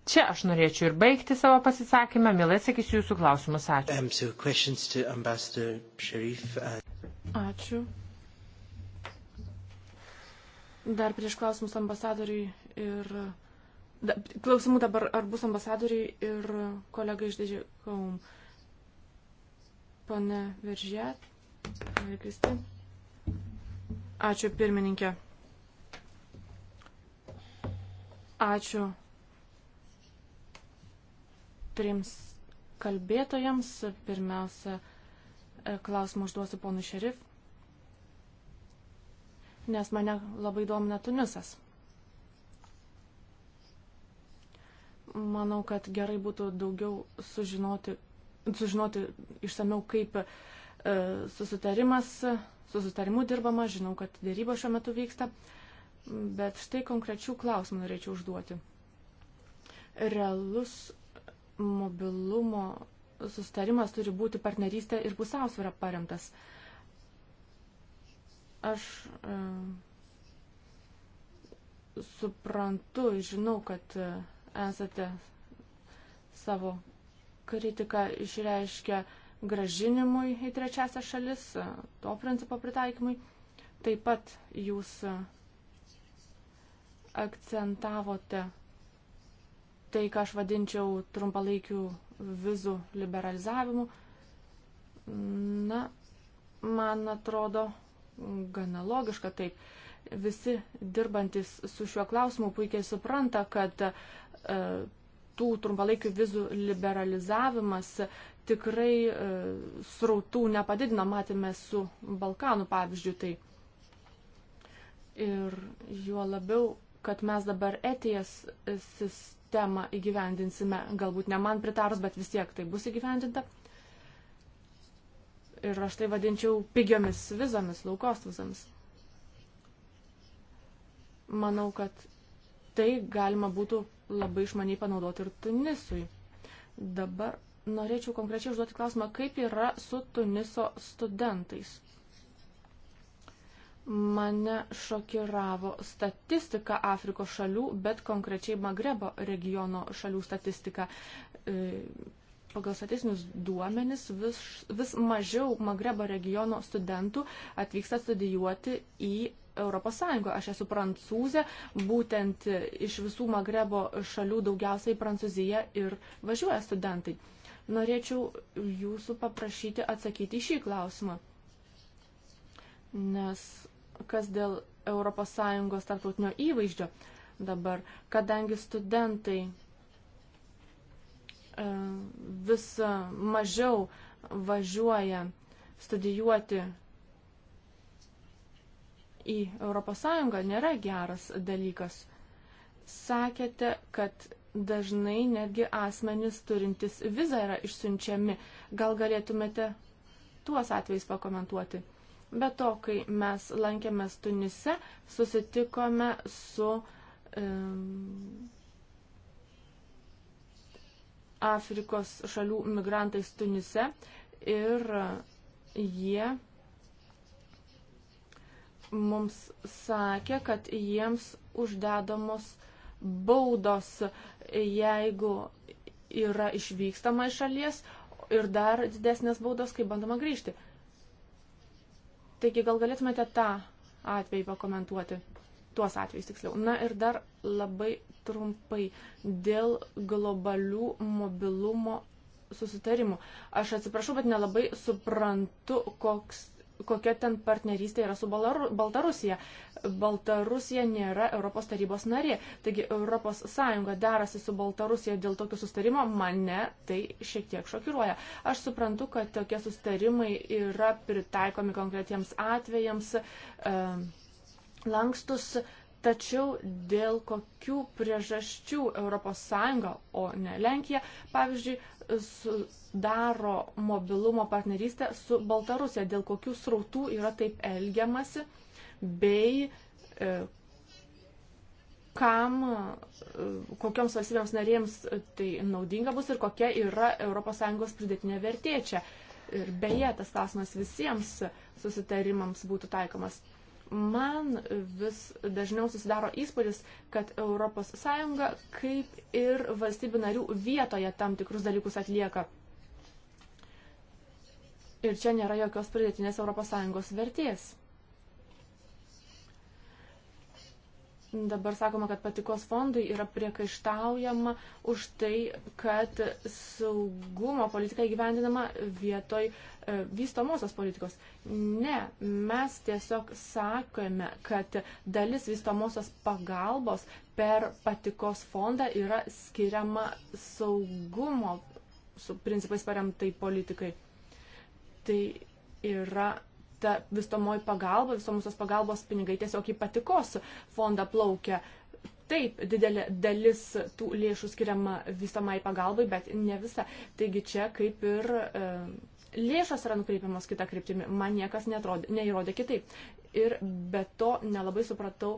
Čia aš norėčiau ir baigti savo pasisakymą, mielai sakysiu jūsų klausimus. Ačiū. Um, uh, Ačiū. Dar prieš klausimus ambasadoriui ir. Da, klausimų dabar, ar bus ambasadoriai ir kolega iš Didžiakom. Pane Veržė, Pane Kristi. Ačiū pirmininkė. Ačiū trims kalbėtojams. Pirmiausia, e, klausimą užduosiu ponui Šerif, nes mane labai domina Tunisas. Manau, kad gerai būtų daugiau sužinoti, sužinoti išsameu, kaip e, susitarimas, susitarimu dirbama, žinau, kad dėryba šiuo metu vyksta, bet štai konkrečių klausimų norėčiau užduoti. Realus mobilumo sustarimas turi būti partnerystė ir pusiausvėra paremtas. Aš e, suprantu, žinau, kad e, esate savo kritiką išreiškę gražinimui į trečiasią šalis, e, to principo pritaikymui. Taip pat jūs e, akcentavote tai, ką aš vadinčiau trumpalaikių vizų liberalizavimu, na, man atrodo gana logiška taip. Visi dirbantis su šiuo klausimu puikiai supranta, kad e, tų trumpalaikių vizų liberalizavimas tikrai e, srautų nepadidina, matėme su Balkanų pavyzdžių tai. Ir juo labiau, kad mes dabar etijas sis, temą įgyvendinsime, galbūt ne man pritarus, bet vis tiek tai bus įgyvendinta. Ir aš tai vadinčiau pigiomis vizomis, laukos vizomis. Manau, kad tai galima būtų labai išmaniai panaudoti ir Tunisui. Dabar norėčiau konkrečiai užduoti klausimą, kaip yra su Tuniso studentais. Mane šokiravo statistika Afrikos šalių, bet konkrečiai Magrebo regiono šalių statistika. E, pagal statistinius duomenis vis, vis mažiau Magrebo regiono studentų atvyksta studijuoti į ES. Aš esu prancūzė, būtent iš visų Magrebo šalių daugiausiai Prancūzija ir važiuoja studentai. Norėčiau jūsų paprašyti atsakyti į šį klausimą. Nes kas dėl ES tarptautinio įvaizdžio dabar, kadangi studentai e, vis mažiau važiuoja studijuoti į ES, nėra geras dalykas. Sakėte, kad dažnai netgi asmenys turintys vizą yra išsiunčiami. Gal galėtumėte tuos atvejus pakomentuoti? Be to, kai mes lankėmės Tunise, susitikome su um, Afrikos šalių migrantais Tunise ir jie mums sakė, kad jiems uždedamos baudos, jeigu yra išvykstama iš šalies ir dar didesnės baudos, kai bandoma grįžti. Taigi gal galėtumėte tą atvejį pakomentuoti, tuos atvejus tiksliau. Na ir dar labai trumpai dėl globalių mobilumo susitarimų. Aš atsiprašau, bet nelabai suprantu, koks kokia ten partnerystė yra su Baltarusija. Baltarusija nėra Europos tarybos narė. Taigi ES derasi su Baltarusija dėl tokio sustarimo, mane tai šiek tiek šokiruoja. Aš suprantu, kad tokie sustarimai yra pritaikomi konkretiems atvejams, lankstus, Tačiau dėl kokių priežasčių ES, o ne Lenkija, pavyzdžiui, sudaro mobilumo partnerystę su Baltarusija, dėl kokių srautų yra taip elgiamasi, bei e, kam, e, kokioms valstybėms narėms tai naudinga bus ir kokia yra ES pridėtinė vertė čia. Ir beje, tas klausimas visiems susitarimams būtų taikomas. Man vis dažniau susidaro įspūdis, kad ES kaip ir valstybių narių vietoje tam tikrus dalykus atlieka. Ir čia nėra jokios pridėtinės ES vertės. Dabar sakoma, kad patikos fondui yra priekaištaujama už tai, kad saugumo politika įgyvendinama vietoj e, vystomosios politikos. Ne, mes tiesiog sakome, kad dalis vystomosios pagalbos per patikos fondą yra skiriama saugumo su principais paremtai politikai. Tai yra ta visomoji pagalba, visomusios pagalbos pinigai tiesiog į patikos fondą plaukia. Taip, didelė dalis tų lėšų skiriama visomai pagalbai, bet ne visa. Taigi čia kaip ir e, lėšos yra nukreipiamos kitą kryptimį. Man niekas netrodė, neįrodė kitaip. Ir be to nelabai supratau,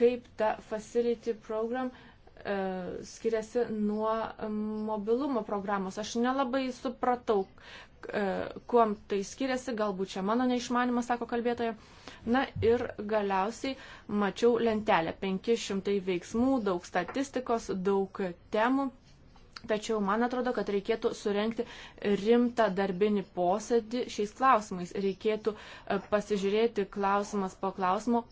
kaip ta facility program e, skiriasi nuo mobilumo programos. Aš nelabai supratau, E, kuom tai skiriasi, galbūt čia mano neišmanimas, sako kalbėtoja. Na ir galiausiai mačiau lentelę 500 veiksmų, daug statistikos, daug temų. Tačiau man atrodo, kad reikėtų surenkti rimtą darbinį posėdį šiais klausimais. Reikėtų e, pasižiūrėti klausimas po klausimo,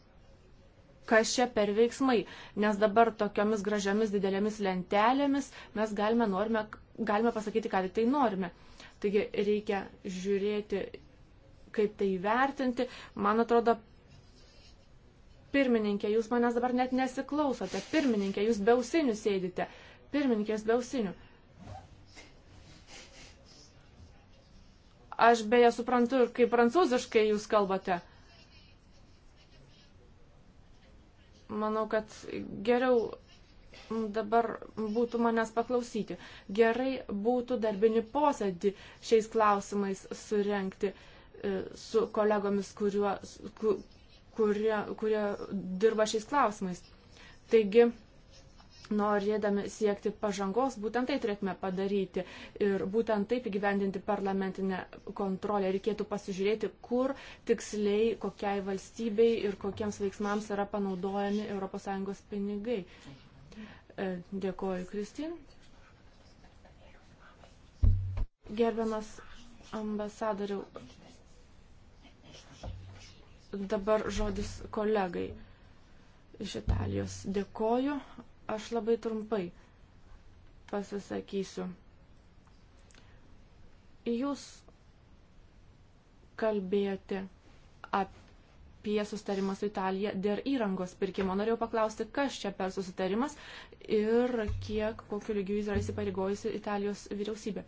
kas čia per veiksmai. Nes dabar tokiomis gražiamis didelėmis lentelėmis mes galime, norime, galime pasakyti, ką tik tai norime. Taigi reikia žiūrėti, kaip tai vertinti. Man atrodo, pirmininkė, jūs manęs dabar net nesiklausote. Pirmininkė, jūs be ausinių sėdite. Pirmininkė, jūs be ausinių. Aš beje suprantu, kaip prancūziškai jūs kalbate. Manau, kad geriau dabar būtų manęs paklausyti. Gerai būtų darbinį posėdį šiais klausimais surenkti e, su kolegomis, kuriuo, kurie, kurie dirba šiais klausimais. Taigi, norėdami siekti pažangos, būtent tai turėtume padaryti ir būtent taip įgyvendinti parlamentinę kontrolę. Reikėtų pasižiūrėti, kur tiksliai, kokiai valstybei ir kokiems veiksmams yra panaudojami ES pinigai. Taip E, dėkoju, Kristin. Gerbiamas ambasadoriau, dabar žodis kolegai iš Italijos. Dėkoju, aš labai trumpai pasisakysiu. Jūs kalbėjote apie apie susitarimą su Italija dėl įrangos pirkimo. Norėjau paklausti, kas čia per susitarimas ir kiek, kokiu lygiu Izraelis įpareigojusi Italijos vyriausybė.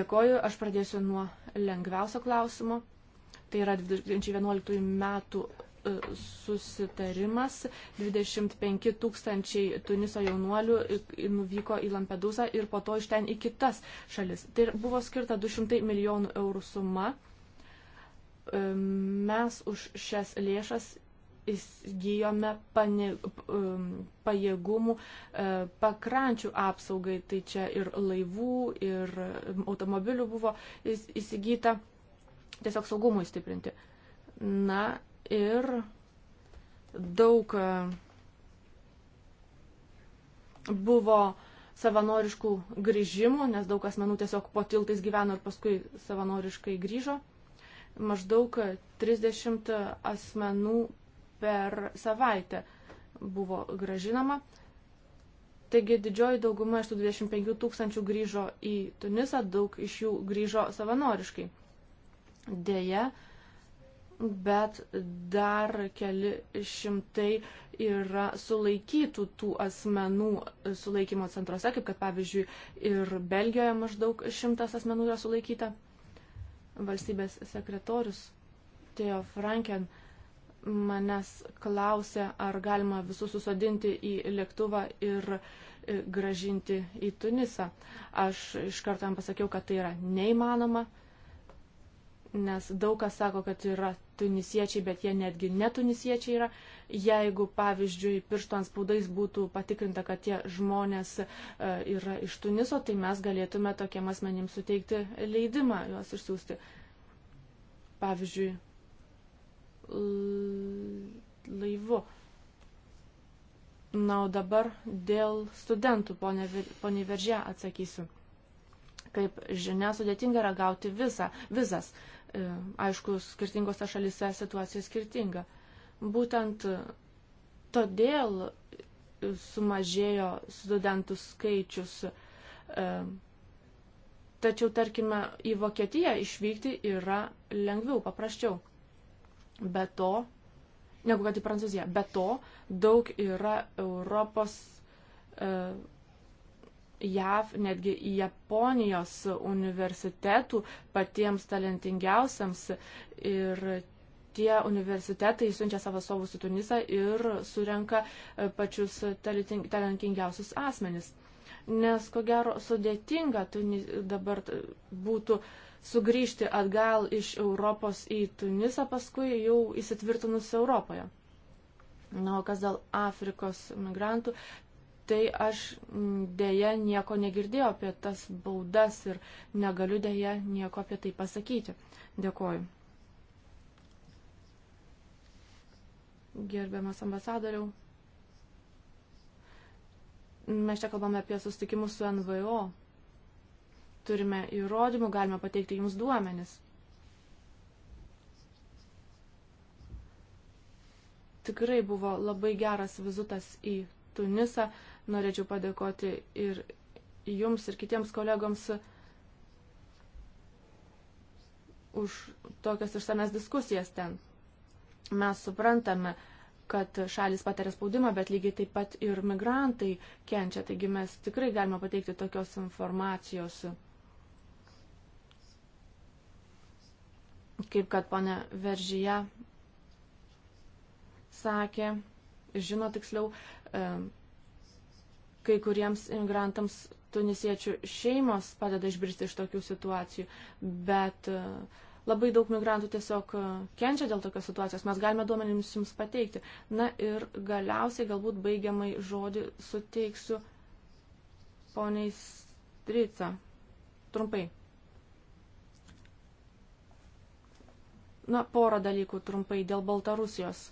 Dėkoju, aš pradėsiu nuo lengviausio klausimo. Tai yra 2011 metų susitarimas. 25 tūkstančiai Tuniso jaunuolių nuvyko į Lampedusą ir po to iš ten į kitas šalis. Tai buvo skirta 200 milijonų eurų suma mes už šias lėšas įsigijome pane, pajėgumų e, pakrančių apsaugai, tai čia ir laivų, ir automobilių buvo įsigyta tiesiog saugumui stiprinti. Na ir daug e, buvo savanoriškų grįžimų, nes daug asmenų tiesiog po tiltais gyveno ir paskui savanoriškai grįžo maždaug 30 asmenų per savaitę buvo gražinama. Taigi didžioji dauguma iš tų 25 tūkstančių grįžo į Tunisą, daug iš jų grįžo savanoriškai. Deja, bet dar keli šimtai yra sulaikytų tų asmenų sulaikymo centruose, kaip kad pavyzdžiui ir Belgijoje maždaug šimtas asmenų yra sulaikyta valstybės sekretorius Teo Franken manęs klausė, ar galima visus susodinti į lėktuvą ir e, gražinti į Tunisą. Aš iš karto jam pasakiau, kad tai yra neįmanoma, nes daug kas sako, kad yra tunisiečiai, bet jie netgi netunisiečiai yra. Jeigu, pavyzdžiui, pirštų ant spaudais būtų patikrinta, kad tie žmonės e, yra iš Tuniso, tai mes galėtume tokiem asmenim suteikti leidimą juos išsiųsti. Pavyzdžiui, laivu. Na, o dabar dėl studentų, poniai Veržė, atsakysiu kaip žinia, sudėtinga yra gauti visą, vizas. E, aišku, skirtingose šalise situacija skirtinga. Būtent todėl sumažėjo studentų skaičius. E, tačiau, tarkime, į Vokietiją išvykti yra lengviau, paprasčiau. Be to, negu kad į Prancūziją. Be to, daug yra Europos e, JAV, netgi Japonijos universitetų patiems talentingiausiams ir tie universitetai siunčia savo sovus į Tunisą ir surenka e, pačius talentingiausius asmenis. Nes, ko gero, sudėtinga dabar e, būtų sugrįžti atgal iš Europos į Tunisą, paskui jau įsitvirtinus Europoje. Na, o kas dėl Afrikos migrantų, tai aš dėja nieko negirdėjau apie tas baudas ir negaliu dėja nieko apie tai pasakyti. Dėkoju. Gerbiamas ambasadoriau. Mes čia kalbame apie sustikimus su NVO. Turime įrodymų, galime pateikti jums duomenis. tikrai buvo labai geras vizitas į Tunisą, norėčiau padėkoti ir jums, ir kitiems kolegoms už tokias išsames diskusijas ten. Mes suprantame, kad šalis patiria spaudimą, bet lygiai taip pat ir migrantai kenčia, taigi mes tikrai galime pateikti tokios informacijos. Kaip kad ponė Veržyje sakė, žino tiksliau, Kai kuriems imigrantams tunisiečių šeimos padeda išbristi iš tokių situacijų, bet e, labai daug migrantų tiesiog e, kenčia dėl tokios situacijos. Mes galime duomenims jums pateikti. Na ir galiausiai galbūt baigiamai žodį suteiksiu poniai Strica. Trumpai. Na, porą dalykų trumpai dėl Baltarusijos.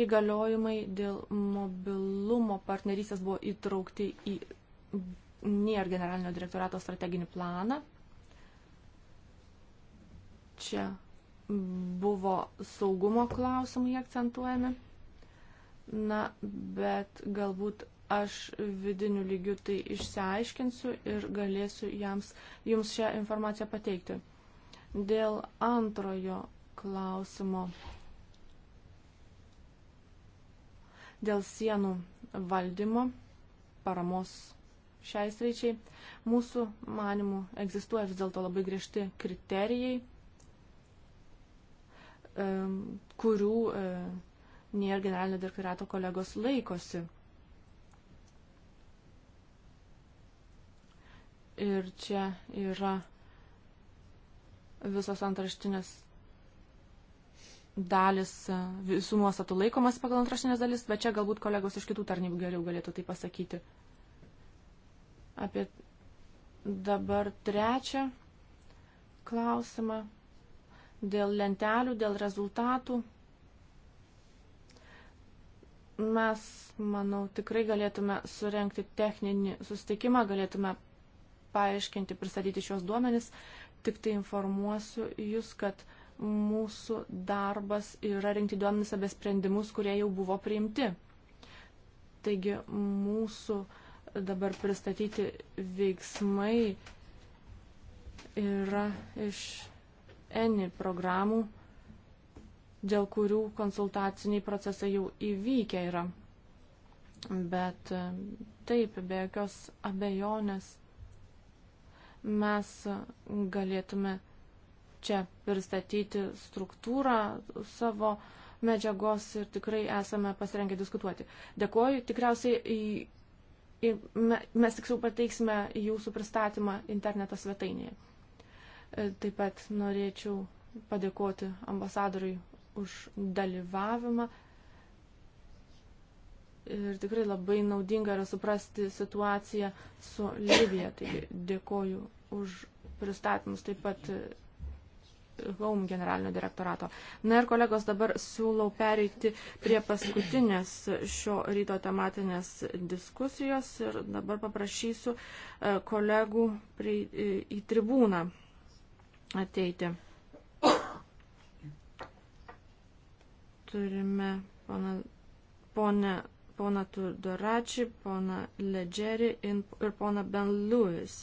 įgaliojimai dėl mobilumo partnerystės buvo įtraukti į NIR generalinio direktorato strateginį planą. Čia buvo saugumo klausimai akcentuojami. Na, bet galbūt aš vidiniu lygiu tai išsiaiškinsiu ir galėsiu jams, jums šią informaciją pateikti. Dėl antrojo klausimo Dėl sienų valdymo, paramos šiais reičiai, mūsų manimų egzistuoja vis dėlto labai griežti kriterijai, kurių nėra generalinio direktorato kolegos laikosi. Ir čia yra visos antraštinės dalis e, visų nuostatų laikomas pagal antrašinės dalis, bet čia galbūt kolegos iš kitų tarnybų geriau galėtų tai pasakyti. Apie dabar trečią klausimą dėl lentelių, dėl rezultatų. Mes, manau, tikrai galėtume surenkti techninį sustikimą, galėtume paaiškinti, pristatyti šios duomenis. Tik tai informuosiu jūs, kad uh, mūsų darbas yra rinkti duomenis apie sprendimus, kurie jau buvo priimti. Taigi mūsų dabar pristatyti veiksmai yra iš ENI programų, dėl kurių konsultaciniai procesai jau įvykę yra. Bet taip, be jokios abejonės mes galėtume čia pristatyti struktūrą savo medžiagos ir tikrai esame pasirengę diskutuoti. Dėkuoju, tikriausiai į, mes tiksliau pateiksime jūsų pristatymą interneto svetainėje. E, taip pat norėčiau padėkoti ambasadoriui už dalyvavimą. Ir tikrai labai naudinga yra suprasti situaciją su Libija. Taigi dėkoju už pristatymus taip pat Home generalinio direktorato. Na ir kolegos, dabar siūlau pereiti prie paskutinės šio ryto tematinės diskusijos ir dabar paprašysiu e, kolegų prie, į tribūną ateiti. Turime poną, ponę, poną Tudoračį, poną Ledžerį ir poną Ben Lewis.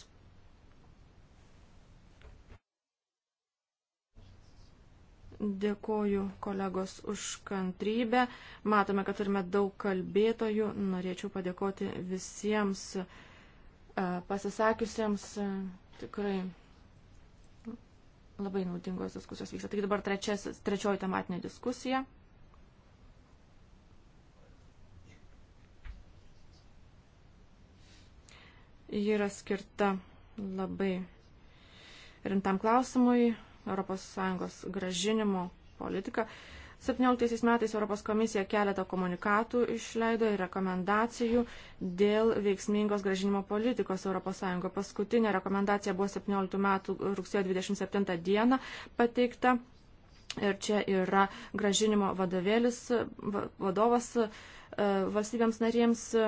Dėkoju kolegos už kantrybę. Matome, kad turime daug kalbėtojų. Norėčiau padėkoti visiems e, pasisakiusiems. Tikrai labai naudingos diskusijos vyksta. Taigi dabar trečias, trečioji tematinė diskusija. Ji yra skirta labai rimtam klausimui ES gražinimo politiką. 17 metais Europos komisija keletą komunikatų išleido ir rekomendacijų dėl veiksmingos gražinimo politikos ES. Paskutinė rekomendacija buvo 17 metų rugsėjo 27 dieną pateikta Ir čia yra gražinimo vadovėlis, vadovas e, valstybėms narėms e,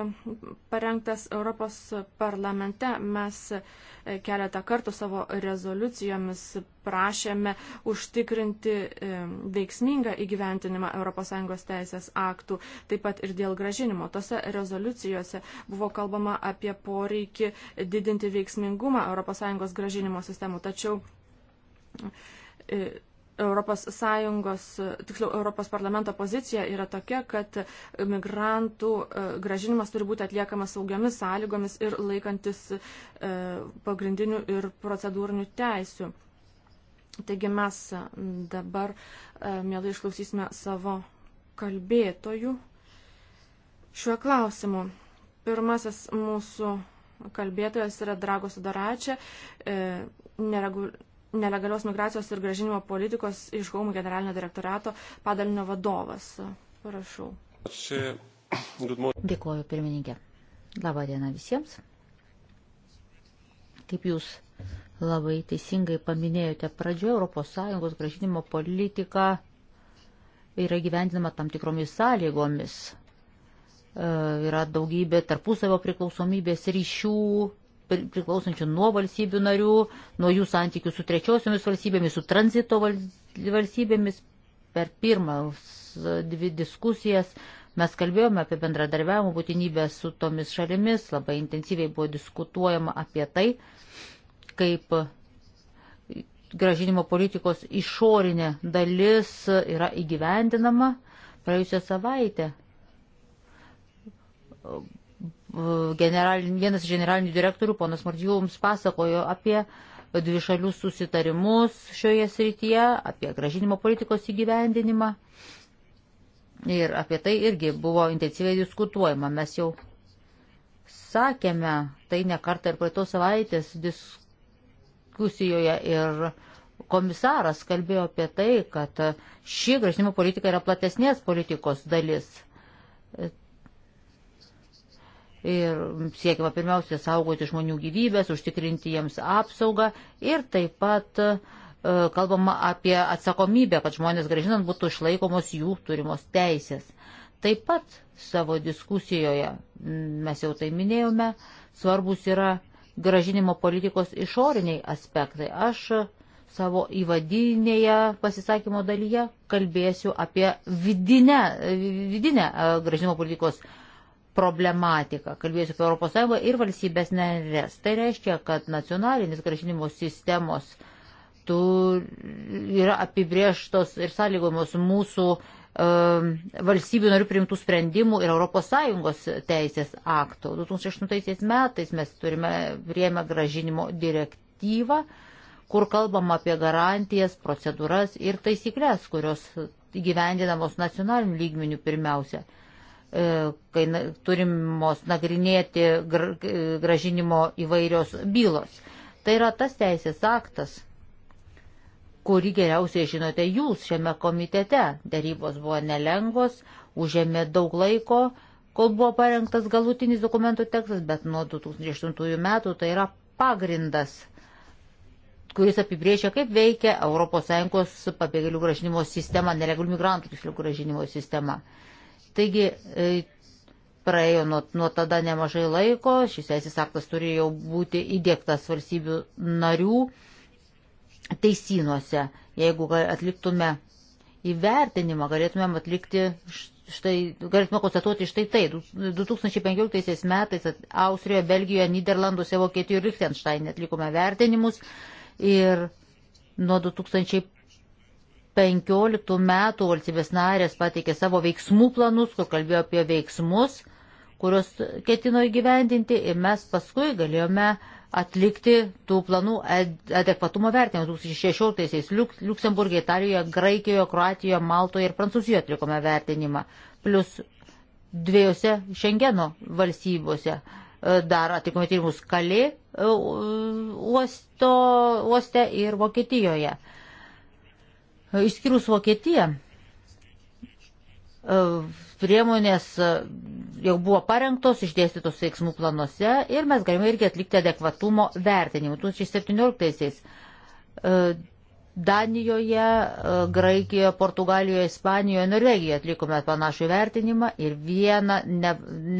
parengtas Europos parlamente. Mes e, keletą kartų savo rezoliucijomis prašėme užtikrinti veiksmingą įgyventinimą ES teisės aktų, taip pat ir dėl gražinimo. Tose rezoliucijose buvo kalbama apie poreikį didinti veiksmingumą ES gražinimo sistemų, tačiau Europos Sąjungos, tiksliau, Europos parlamento pozicija yra tokia, kad migrantų e, gražinimas turi būti atliekamas saugiamis sąlygomis ir laikantis e, pagrindinių ir procedūrinių teisių. Taigi mes dabar e, mielai išklausysime savo kalbėtojų šiuo klausimu. Pirmasis mūsų kalbėtojas yra Dragos Daračia, neregul nelegalios migracijos ir gražinimo politikos iš Home generalinio direktorato padalinio vadovas. Prašau. Dėkuoju, pirmininkė. Labą dieną visiems. Kaip jūs labai teisingai paminėjote, pradžioje ES gražinimo politika yra gyvendinama tam tikromis sąlygomis. E, yra daugybė tarpusavio priklausomybės ryšių, priklausančių nuo valstybių narių, nuo jų santykių su trečiosiomis valstybėmis, su tranzito valstybėmis. Per pirmas dvi diskusijas mes kalbėjome apie bendradarbiavimo būtinybę su tomis šalimis, labai intensyviai buvo diskutuojama apie tai, kaip gražinimo politikos išorinė dalis yra įgyvendinama. Praėjusią savaitę generalin, vienas generalinių direktorių, ponas Mardžių, jums pasakojo apie dvi šalių susitarimus šioje srityje, apie gražinimo politikos įgyvendinimą. Ir apie tai irgi buvo intensyviai diskutuojama. Mes jau sakėme tai nekartą ir praeitos savaitės diskusijoje ir komisaras kalbėjo apie tai, kad ši gražinimo politika yra platesnės politikos dalis ir siekiama pirmiausia saugoti žmonių gyvybės, užtikrinti jiems apsaugą ir taip pat e, kalbama apie atsakomybę, kad žmonės gražinant būtų išlaikomos jų turimos teisės. Taip pat savo diskusijoje, mes jau tai minėjome, svarbus yra gražinimo politikos išoriniai aspektai. Aš savo įvadinėje pasisakymo dalyje kalbėsiu apie vidinę, vidinę e, gražinimo politikos aspektą problematiką. Kalbėsiu apie ES ir valstybės narės. Tai reiškia, kad nacionalinis gražinimo sistemos tu, yra apibrieštos ir sąlygomos mūsų um, valstybių narių priimtų sprendimų ir ES teisės aktų. 2008 metais mes turime priemę gražinimo direktyvą, kur kalbam apie garantijas, procedūras ir taisyklės, kurios gyvendinamos nacionaliniu lygmeniu pirmiausia. E, kai turimos nagrinėti gražinimo įvairios bylos. Tai yra tas teisės aktas, kurį geriausiai žinote jūs šiame komitete. Darybos buvo nelengvos, užėmė daug laiko, kol buvo parengtas galutinis dokumentų tekstas, bet nuo 2008 metų tai yra pagrindas kuris apibrėžia, kaip veikia ES pabėgėlių gražinimo sistema, nelegalių migrantų tiksliau gražinimo sistema. sistema Taigi e, praėjo nuo, nuo tada nemažai laiko, šis teisės aktas turi jau būti įdėktas valstybių narių teisynuose. Jeigu atliktume įvertinimą, galėtumėm atlikti štai, galėtume konstatuoti štai tai. 2015 metais Austrijoje, Belgijoje, Niderlanduose, Vokietijoje ir Liechtensteine atlikome vertinimus ir nuo 2000 15 metų valstybės narės pateikė savo veiksmų planus, kur kalbėjo apie veiksmus, kuriuos ketino įgyvendinti ir mes paskui galėjome atlikti tų planų adekvatumo vertinimą. 2016-aisiais Luksemburgė, Italijoje, Graikijoje, Kroatijoje, Maltoje ir Prancūzijoje atlikome vertinimą. Plus dviejose Šengeno valstybose e, dar atlikome tyrimus Kalė e, uosto, uoste ir Vokietijoje. Išskyrus Vokietiją, e, priemonės e, jau buvo parengtos, išdėstytos veiksmų planuose ir mes galime irgi atlikti adekvatumo vertinimą. 2017-aisiais e, Danijoje, Graikijoje, Portugalijoje, Ispanijoje, Norvegijoje atlikome panašų vertinimą ir vieną ne,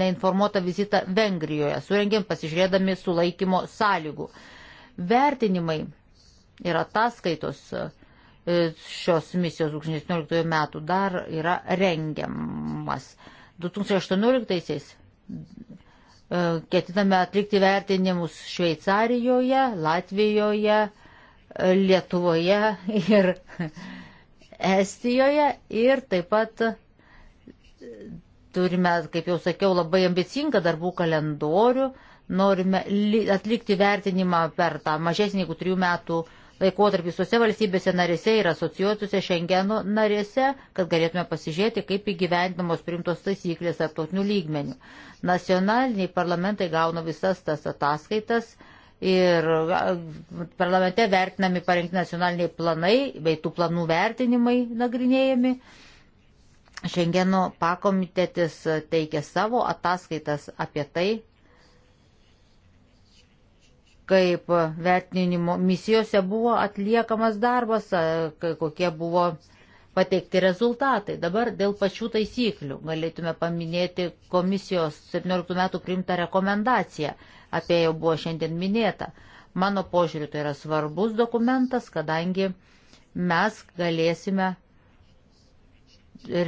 neinformuotą vizitą Vengrijoje surengėm pasižiūrėdami sulaikymo sąlygų. Vertinimai ir ataskaitos E, šios misijos 2018 metų dar yra rengiamas. 2018-aisiais e, ketiname atlikti vertinimus Šveicarijoje, Latvijoje, Lietuvoje ir Estijoje ir taip pat e, turime, kaip jau sakiau, labai ambicingą darbų kalendorių, norime atlikti vertinimą per tą mažesnį negu trijų metų uh, laikotarpis tose valstybėse narėse ir asociuotose Šengeno narėse, kad galėtume pasižiūrėti, kaip įgyvendamos primtos taisyklės tarptautinių lygmenių. Nacionaliniai parlamentai gauna visas tas ataskaitas ir parlamente vertinami parengti nacionaliniai planai, bei tų planų vertinimai nagrinėjami. Šengeno pakomitetis teikia savo ataskaitas apie tai, kaip vertinimo misijose buvo atliekamas darbas, kokie buvo pateikti rezultatai. Dabar dėl pačių taisyklių galėtume paminėti komisijos 17 metų priimtą rekomendaciją, apie jau buvo šiandien minėta. Mano požiūriu tai yra svarbus dokumentas, kadangi mes galėsime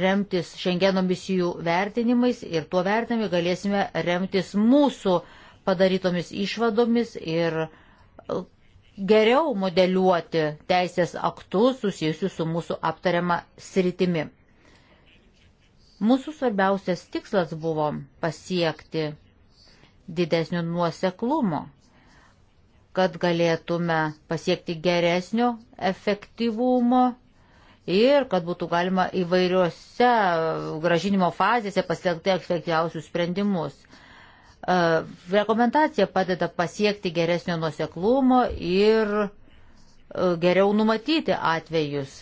remtis Šengeno misijų vertinimais ir tuo vertinimu galėsime remtis mūsų uh, padarytomis išvadomis ir geriau modeliuoti teisės aktus susijusius su mūsų aptariama sritimi. Mūsų svarbiausias tikslas buvo pasiekti didesnio nuoseklumo, kad galėtume pasiekti geresnio efektyvumo ir kad būtų galima įvairiuose gražinimo fazėse pasiekti efektyviausius sprendimus. Rekomendacija padeda pasiekti geresnio nuseklumo ir e, geriau numatyti atvejus.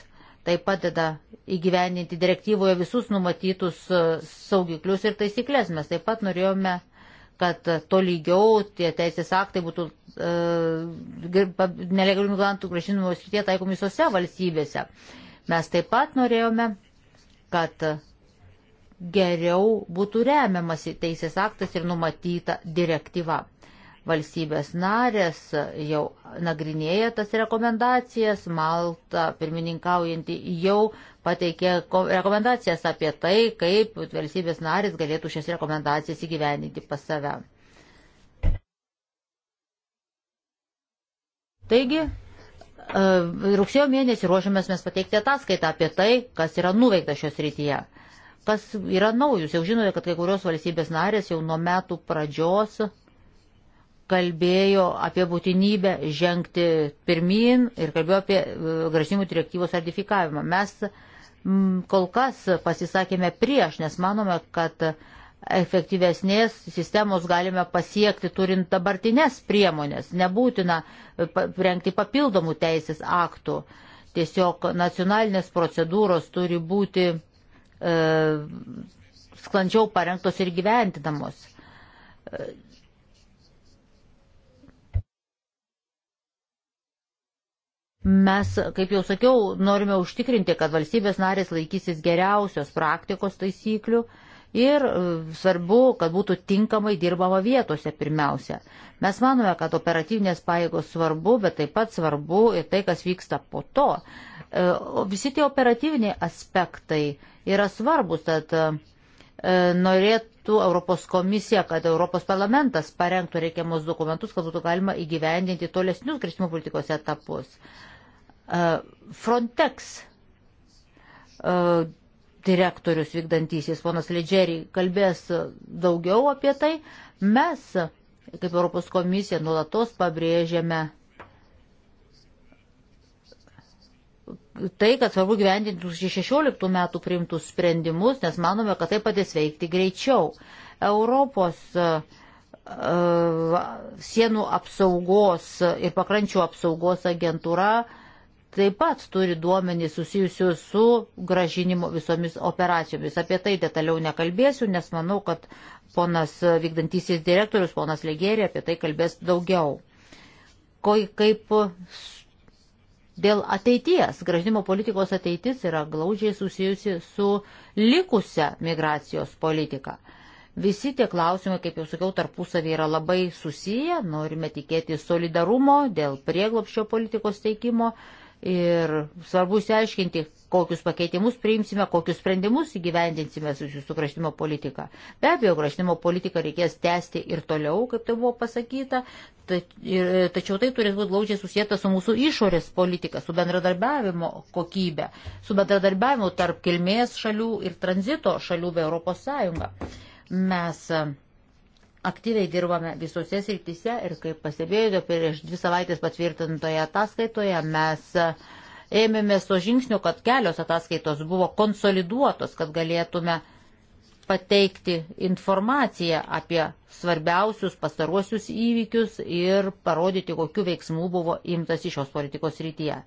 Tai padeda įgyveninti direktyvoje visus numatytus e, saugiklius ir taisyklės. Mes taip pat norėjome, kad tolygiau tie teisės aktai būtų e, nelegalių migrantų gražinimo srityje taikomi visose valstybėse. Mes taip pat norėjome, kad geriau būtų remiamasi teisės aktas ir numatyta direktyva. Valstybės narės jau nagrinėja tas rekomendacijas, Malta pirmininkaujanti jau pateikė rekomendacijas apie tai, kaip valstybės narės galėtų šias rekomendacijas įgyveninti pas save. Taigi, e, rugsėjo mėnesį ruošiamės mes pateikti ataskaitą apie tai, kas yra nuveikta šios rytyje kas yra naujus. Jau žinote, kad kai kurios valstybės narės jau nuo metų pradžios kalbėjo apie būtinybę žengti pirmin ir kalbėjo apie e, gražinimų direktyvos ratifikavimą. Mes kol kas pasisakėme prieš, nes manome, kad efektyvesnės sistemos galime pasiekti turint dabartinės priemonės. Nebūtina e, rengti papildomų teisės aktų. Tiesiog nacionalinės procedūros turi būti E, sklandžiau parengtos ir gyventinamos. Mes, kaip jau sakiau, norime užtikrinti, kad valstybės narės laikysis geriausios praktikos taisyklių Ir e, svarbu, kad būtų tinkamai dirbama vietose pirmiausia. Mes manome, kad operatyvinės paėgos svarbu, bet taip pat svarbu ir tai, kas vyksta po to. E, visi tie operatyviniai aspektai yra svarbus, tad e, norėtų Europos komisija, kad Europos parlamentas parengtų reikiamus dokumentus, kad būtų galima įgyvendinti tolesnius grėsmų politikos etapus. Frontex direktorius vykdantysis, ponas Ledžeriai, kalbės daugiau apie tai. Mes, kaip Europos komisija, nuolatos pabrėžėme tai, kad svarbu gyvendinti 2016 metų priimtus sprendimus, nes manome, kad tai padės veikti greičiau. Europos uh, sienų apsaugos ir pakrančių apsaugos agentūra uh, taip pat turi duomenį susijusių su gražinimo visomis operacijomis. Apie tai detaliau nekalbėsiu, nes manau, kad ponas vykdantysis direktorius, ponas Legerė, apie tai kalbės daugiau. Ko, kaip dėl ateities, gražinimo politikos ateitis yra glaudžiai susijusi su likusia migracijos politika. Visi tie klausimai, kaip jau sakiau, tarpusavį yra labai susiję, norime tikėti solidarumo dėl prieglopščio politikos teikimo, Ir svarbu išsiaiškinti, kokius pakeitimus priimsime, kokius sprendimus įgyvendinsime su jūsų kraštimo politika. Be abejo, kraštimo politiką reikės tęsti ir toliau, kaip tai buvo pasakyta, tačiau tai turės būti glaučiai susijęta su mūsų išorės politika, su bendradarbiavimo kokybė, su bendradarbiavimu tarp kilmės šalių ir tranzito šalių be Europos Sąjunga. Mes aktyviai dirbame visose srityse ir kaip pastebėjote, prieš dvi savaitės patvirtintoje ataskaitoje mes ėmėmės to žingsnio, kad kelios ataskaitos buvo konsoliduotos, kad galėtume pateikti informaciją apie svarbiausius pastaruosius įvykius ir parodyti, kokiu veiksmu buvo imtas iš šios politikos rytyje.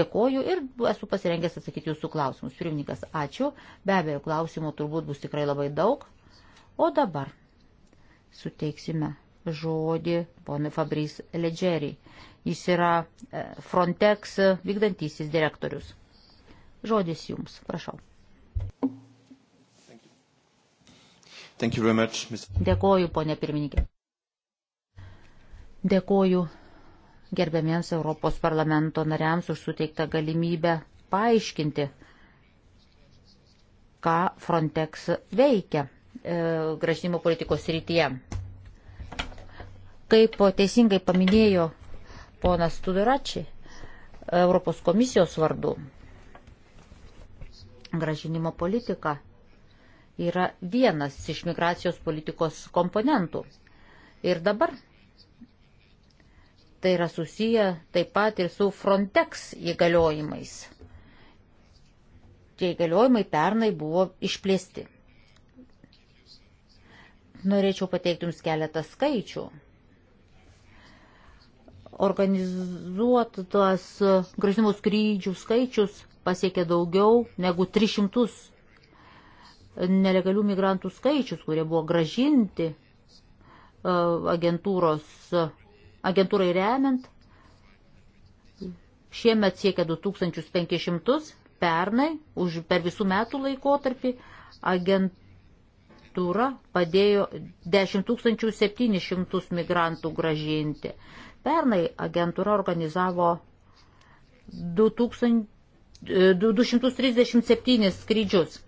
Dėkoju ir esu pasirengęs atsakyti jūsų klausimus. Pirmininkas, ačiū. Be abejo, klausimų turbūt bus tikrai labai daug. O dabar suteiksime žodį ponui Fabrys Ledžeriai. Jis yra e, Frontex vykdantysis direktorius. Žodis jums, prašau. Thank you. Thank you much, Mr. Dėkoju, ponė pirmininkė. Dėkoju gerbiamiems Europos parlamento nariams už suteiktą galimybę paaiškinti, ką Frontex veikia E, gražinimo politikos rytyje. Kaip teisingai paminėjo ponas Tudoračiai, Europos komisijos vardu, gražinimo politika yra vienas iš migracijos politikos komponentų. Ir dabar tai yra susiję taip pat ir su Frontex įgaliojimais. Tie įgaliojimai pernai buvo išplėsti. Norėčiau pateikti Jums keletą skaičių. Organizuotas gražinimų skrydžių skaičius pasiekė daugiau negu 300 nelegalių migrantų skaičius, kurie buvo gražinti e, agentūros, agentūrai remiant. Šiemet siekia 2500, pernai už, per visų metų laikotarpį agent, struktūra padėjo 10 700 migrantų gražinti. Pernai agentūra organizavo 2000, 237 e, skrydžius.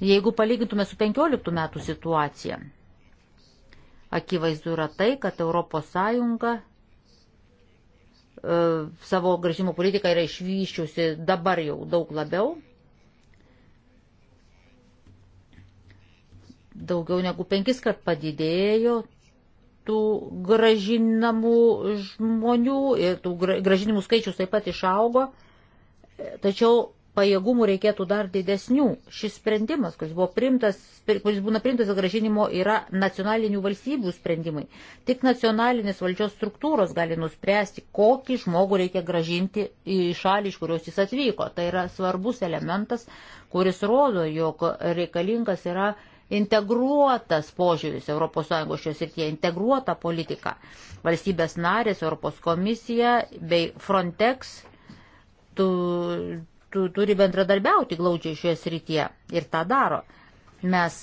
Jeigu palygintume su 15 metų situacija, akivaizdu yra tai, kad ES e, savo gražimo politiką yra išvyščiusi dabar jau daug labiau daugiau negu penkis kart padidėjo tų gražinamų žmonių ir tų gražinimų skaičius taip pat išaugo, tačiau pajėgumų reikėtų dar didesnių. Šis sprendimas, kuris, buvo primtas, kuris būna primtas dėl gražinimo, yra nacionalinių valstybių sprendimai. Tik nacionalinės valdžios struktūros gali nuspręsti, kokį žmogų reikia gražinti į šalį, iš kurios jis atvyko. Tai yra svarbus elementas, kuris rodo, jog reikalingas yra integruotas požiūris ES šios ir tie integruota politika. Valstybės narės, Europos komisija bei Frontex tu, tu, turi bendradarbiauti glaudžiai šioje srityje ir tą daro. Mes,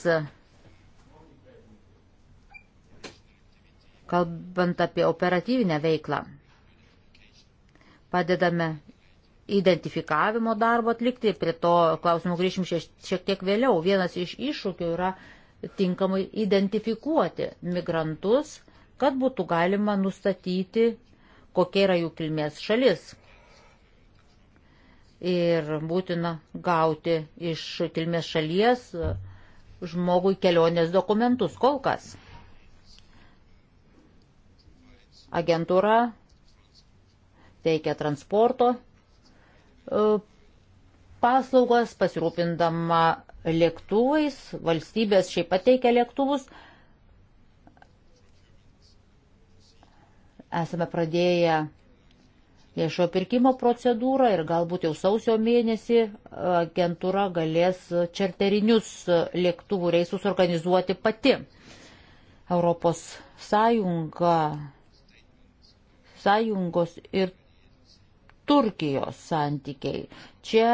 kalbant apie operatyvinę veiklą, padedame identifikavimo darbo atlikti, prie to klausimų grįšim šiek tiek vėliau. Vienas iš iššūkių yra tinkamai identifikuoti migrantus, kad būtų galima nustatyti, kokia yra jų kilmės šalis. Ir būtina gauti iš kilmės šalies žmogui kelionės dokumentus kol kas. Agentūra teikia transporto E, paslaugas, pasirūpindama lėktuvais, valstybės šiaip pateikia lėktuvus. Esame pradėję viešo pirkimo procedūrą ir galbūt jau sausio mėnesį agentūra galės čarterinius lėktuvų reisus organizuoti pati. Europos sąjunga, sąjungos ir Turkijos santykiai. Čia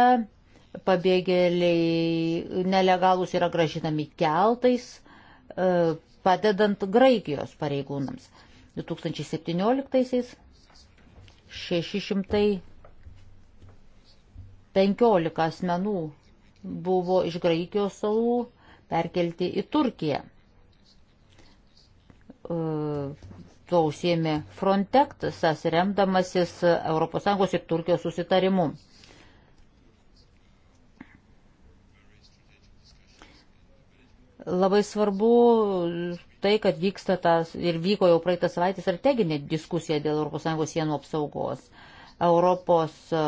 pabėgėliai nelegalus yra gražinami keltais, e, padedant Graikijos pareigūnams. 2017 615 asmenų buvo iš Graikijos salų perkelti į Turkiją. E, tuo užsiemė Frontexas, remdamasis ES ir Turkijos susitarimu. Labai svarbu tai, kad vyksta tas ir vyko jau praeitą savaitę strateginė diskusija dėl ES sienų apsaugos. Europos e,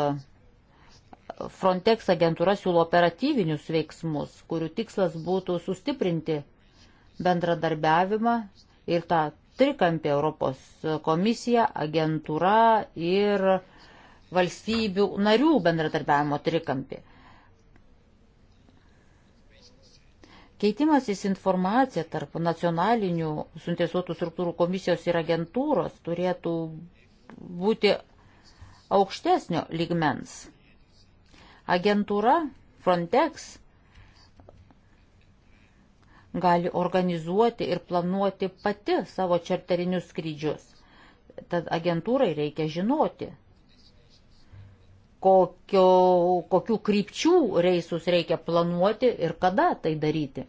Frontex agentūra siūlo operatyvinius veiksmus, kurių tikslas būtų sustiprinti bendradarbiavimą ir tą trikampį Europos komisija, agentūra ir valstybių narių bendradarbiavimo trikampį. Keitimasis informacija tarp nacionalinių suinteresuotų struktūrų komisijos ir agentūros turėtų būti aukštesnio ligmens. Agentūra Frontex gali organizuoti ir planuoti pati savo čarterinius skrydžius. Tad agentūrai reikia žinoti, kokio, kokių krypčių reisus reikia planuoti ir kada tai daryti.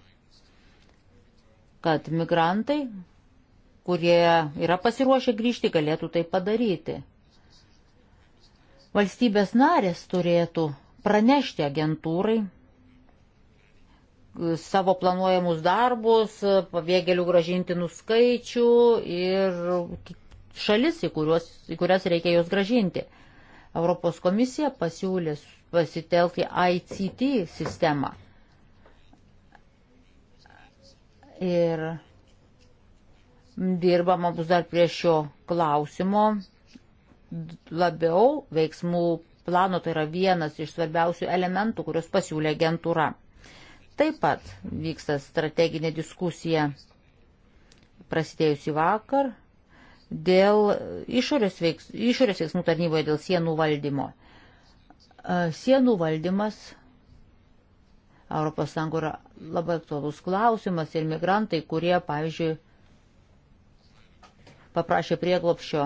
Kad migrantai, kurie yra pasiruošę grįžti, galėtų tai padaryti. Valstybės narės turėtų pranešti agentūrai savo planuojamus darbus, pabėgėlių gražintinų nu skaičių ir šalis, į, kuriuos, į kurias reikia juos gražinti. Europos komisija pasiūlė pasitelkti ICT sistemą. Ir dirbama bus dar prie šio klausimo labiau veiksmų plano, tai yra vienas iš svarbiausių elementų, kuriuos pasiūlė agentūra. Taip pat vyksta strateginė diskusija prasidėjusi vakar dėl išorės, veiks, išorės veiksmų tarnyboje dėl sienų valdymo. Sienų valdymas ES yra labai aktualus klausimas ir migrantai, kurie, pavyzdžiui, paprašė prieglopšio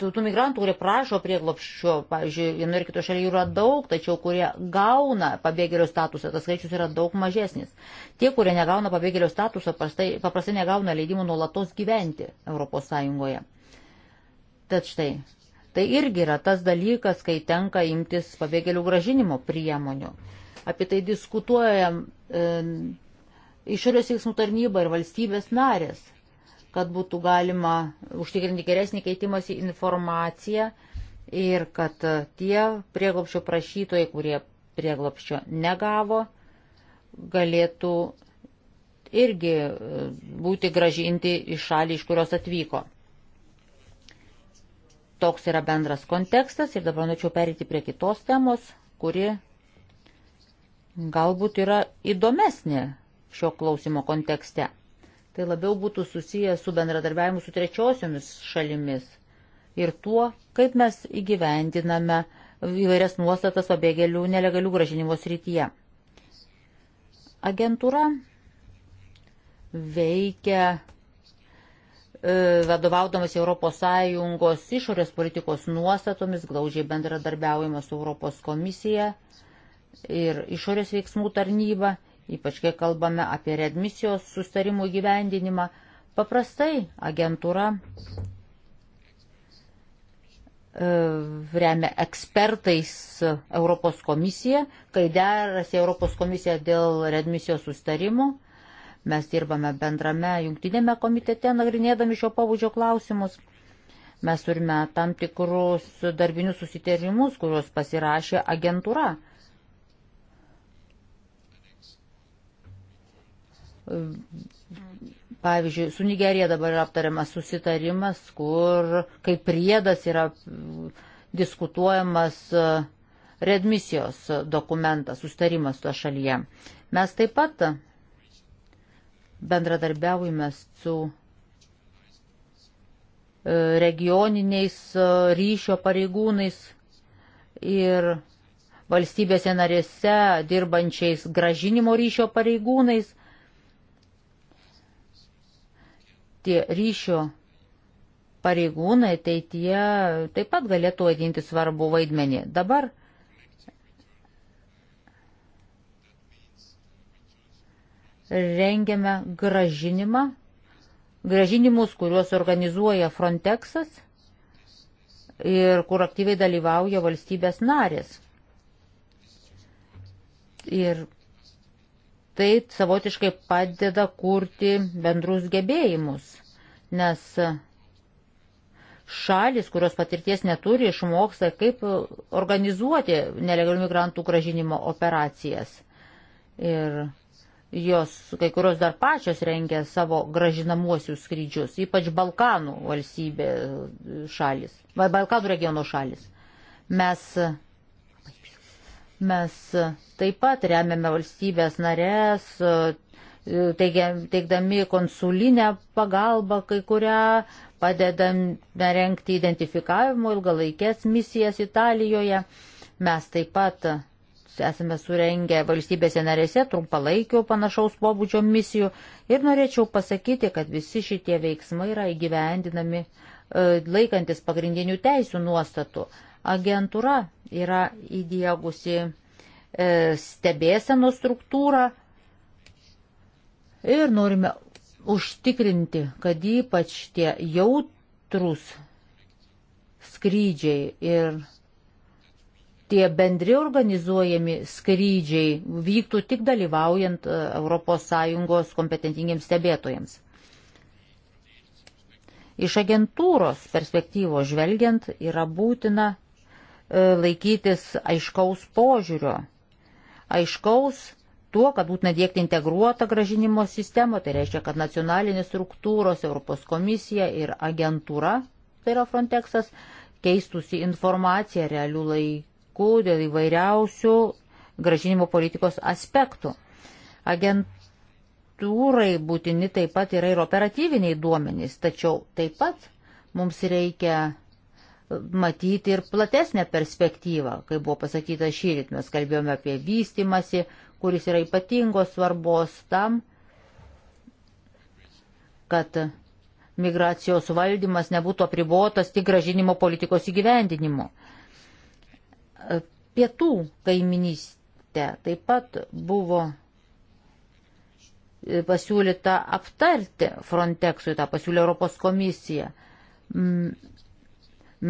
tų, tų migrantų, kurie prašo prieglopščio, pavyzdžiui, vienoje ir kitoje šalyje yra daug, tačiau kurie gauna pabėgėlio statusą, tas skaičius yra daug mažesnis. Tie, kurie negauna pabėgėlio statusą, paprastai, paprastai negauna leidimų nuolatos gyventi ES. Tad štai, tai irgi yra tas dalykas, kai tenka imtis pabėgėlių gražinimo priemonių. Apie tai diskutuoja e, išorės veiksmų tarnyba ir valstybės narės kad būtų galima užtikrinti geresnį keitimąsi informaciją ir kad tie prieglopščio prašytojai, kurie prieglopščio negavo, galėtų irgi e, būti gražinti iš šalį, iš kurios atvyko. Toks yra bendras kontekstas ir dabar norėčiau perėti prie kitos temos, kuri galbūt yra įdomesnė šio klausimo kontekste tai labiau būtų susiję su bendradarbiavimu su trečiosiomis šalimis ir tuo, kaip mes įgyvendiname įvairias nuostatas pabėgėlių nelegalių gražinimo srityje. Agentūra veikia e, vadovaudamas ES išorės politikos nuostatomis, glaudžiai bendradarbiaujama su ES komisija ir išorės veiksmų tarnyba ypač kai kalbame apie redmisijos sustarimų gyvendinimą, paprastai agentūra e, remia ekspertais Europos komisiją, kai derasi Europos komisija dėl redmisijos sustarimo. Mes dirbame bendrame jungtinėme komitete, nagrinėdami šio pabudžio klausimus. Mes turime tam tikrus darbinius susitarimus, kuriuos pasirašė agentūra Pavyzdžiui, su Nigerija dabar yra aptariamas susitarimas, kur kaip priedas yra diskutuojamas e, redmisijos dokumentas, sustarimas su to šalyje. Mes taip pat bendradarbiaujame su e, regioniniais e, ryšio pareigūnais ir valstybėse narėse dirbančiais gražinimo ryšio pareigūnais, tie ryšio pareigūnai ateityje taip pat galėtų vaidinti svarbu vaidmenį. Dabar rengiame gražinimą, gražinimus, kuriuos organizuoja Frontexas ir kur aktyviai dalyvauja valstybės narės. Ir tai savotiškai padeda kurti bendrus gebėjimus, nes šalis, kurios patirties neturi, išmoksta, kaip organizuoti nelegalių migrantų gražinimo operacijas. Ir jos, kai kurios dar pačios rengia savo gražinamuosius skrydžius, ypač Balkanų valstybė šalis, Balkanų regiono šalis. Mes Mes taip pat remiame valstybės narės, teikdami konsulinę pagalbą kai kurią, padedame renkti identifikavimo ilgalaikės misijas Italijoje. Mes taip pat esame surengę valstybėse narėse trumpalaikio panašaus pobūdžio misijų ir norėčiau pasakyti, kad visi šitie veiksmai yra įgyvendinami e, laikantis pagrindinių teisų nuostatų. Agentūra yra įdiegusi e, stebėsenos struktūrą ir norime užtikrinti, kad ypač tie jautrus skrydžiai ir tie bendri organizuojami skrydžiai vyktų tik dalyvaujant ES kompetentingiems stebėtojams. Iš agentūros perspektyvos žvelgiant yra būtina E, laikytis aiškaus požiūrio. Aiškaus tuo, kad būtina dėkti integruotą gražinimo sistemą, tai reiškia, kad nacionalinės struktūros, Europos komisija ir agentūra, tai yra Frontexas, keistųsi informaciją realių laikų dėl įvairiausių gražinimo politikos aspektų. Agentūrai būtini taip pat yra ir operatyviniai duomenys, tačiau taip pat mums reikia matyti ir platesnę perspektyvą, kaip buvo pasakyta šį rytą. Mes kalbėjome apie vystimasi, kuris yra ypatingos svarbos tam, kad migracijos valdymas nebūtų apribotas tik gražinimo politikos įgyvendinimu. Pietų kaiminystė taip pat buvo pasiūlyta aptarti Frontexui, tą pasiūlė Europos komisija mm,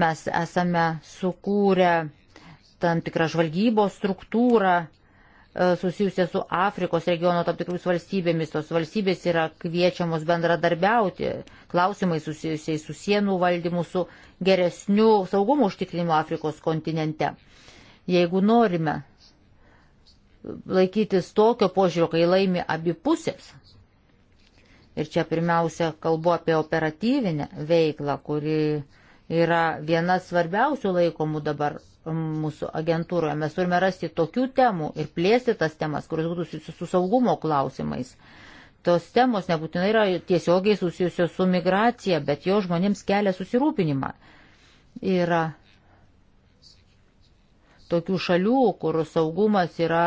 Mes esame sukūrę tam tikrą žvalgybos struktūrą e, susijusią su Afrikos regiono tam tikrus valstybėmis. Tos valstybės yra kviečiamos bendradarbiauti klausimai susijusiai su sienų valdymu, su geresniu saugumu užtikrinimu Afrikos kontinente. Jeigu norime laikytis tokio požiūrio, kai laimi abi pusės. Ir čia pirmiausia kalbu apie operatyvinę veiklą, kuri yra viena svarbiausių laikomų dabar mūsų agentūroje. Mes turime rasti tokių temų ir plėsti tas temas, kurios būtų susijusios su saugumo klausimais. Tos temos nebūtinai yra tiesiogiai susijusios su migracija, bet jo žmonėms kelia susirūpinimą. Yra tokių šalių, kur saugumas yra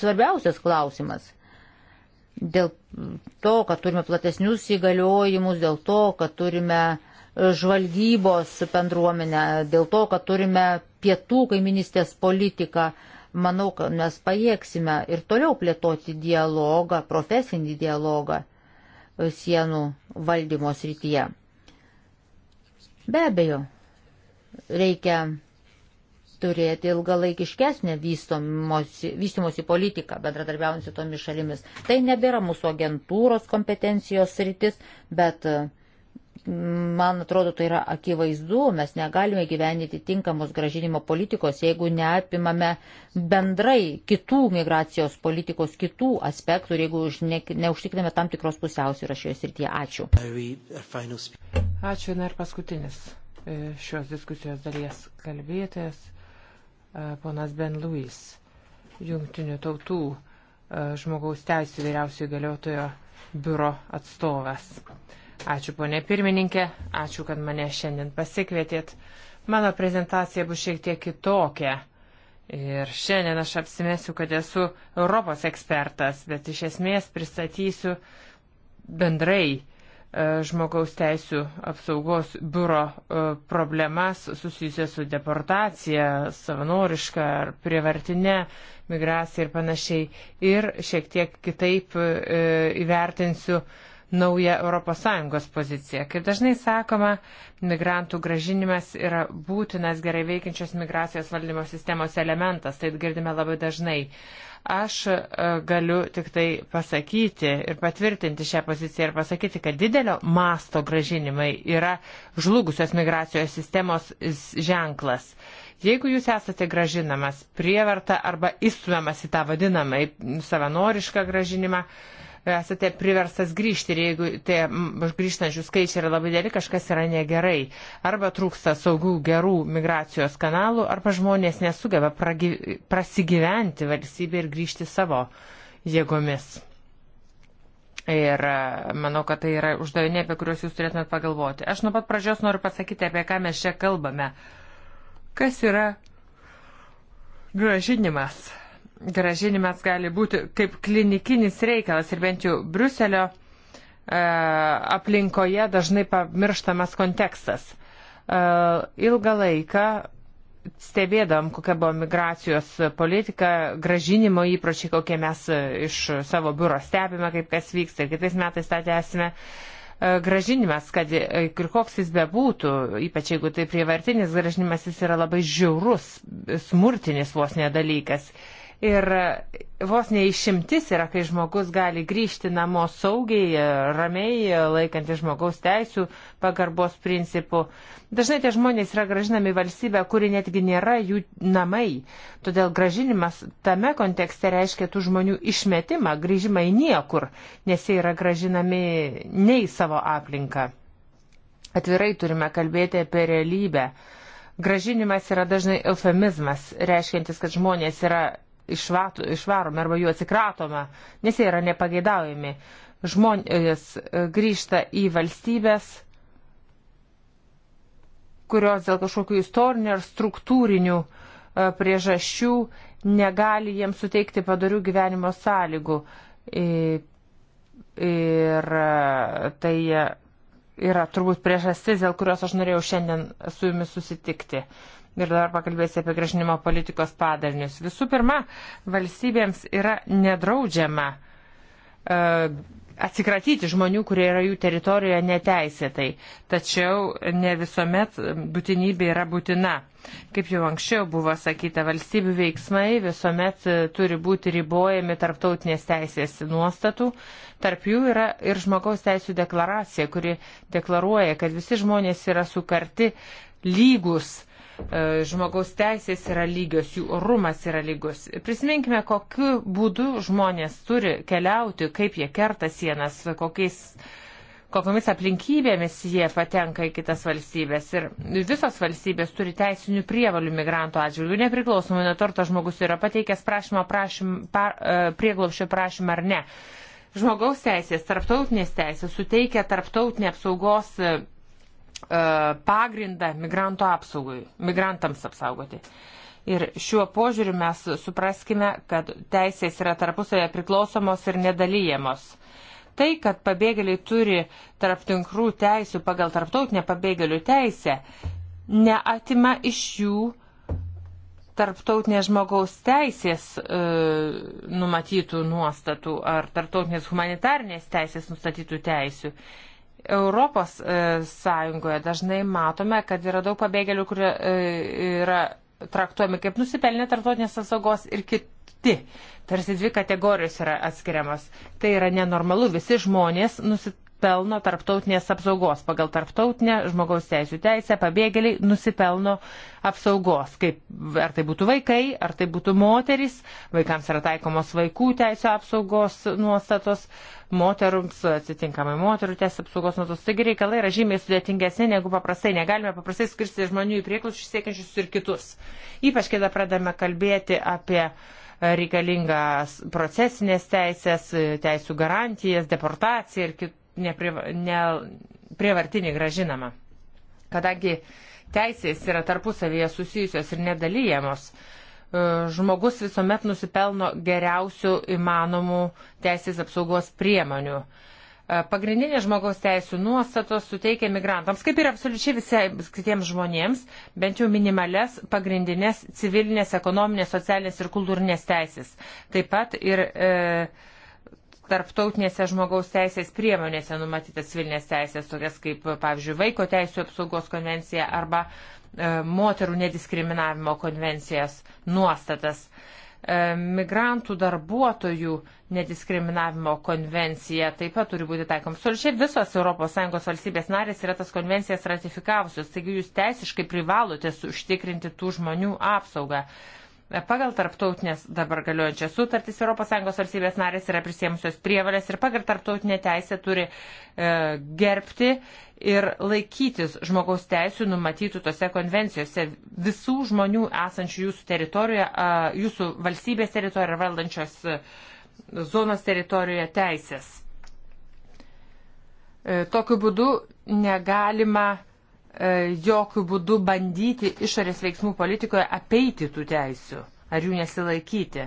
svarbiausias klausimas. Dėl to, kad turime platesnius įgaliojimus, dėl to, kad turime uh, žvalgybos bendruomenę, dėl to, kad turime pietų kaiminystės politiką. Manau, kad mes pajėgsime ir toliau plėtoti dialogą, profesinį dialogą sienų valdymo srityje. Be abejo, reikia turėti ilgalaikiškesnę vystimosi politiką, bendradarbiaujant su tomis šalimis. Tai nebėra mūsų agentūros kompetencijos sritis, bet uh, Man atrodo, tai yra akivaizdu, mes negalime gyveninti tinkamos gražinimo politikos, jeigu neapimame bendrai kitų migracijos politikos, kitų aspektų ir jeigu ne, neužtikriname tam tikros pusiausvyros šioje srityje. Ačiū. Ačiū. Na ir paskutinis e, šios diskusijos dalies kalbėtojas, e, ponas Ben Luis, jungtinių tautų e, žmogaus teisų vyriausiojo galiotojo biuro atstovas. Ačiū ponė pirmininkė, ačiū, kad mane šiandien pasikvietėt. Mano prezentacija bus šiek tiek kitokia. Ir šiandien aš apsimesiu, kad esu Europos ekspertas, bet iš esmės pristatysiu bendrai e, žmogaus teisų apsaugos biuro e, problemas susijusias su deportacija, savanoriška ar prievartinė migracija ir panašiai. Ir šiek tiek kitaip e, įvertinsiu naują ES poziciją. Kaip dažnai sakoma, migrantų gražinimas yra būtinas gerai veikiančios migracijos valdymo sistemos elementas, tai girdime labai dažnai. Aš e, galiu tik tai pasakyti ir patvirtinti šią poziciją ir pasakyti, kad didelio masto gražinimai yra žlugusios migracijos sistemos ženklas. Jeigu jūs esate gražinamas prievarta arba įstumiamas į tą vadinamą savanorišką gražinimą, uh, esate priverstas grįžti ir jeigu tie grįžtančių skaičiai yra labai dėli, kažkas yra negerai. Arba trūksta saugių gerų migracijos kanalų, arba žmonės nesugeba pragy... prasigyventi valstybė ir grįžti savo jėgomis. Ir e, manau, kad tai yra uždaviniai, apie kuriuos jūs turėtumėt pagalvoti. Aš nuo pat pradžios noriu pasakyti, apie ką mes čia kalbame. Kas yra gražinimas? gražinimas gali būti kaip klinikinis reikalas ir bent jau Bruselio e, aplinkoje dažnai pamirštamas kontekstas. E, ilgą laiką stebėdam, kokia buvo migracijos politika, gražinimo įpročiai, kokie mes iš savo biuro stebime, kaip kas vyksta ir kitais metais tą tęsime. E, gražinimas, kad e, ir koks jis bebūtų, ypač jeigu tai prievartinis gražinimas, jis yra labai žiaurus, smurtinis vos nedalykas. dalykas Ir vos neišimtis yra, kai žmogus gali grįžti namo saugiai, ramiai, laikantis žmogaus teisų, pagarbos principų. Dažnai tie žmonės yra gražinami į valstybę, kuri netgi nėra jų namai. Todėl gražinimas tame kontekste reiškia tų žmonių išmetimą, grįžimą į niekur, nes jie yra gražinami ne į savo aplinką. Atvirai turime kalbėti apie realybę. Gražinimas yra dažnai eufemizmas, reiškiantis, kad žmonės yra išvarome arba jų atsikratome, nes jie yra nepageidaujami. Žmonės e, grįžta į valstybės, kurios dėl kažkokių istorinių ar struktūrinių e, priežasčių negali jiems suteikti padarių gyvenimo sąlygų. E, ir tai yra turbūt priežastis, dėl kurios aš norėjau šiandien su jumis susitikti ir dabar pakalbėsiu apie gražinimo politikos padarinius. Visų pirma, valstybėms yra nedraudžiama uh, atsikratyti žmonių, kurie yra jų teritorijoje neteisėtai, tačiau ne visuomet būtinybė yra būtina. Kaip jau anksčiau buvo sakyta, valstybių veiksmai visuomet e, turi būti ribojami tarptautinės teisės nuostatų, tarp jų yra ir žmogaus teisų deklaracija, kuri deklaruoja, kad visi žmonės yra sukarti lygus E, žmogaus teisės yra lygios, jų orumas yra lygus. Prisiminkime, kokiu būdu žmonės turi keliauti, kaip jie kerta sienas, kokiais, kokiamis aplinkybėmis jie patenka į kitas valstybės. Ir visos valstybės turi teisinių prievalių migrantų atžvilgių, nepriklausomai nuo to, ar tas žmogus yra pateikęs prašymą, prašym, par, e, prieglopšio prašymą ar ne. Žmogaus teisės, tarptautinės teisės suteikia tarptautinę apsaugos e, E, pagrindą migrantų apsaugai, migrantams apsaugoti. Ir šiuo požiūriu mes supraskime, kad teisės yra tarpusavėje priklausomos ir nedalyjamos. Tai, kad pabėgėliai turi tarp tinkrų teisių pagal tarptautinę pabėgėlių teisę, neatima iš jų tarptautinės žmogaus teisės e, numatytų nuostatų ar tarptautinės humanitarnės teisės nustatytų teisių. Europos e, Sąjungoje dažnai matome, kad yra daug pabėgėlių, kurie e, yra traktuojami kaip nusipelnė tarptautinės apsaugos ir kiti. Tarsi dvi kategorijos yra atskiriamas. Tai yra nenormalu. Visi žmonės nusi, nusipelno tarptautinės apsaugos. Pagal tarptautinę žmogaus teisų teisę pabėgėliai nusipelno apsaugos. Kaip, ar tai būtų vaikai, ar tai būtų moteris, vaikams yra taikomos vaikų teisų apsaugos nuostatos, moterims atsitinkamai moterų teisų apsaugos nuostatos. Taigi reikalai yra žymiai sudėtingesni negu paprastai. Negalime paprastai skirsti žmonių į prieklučius siekiančius ir kitus. Ypač, kai pradame kalbėti apie reikalingas procesinės teisės, teisų garantijas, deportaciją ir kit, neprievartinį ne, gražinama. Kadangi teisės yra tarpusavyje susijusios ir nedalyjamos, e, žmogus visuomet nusipelno geriausių įmanomų teisės apsaugos priemonių. E, pagrindinės žmogaus teisų nuostatos suteikia migrantams, kaip ir absoliučiai visiems kitiems žmonėms, bent jau minimales pagrindinės civilinės, ekonominės, socialinės ir kultūrinės teisės. Taip pat ir e, tarptautinėse žmogaus teisės priemonėse numatytas civilinės teisės, tokias kaip, pavyzdžiui, vaiko teisų apsaugos konvencija arba e, moterų nediskriminavimo konvencijas nuostatas. E, migrantų darbuotojų nediskriminavimo konvencija taip pat turi būti taikoma. Absoliučiai visos ES valstybės narės yra tas konvencijas ratifikavusios, taigi jūs teisiškai privalote užtikrinti tų žmonių apsaugą. E, E, pagal tarptautinės dabar galiojančias sutartys ES valstybės narės yra prisėmusios prievalės ir pagal tarptautinę teisę turi e, gerbti ir laikytis žmogaus teisų numatytų tose konvencijose visų žmonių esančių jūsų teritorijoje, e, jūsų valstybės teritorijoje ir valdančios e, zonos teritorijoje teisės. E, tokiu būdu negalima E, jokių būdų bandyti išorės veiksmų politikoje apeiti tų teisių ar jų nesilaikyti.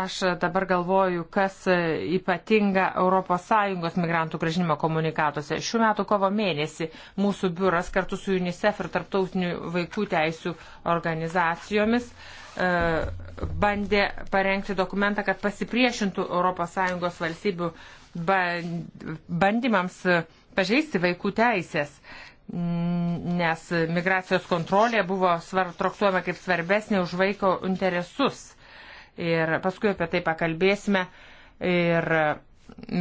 Aš dabar galvoju, kas ypatinga ES migrantų gražinimo komunikatuose. Šių metų kovo mėnesį mūsų biuras kartu su UNICEF ir tarptautinių vaikų teisų organizacijomis e, bandė parengti dokumentą, kad pasipriešintų ES valstybių bandymams pažeisti vaikų teisės. Mm, nes migracijos kontrolė buvo svar, traktuojama kaip svarbesnė už vaiko interesus. Ir paskui apie tai pakalbėsime. Ir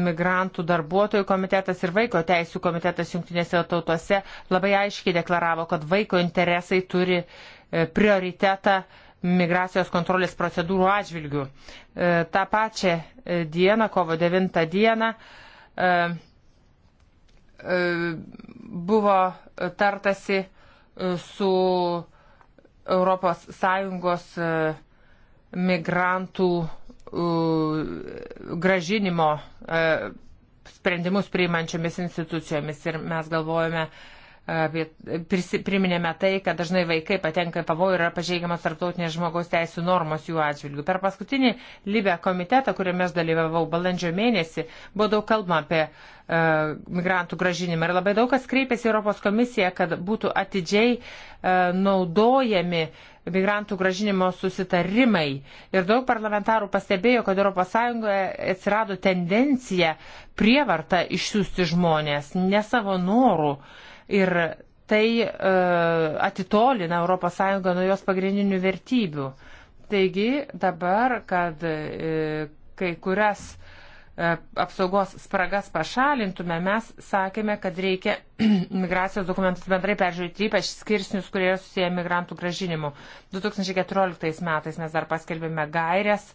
migrantų darbuotojų komitetas ir vaiko teisų komitetas jungtinėse tautose labai aiškiai deklaravo, kad vaiko interesai turi e, prioritetą migracijos kontrolės procedūrų atžvilgių. E, Ta pačia e, diena, kovo 9 dieną, E, buvo tartasi e, su ES e, migrantų gražinimo sprendimus priimančiomis institucijomis ir mes galvojame, Prisiminėme tai, kad dažnai vaikai patenka į pavojų ir yra pažeigiamas tarptautinės žmogaus teisų normos jų atžvilgių. Per paskutinį Libę komitetą, kuriame aš dalyvavau balandžio mėnesį, buvo daug kalbama apie migrantų gražinimą. Ir labai daug kas kreipėsi Europos komisiją, kad būtų atidžiai naudojami migrantų gražinimo susitarimai. Ir daug parlamentarų pastebėjo, kad ES atsirado tendencija prievarta išsiųsti žmonės ne savo norų. Ir tai e, atitolina ES nuo jos pagrindinių vertybių. Taigi dabar, kad e, kai kurias e, apsaugos spragas pašalintume, mes sakėme, kad reikia migracijos dokumentus bendrai peržiūrėti, ypač skirsnius, kurie yra susiję migrantų gražinimu. 2014 metais mes dar paskelbėme gairias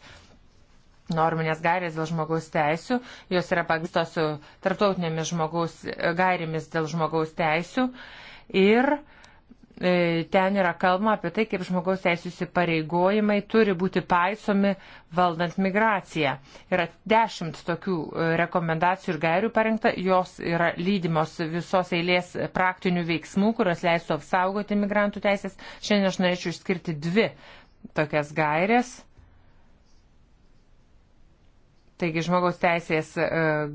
norminės gairės dėl žmogaus teisių, jos yra pagristos su tarptautinėmis žmogaus gairėmis dėl žmogaus teisių ir e, ten yra kalba apie tai, kaip žmogaus teisų įsipareigojimai turi būti paisomi valdant migraciją. Yra dešimt tokių e, rekomendacijų ir gairių parengta, jos yra lydimos visos eilės praktinių veiksmų, kurios leistų apsaugoti migrantų teisės. Šiandien aš norėčiau išskirti dvi tokias gairės Taigi žmogaus teisės e,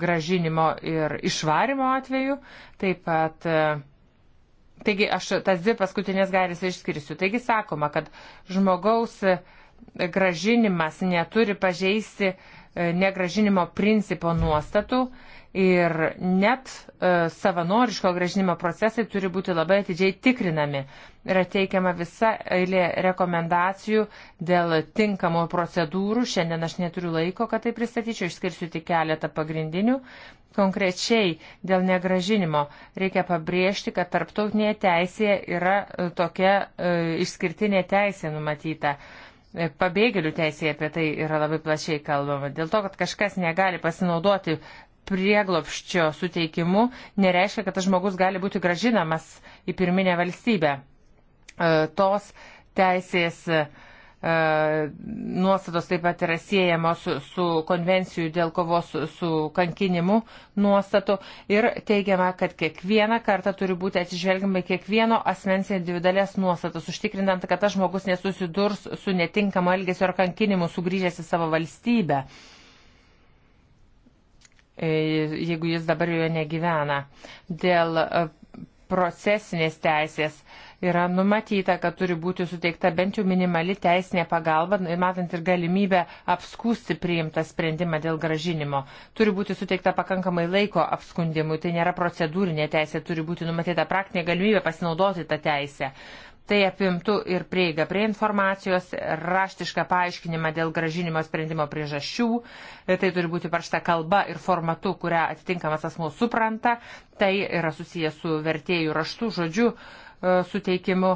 gražinimo ir išvarimo atveju, taip pat e, Taigi aš tas dvi paskutinės gairės išskirsiu. Taigi sakoma, kad žmogaus e, gražinimas neturi pažeisti uh, E, negražinimo principo nuostatų ir net e, savanoriško gražinimo procesai turi būti labai atidžiai tikrinami. Yra teikiama visa eilė rekomendacijų dėl tinkamų procedūrų. Šiandien aš neturiu laiko, kad tai pristatyčiau, išskirsiu tik keletą pagrindinių. Konkrečiai dėl negražinimo reikia pabrėžti, kad tarptautinėje teisėje yra e, tokia e, išskirtinė teisė numatyta. E, E, pabėgėlių teisėje apie tai yra labai plačiai kalbama. Dėl to, kad kažkas negali pasinaudoti prieglopščio suteikimu, nereiškia, kad tas žmogus gali būti gražinamas į pirminę valstybę. E, tos teisės uh, E, nuostatos taip pat yra siejamos su, su konvencijų dėl kovos su, su kankinimu nuostatu ir teigiama, kad kiekvieną kartą turi būti atsižvelgiama į kiekvieno asmens individualias nuostatas, užtikrinant, kad tas žmogus nesusidurs su netinkamu elgesiu ar kankinimu sugrįžęs į savo valstybę e, jeigu jis dabar joje negyvena. Dėl e, procesinės teisės uh, yra numatyta, kad turi būti suteikta bent jau minimali teisinė pagalba, matant ir galimybę apskūsti priimtą sprendimą dėl gražinimo. Turi būti suteikta pakankamai laiko apskundimui, tai nėra procedūrinė teisė, turi būti numatyta praktinė galimybė pasinaudoti tą teisę. Tai apimtų ir prieiga prie informacijos, raštišką paaiškinimą dėl gražinimo sprendimo priežasčių, tai turi būti parašta kalba ir formatu, kurią atitinkamas asmuo supranta, tai yra susijęs su vertėjų raštų žodžiu E, suteikimu.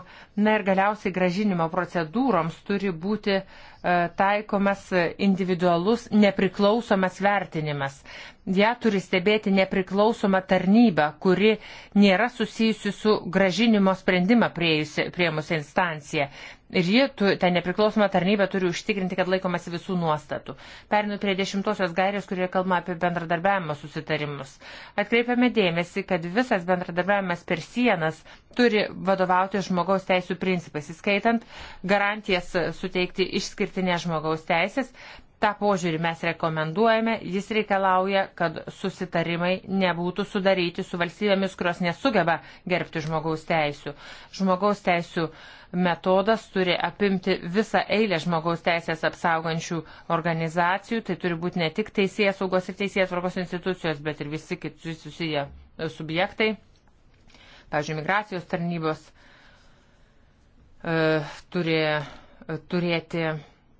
Na ir galiausiai gražinimo procedūroms turi būti uh, E, taikomas individualus nepriklausomas vertinimas. Ja turi stebėti nepriklausoma tarnyba, kuri nėra susijusi su gražinimo sprendimą prieimusią instanciją. Ir ji, ta nepriklausoma tarnyba, turi užtikrinti, kad laikomasi visų nuostatų. Perinu prie dešimtosios gairės, kurioje kalbama apie bendradarbiavimo susitarimus. Atkreipiame dėmesį, kad visas bendradarbiavimas per sienas turi vadovauti žmogaus teisų principais, įskaitant garantijas suteikti išskirti gerbtinės žmogaus teisės. Ta požiūrį mes rekomenduojame, jis reikalauja, kad susitarimai nebūtų sudaryti su valstybėmis, kurios nesugeba gerbti žmogaus teisų. Žmogaus teisų metodas turi apimti visą eilę žmogaus teisės apsaugančių organizacijų, tai turi būti ne tik teisėjas saugos ir teisėjas vargos institucijos, bet ir visi kiti susiję subjektai, pavyzdžiui, migracijos tarnybos e, turi e, turėti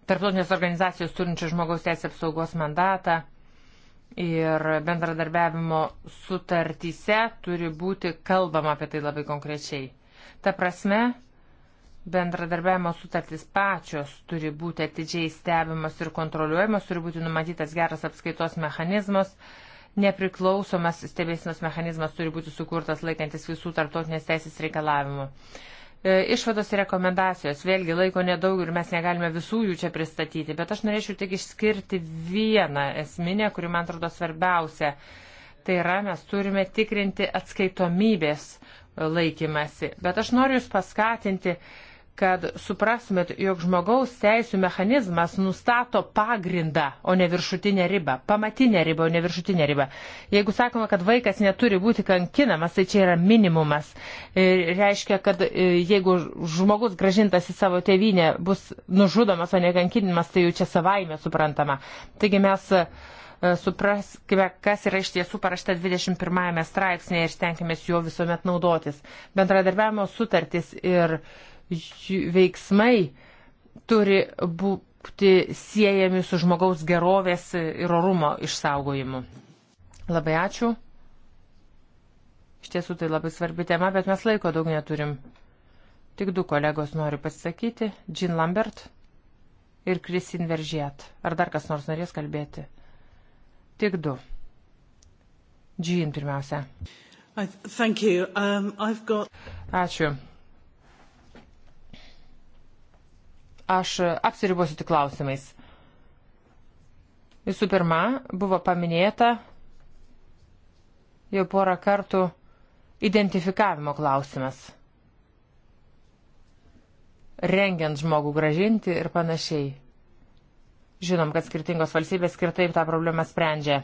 tarptautinės organizacijos turinčios žmogaus teisės apsaugos mandatą ir bendradarbiavimo sutartyse turi būti kalbama apie tai labai konkrečiai. Ta prasme, bendradarbiavimo sutartys pačios turi būti atidžiai stebimas ir kontroliuojamas, turi būti numatytas geras apskaitos mechanizmas, nepriklausomas stebėsinos mechanizmas turi būti sukurtas laikantis visų tarptautinės teisės reikalavimų. E, išvados ir rekomendacijos. Vėlgi laiko nedaug ir mes negalime visų jų čia pristatyti, bet aš norėčiau tik išskirti vieną esminę, kuri man atrodo svarbiausia. Tai yra, mes turime tikrinti atskaitomybės laikymasi. Bet aš noriu Jūs paskatinti uh, kad suprastumėt, jog žmogaus teisų mechanizmas nustato pagrindą, o ne viršutinę ribą, pamatinę ribą, o ne viršutinę ribą. Jeigu sakoma, kad vaikas neturi būti kankinamas, tai čia yra minimumas. Ir e, reiškia, kad e, jeigu žmogus gražintas į savo tėvynę bus nužudomas, o ne kankinimas, tai jau čia savaime suprantama. Taigi mes e, supraskime, kas yra iš tiesų parašta 21 straipsnėje ir stenkimės juo visuomet naudotis. Bendradarbiavimo sutartis ir veiksmai turi būti siejami su žmogaus gerovės ir orumo išsaugojimu. Labai ačiū. Iš tiesų tai labai svarbi tema, bet mes laiko daug neturim. Tik du kolegos nori pasisakyti - Jean Lambert ir Kristin Veržiet. Ar dar kas nors norės kalbėti? Tik du. Jean pirmiausia. I, um, got... Ačiū. aš apsiribosiu tik klausimais. Visų pirma, buvo paminėta jau porą kartų identifikavimo klausimas. Rengiant žmogų gražinti ir panašiai. Žinom, kad skirtingos valstybės skirtaip tą problemą sprendžia.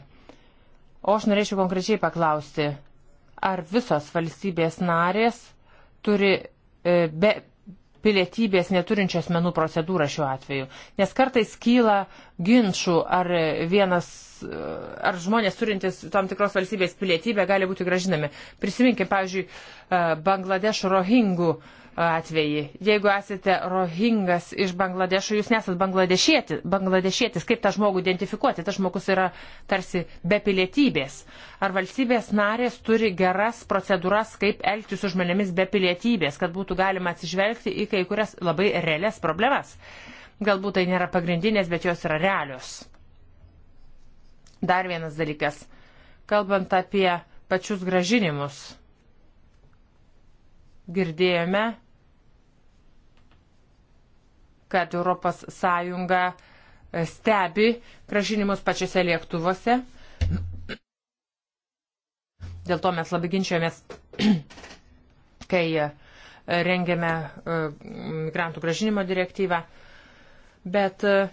O aš norėčiau konkrečiai paklausti, ar visos valstybės narės turi e, be pilietybės neturinčios menų procedūrą šiuo atveju. Nes kartais kyla ginčių, ar, vienas, ar žmonės turintis tam tikros valstybės pilietybę gali būti gražinami. Prisiminkime, pavyzdžiui, Bangladešo rohingų uh, atvejį. Jeigu esate rohingas iš Bangladešo, jūs nesat bangladešietis, bangladešietis, kaip tą žmogų identifikuoti? Tas žmogus yra tarsi be pilietybės. Ar valstybės narės turi geras procedūras, kaip elgtis su žmonėmis be pilietybės, kad būtų galima atsižvelgti į kai kurias labai realias problemas? Galbūt tai nėra pagrindinės, bet jos yra realios. Dar vienas dalykas. Kalbant apie pačius gražinimus girdėjome, kad ES e, stebi gražinimus pačiose lėktuvuose. Dėl to mes labai ginčiamės, kai e, rengėme e, migrantų gražinimo direktyvą. Bet uh,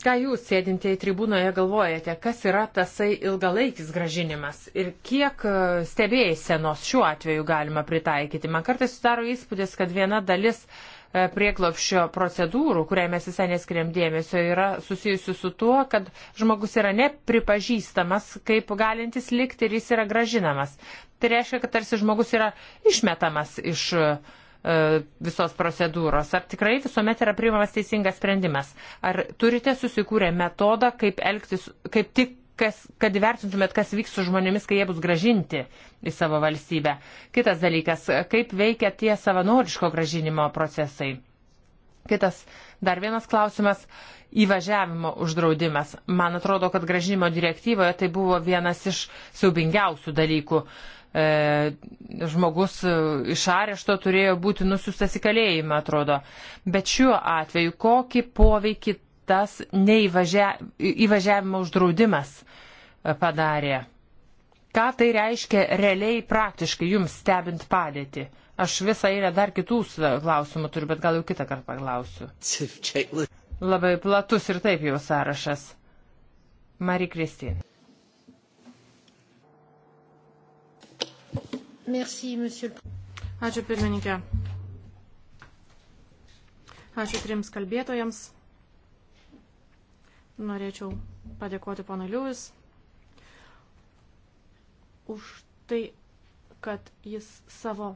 Ką jūs sėdintieji tribūnoje galvojate, kas yra tasai ilgalaikis gražinimas ir kiek e, stebėjsenos šiuo atveju galima pritaikyti? Man kartais sudaro įspūdis, kad viena dalis e, prieklopščio procedūrų, kuriai mes visai neskiriam dėmesio, yra susijusi su tuo, kad žmogus yra nepripažįstamas kaip galintis likti ir jis yra gražinamas. Tai reiškia, kad tarsi žmogus yra išmetamas iš uh, E, visos procedūros? Ar tikrai visuomet yra priimamas teisingas sprendimas? Ar turite susikūrę metodą, kaip elgtis, kaip tik, kas, kad įvertintumėt, kas vyks su žmonėmis, kai jie bus gražinti į savo valstybę? Kitas dalykas, kaip veikia tie savanoriško gražinimo procesai? Kitas dar vienas klausimas - įvažiavimo uždraudimas. Man atrodo, kad gražinimo direktyvoje tai buvo vienas iš siaubingiausių dalykų. Uh, E, žmogus iš arešto turėjo būti nusiustas į kalėjimą, atrodo. Bet šiuo atveju kokį poveikį tas neįvažia, įvažiavimo uždraudimas e, padarė? Ką tai reiškia realiai praktiškai jums stebint padėtį? Aš visą eilę dar kitų e, klausimų turiu, bet gal jau kitą kartą paklausiu. Labai platus ir taip jau sąrašas. Mari Kristin. Merci, monsieur. Ačiū pirmininkė. Ačiū trims kalbėtojams. Norėčiau padėkoti ponui Liuvis už tai, kad jis savo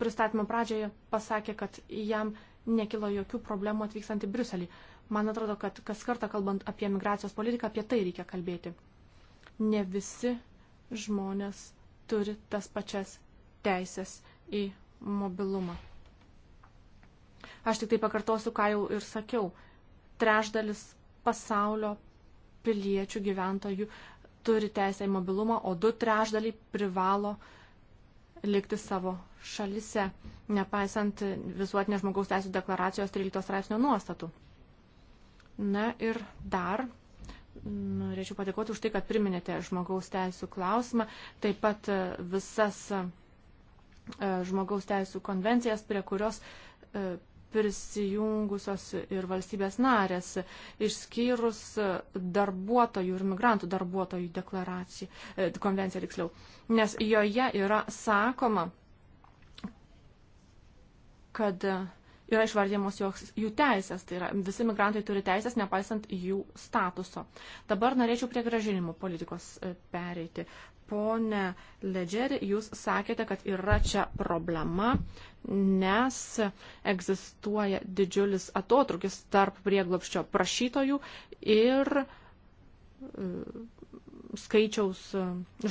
pristatymo pradžioje pasakė, kad jam nekilo jokių problemų atvykstant į Briuselį. Man atrodo, kad kas kartą kalbant apie migracijos politiką, apie tai reikia kalbėti. Ne visi žmonės turi tas pačias teisės į mobilumą. Aš tik tai pakartosiu, ką jau ir sakiau. Trešdalis pasaulio piliečių gyventojų turi teisę į mobilumą, o du trešdaliai privalo likti savo šalise, nepaisant visuotinės žmogaus teisų deklaracijos 13 straipsnio nuostatų. Na ir dar norėčiau padėkoti už tai, kad priminėte žmogaus teisų klausimą, taip pat e, visas e, žmogaus teisų konvencijas, prie kurios e, prisijungusios ir valstybės narės, išskyrus darbuotojų ir migrantų darbuotojų deklaraciją, konvenciją tiksliau. Nes joje yra sakoma, kad yra išvardymos jų teisės, tai yra visi migrantai turi teisės, nepaisant jų statuso. Dabar norėčiau prie gražinimo politikos e, pereiti. Pone Ledžeri, jūs sakėte, kad yra čia problema, nes egzistuoja didžiulis atotrukis tarp prieglopščio prašytojų ir e, skaičiaus e,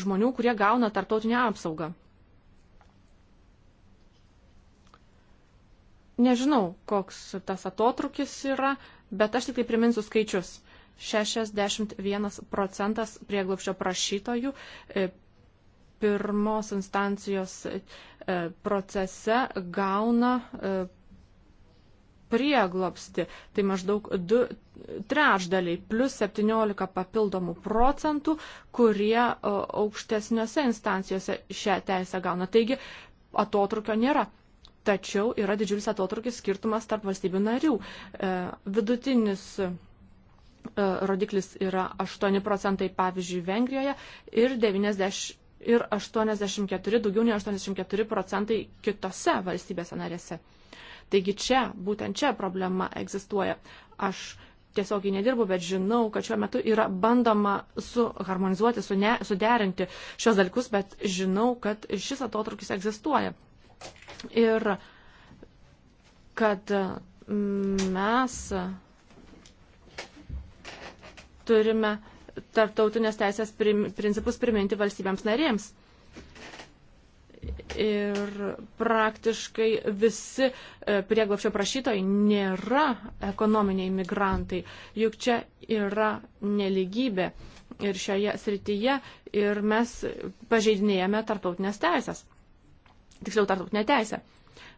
žmonių, kurie gauna tartautinę apsaugą. Nežinau, koks tas atotrukis yra, bet aš tik tai priminsiu skaičius. 61 procentas prieglopščio prašytojų e, pirmos instancijos e, procese gauna e, prieglopsti. Tai maždaug 2 trečdaliai plus 17 papildomų procentų, kurie aukštesniuose instancijose šią teisę gauna. Taigi atotrukio nėra tačiau yra didžiulis atotrukis skirtumas tarp valstybių narių. E, vidutinis e, rodiklis yra 8 procentai, pavyzdžiui, Vengrijoje ir 90. Ir 84, daugiau nei 84 procentai kitose valstybėse narėse. Taigi čia, būtent čia problema egzistuoja. Aš tiesiogiai nedirbu, bet žinau, kad šiuo metu yra bandoma suharmonizuoti, sune, suderinti šios dalykus, bet žinau, kad šis atotrukis egzistuoja ir kad mm, mes turime tarptautinės teisės prim, principus priminti valstybėms narėms. Ir praktiškai visi e, prieglopščio prašytojai nėra ekonominiai migrantai, juk čia yra neligybė ir šioje srityje ir mes pažeidinėjame tarptautinės teisės tiksliau tarptautinę teisę.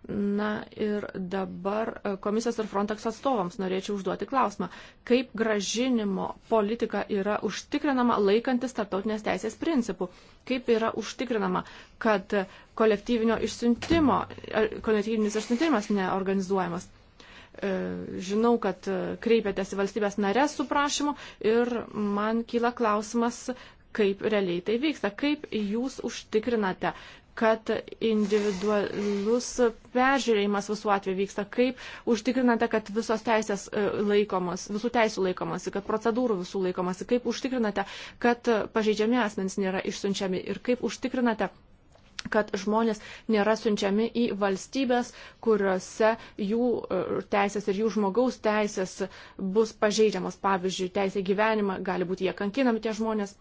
Na ir dabar e, komisijos ir Frontex atstovams norėčiau užduoti klausimą, kaip gražinimo politika yra užtikrinama laikantis tarptautinės teisės principų, kaip yra užtikrinama, kad kolektyvinio išsiuntimo, e, kolektyvinis išsiuntimas neorganizuojamas. E, žinau, kad kreipėtės į valstybės narės su prašymu ir man kyla klausimas, kaip realiai tai vyksta, kaip jūs užtikrinate, kad individualus peržiūrėjimas visų atveju vyksta, kaip užtikrinate, kad visos teisės e, laikomos, visų teisų laikomasi, kad procedūrų visų laikomasi, kaip užtikrinate, kad pažeidžiami asmenys nėra išsiunčiami ir kaip užtikrinate kad žmonės nėra siunčiami į valstybės, kuriuose jų e, teisės ir jų žmogaus teisės bus pažeidžiamas. Pavyzdžiui, teisė gyvenimą, gali būti jie kankinami tie žmonės.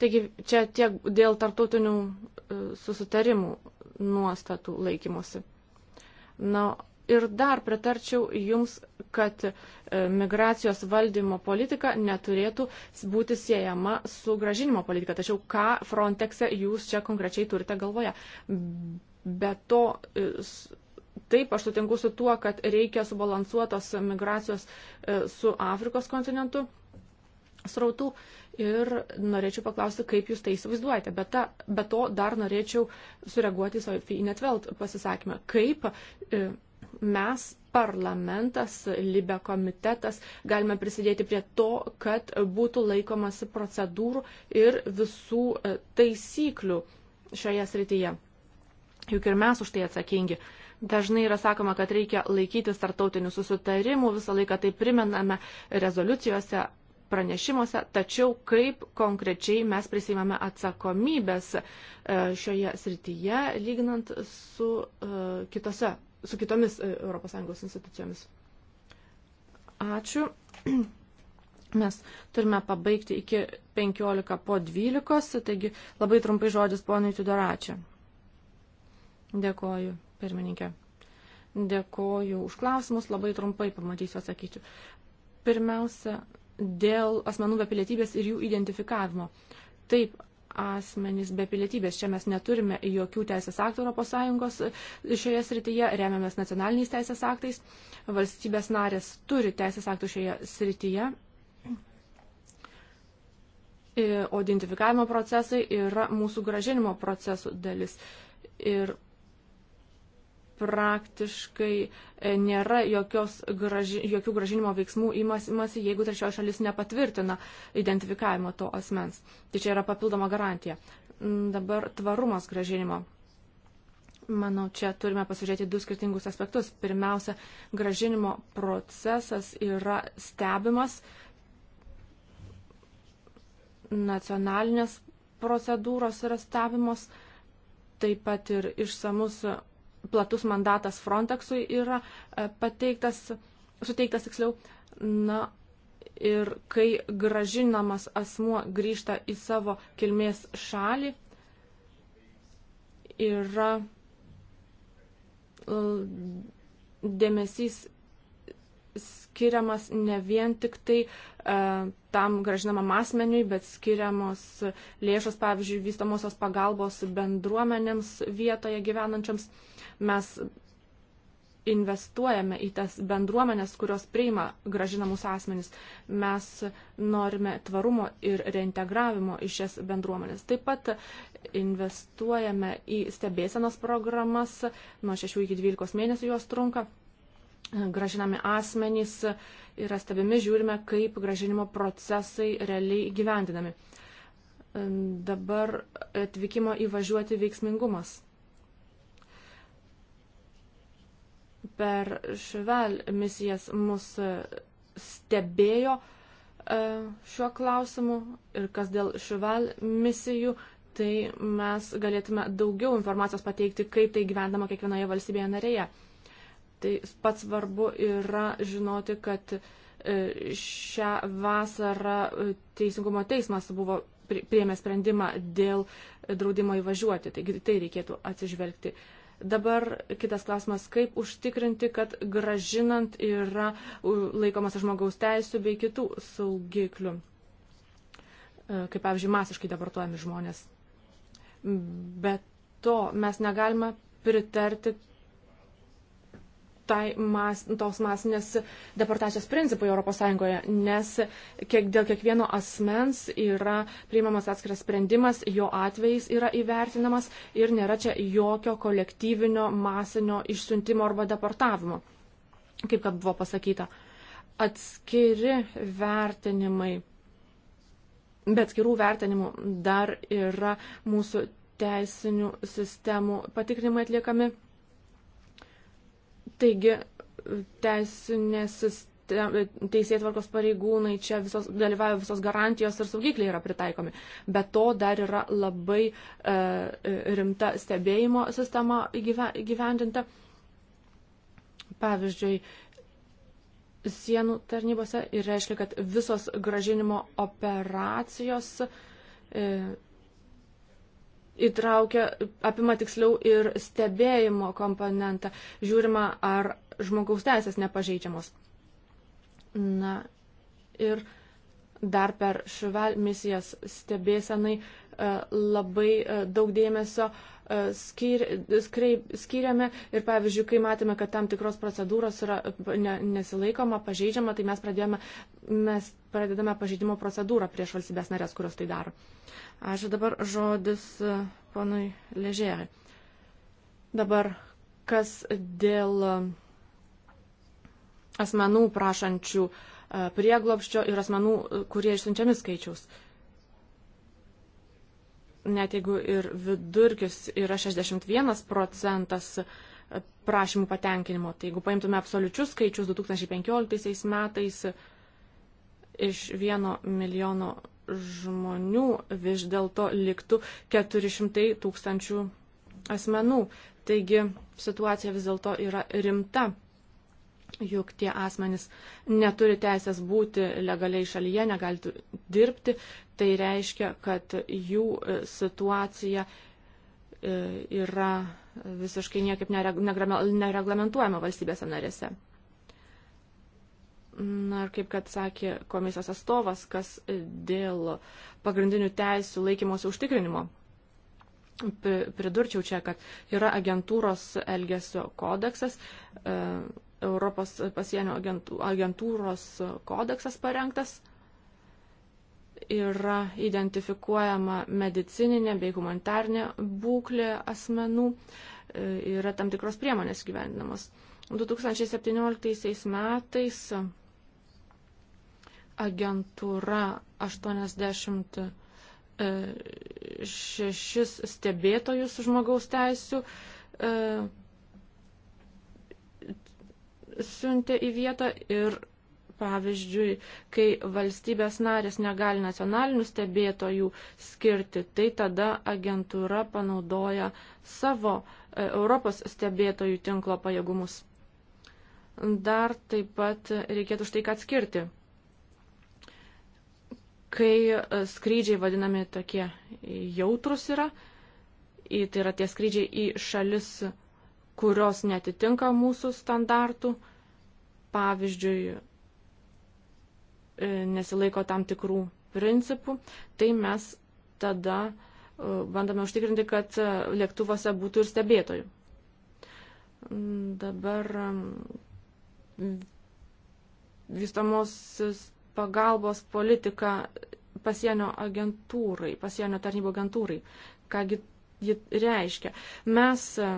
Taigi čia tiek dėl tartutinių e, susitarimų nuostatų laikymosi. Na ir dar pritarčiau Jums, kad e, migracijos valdymo politika neturėtų būti siejama su gražinimo politika. Tačiau ką Frontexe Jūs čia konkrečiai turite galvoje? Be to, e, taip, aš sutinku su tuo, kad reikia subalansuotos migracijos su Afrikos kontinentu srautų ir norėčiau paklausti, kaip jūs tai įsivaizduojate. Bet, ta, bet to dar norėčiau sureaguoti į Sofiją Netvelt pasisakymą. Kaip e, mes, parlamentas, Libe komitetas, galime prisidėti prie to, kad būtų laikomasi procedūrų ir visų e, taisyklių šioje srityje. Juk ir mes už tai atsakingi. Dažnai yra sakoma, kad reikia laikytis tartautinių susitarimų, visą laiką tai primename rezoliucijose pranešimuose, tačiau kaip konkrečiai mes prisimame atsakomybės e, šioje srityje, lyginant su, e, kitose, su kitomis e, ES institucijomis. Ačiū. Mes turime pabaigti iki 15 po 12, taigi labai trumpai žodis ponui Tudoračiui. Dėkoju, pirmininkė. Dėkoju už klausimus, labai trumpai pamatysiu atsakyti. Pirmiausia, dėl asmenų be pilietybės ir jų identifikavimo. Taip, asmenys be pilietybės. Čia mes neturime jokių teisės aktų ES šioje srityje, remiamės nacionaliniais teisės aktais. Valstybės narės turi teisės aktų šioje srityje. E, o identifikavimo procesai yra mūsų gražinimo procesų dalis. Ir praktiškai e, nėra graži, jokių gražinimo veiksmų įmasi, jeigu trečioji šalis nepatvirtina identifikavimo to asmens. Tai čia yra papildoma garantija. Mm, dabar tvarumas gražinimo. Manau, čia turime pasižiūrėti du skirtingus aspektus. Pirmiausia, gražinimo procesas yra stebimas nacionalinės procedūros yra stebimos, taip pat ir išsamus platus mandatas Frontexui yra e, pateiktas, suteiktas tiksliau. Na, ir kai gražinamas asmuo grįžta į savo kilmės šalį, yra dėmesys skiriamas ne vien tik tai e, tam gražinamam asmeniui, bet skiriamos lėšos, pavyzdžiui, vystamosios pagalbos bendruomenėms vietoje gyvenančiams. Mes investuojame į tas bendruomenės, kurios priima gražinamus asmenys. Mes norime tvarumo ir reintegravimo į šias bendruomenės. Taip pat investuojame į stebėsenos programas, nuo 6 iki 12 mėnesių jos trunka gražinami asmenys yra stebimi, žiūrime, kaip gražinimo procesai realiai įgyvendinami. Dabar atvykimo įvažiuoti veiksmingumas. Per švel misijas mus stebėjo e, šiuo klausimu ir kas dėl švel misijų, tai mes galėtume daugiau informacijos pateikti, kaip tai gyvendama kiekvienoje valstybėje narėje. Tai pats svarbu yra žinoti, kad e, šią vasarą e, Teisingumo teismas buvo priėmė sprendimą dėl draudimo įvažiuoti. Taigi tai reikėtų atsižvelgti. Dabar kitas klausimas, kaip užtikrinti, kad gražinant yra laikomas žmogaus teisų bei kitų saugiklių, e, kaip pavyzdžiui, masiškai deportuojami žmonės. Bet to mes negalime pritarti tai mas, tos masinės deportacijos principui ES, nes kiek, dėl kiekvieno asmens yra priimamas atskiras sprendimas, jo atvejais yra įvertinamas ir nėra čia jokio kolektyvinio masinio išsiuntimo arba deportavimo, kaip kad buvo pasakyta. Atskiri vertinimai. Bet skirų vertinimų dar yra mūsų teisinių sistemų patikrinimai atliekami Taigi, teisinės teisėtvarkos pareigūnai, čia visos, dalyvauja visos garantijos ir saugikliai yra pritaikomi. Bet to dar yra labai e, rimta stebėjimo sistema įgyvendinta. Pavyzdžiui, sienų tarnybose ir reiškia, kad visos gražinimo operacijos e, įtraukia, apima tiksliau ir stebėjimo komponentą. Žiūrima, ar žmogaus teisės nepažeidžiamos. Na ir dar per švel misijas stebėsenai e, labai e, daug dėmesio e, skiriame ir pavyzdžiui, kai matėme, kad tam tikros procedūros yra nesilaikoma, pažeidžiama, tai mes pradėjome mes pradedame pažeidimo procedūrą prieš valstybės narės, kurios tai daro. Aš dabar žodis e, ponui Ležėrai. Dabar kas dėl e, asmenų prašančių e, prieglopščio ir asmenų, kurie išsiunčiami skaičiaus. Net jeigu ir vidurkis yra 61 procentas prašymų patenkinimo, tai jeigu paimtume absoliučius skaičius 2015 metais, iš vieno milijono žmonių vis dėlto liktų 400 tūkstančių asmenų. Taigi situacija vis dėlto yra rimta, juk tie asmenys neturi teisės būti legaliai šalyje, negali dirbti. Tai reiškia, kad jų e, situacija e, yra visiškai niekaip nereglamentuojama valstybėse narėse. Na ir kaip kad sakė komisijos atstovas, kas dėl pagrindinių teisų laikymosi užtikrinimo. Pridurčiau čia, kad yra agentūros elgesio kodeksas, e, Europos pasienio agentūros kodeksas parengtas, yra identifikuojama medicininė bei humanitarnė būklė asmenų, e, yra tam tikros priemonės gyvendinamos. 2017 metais agentūra 86 e, stebėtojus žmogaus teisų e, siuntė į vietą ir, pavyzdžiui, kai valstybės narės negali nacionalinių stebėtojų skirti, tai tada agentūra panaudoja savo e, Europos stebėtojų tinklo pajėgumus. Dar taip pat reikėtų štai ką atskirti kai e, skrydžiai vadinami tokie jautrus yra, tai yra tie skrydžiai į šalis, kurios netitinka mūsų standartų, pavyzdžiui, e, nesilaiko tam tikrų principų, tai mes tada e, bandome užtikrinti, kad lėktuvose būtų ir stebėtojų. Mm, dabar vystomosis pagalbos politiką pasienio agentūrai, pasienio tarnybų agentūrai, kągi ji reiškia. Mes e,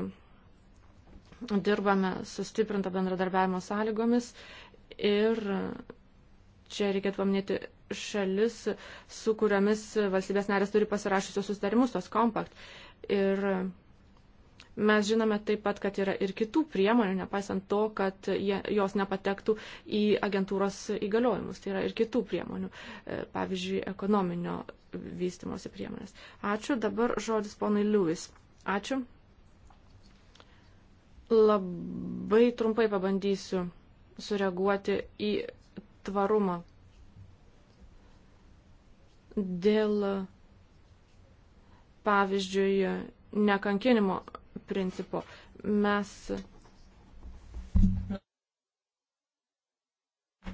dirbame sustiprinto bendradarbiavimo sąlygomis ir e, čia reikėtų paminėti šalis, su kuriomis valstybės narės turi pasirašysios sustarimus, tos kompakt. Ir Mes žinome taip pat, kad yra ir kitų priemonių, nepaisant to, kad jie, jos nepatektų į agentūros įgaliojimus. Tai yra ir kitų priemonių, e, pavyzdžiui, ekonominio vystimosi priemonės. Ačiū. Dabar žodis ponui Liuvis. Ačiū. Labai trumpai pabandysiu sureaguoti į tvarumą. Dėl, pavyzdžiui, nekankinimo principo. Mes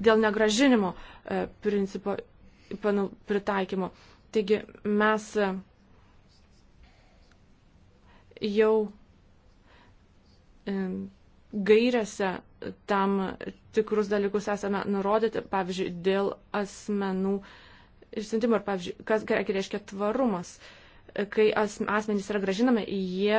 dėl negražinimo e, principo pritaikymo. Taigi mes e, jau e, gairėse tam tikrus dalykus esame nurodyti, pavyzdžiui, dėl asmenų išsintimo ir, pavyzdžiui, kas reiškia tvarumas. Kai asmenys yra gražinami, jie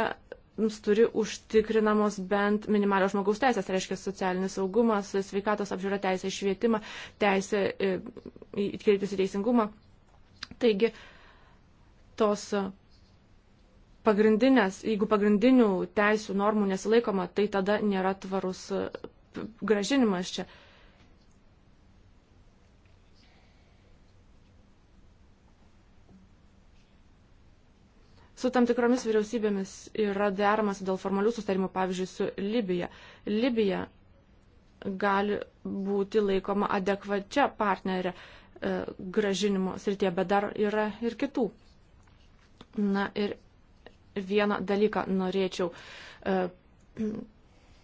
turi užtikrinamos bent minimalios žmogaus teisės, tai reiškia socialinis saugumas, sveikatos apžiūra, teisė į švietimą, teisė e, kreiptis į teisingumą. Taigi, tos pagrindinės, jeigu pagrindinių teisų normų nesilaikoma, tai tada nėra tvarus gražinimas čia. Su tam tikromis vyriausybėmis yra deramas dėl formalių sustarimų, pavyzdžiui, su Libija. Libija gali būti laikoma adekvačia partnerė e, gražinimo srityje, bet dar yra ir kitų. Na ir vieną dalyką norėčiau e,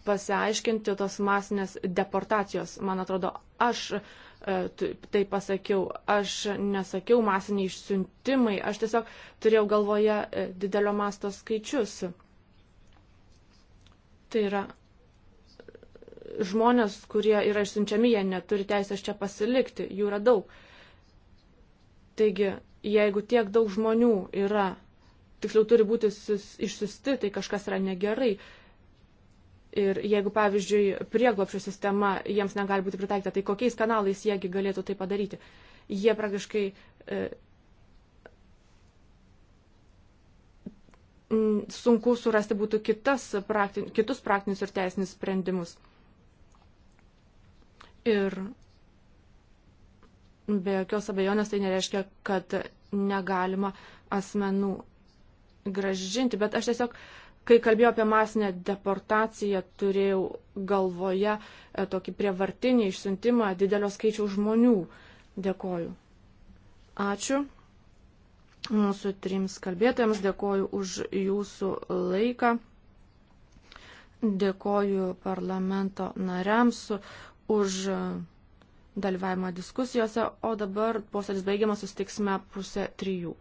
pasiaiškinti, tos masinės deportacijos. Man atrodo, aš E, tai pasakiau. Aš nesakiau masiniai išsiuntimai, aš tiesiog turėjau galvoje e, didelio masto skaičius. Tai yra žmonės, kurie yra išsiunčiami, jie neturi teisės čia pasilikti, jų yra daug. Taigi, jeigu tiek daug žmonių yra, tiksliau turi būti išsiusti, tai kažkas yra negerai. Ir jeigu, pavyzdžiui, prieglopšio sistema jiems negali būti pritaikyta, tai kokiais kanalais jiegi galėtų tai padaryti? Jie praktiškai e, sunku surasti būtų kitas praktin, kitus praktinius ir teisinius sprendimus. Ir be jokios abejonės tai nereiškia, kad negalima asmenų gražinti, bet aš tiesiog e, Kai kalbėjau apie masinę deportaciją, turėjau galvoje e, tokį prievartinį išsiuntimą didelio skaičiaus žmonių. Dėkoju. Ačiū mūsų trims kalbėtojams, dėkoju už jūsų laiką, dėkoju parlamento nariams už dalyvavimą diskusijose, o dabar posėdis baigiamas, sustiksime pusę trijų.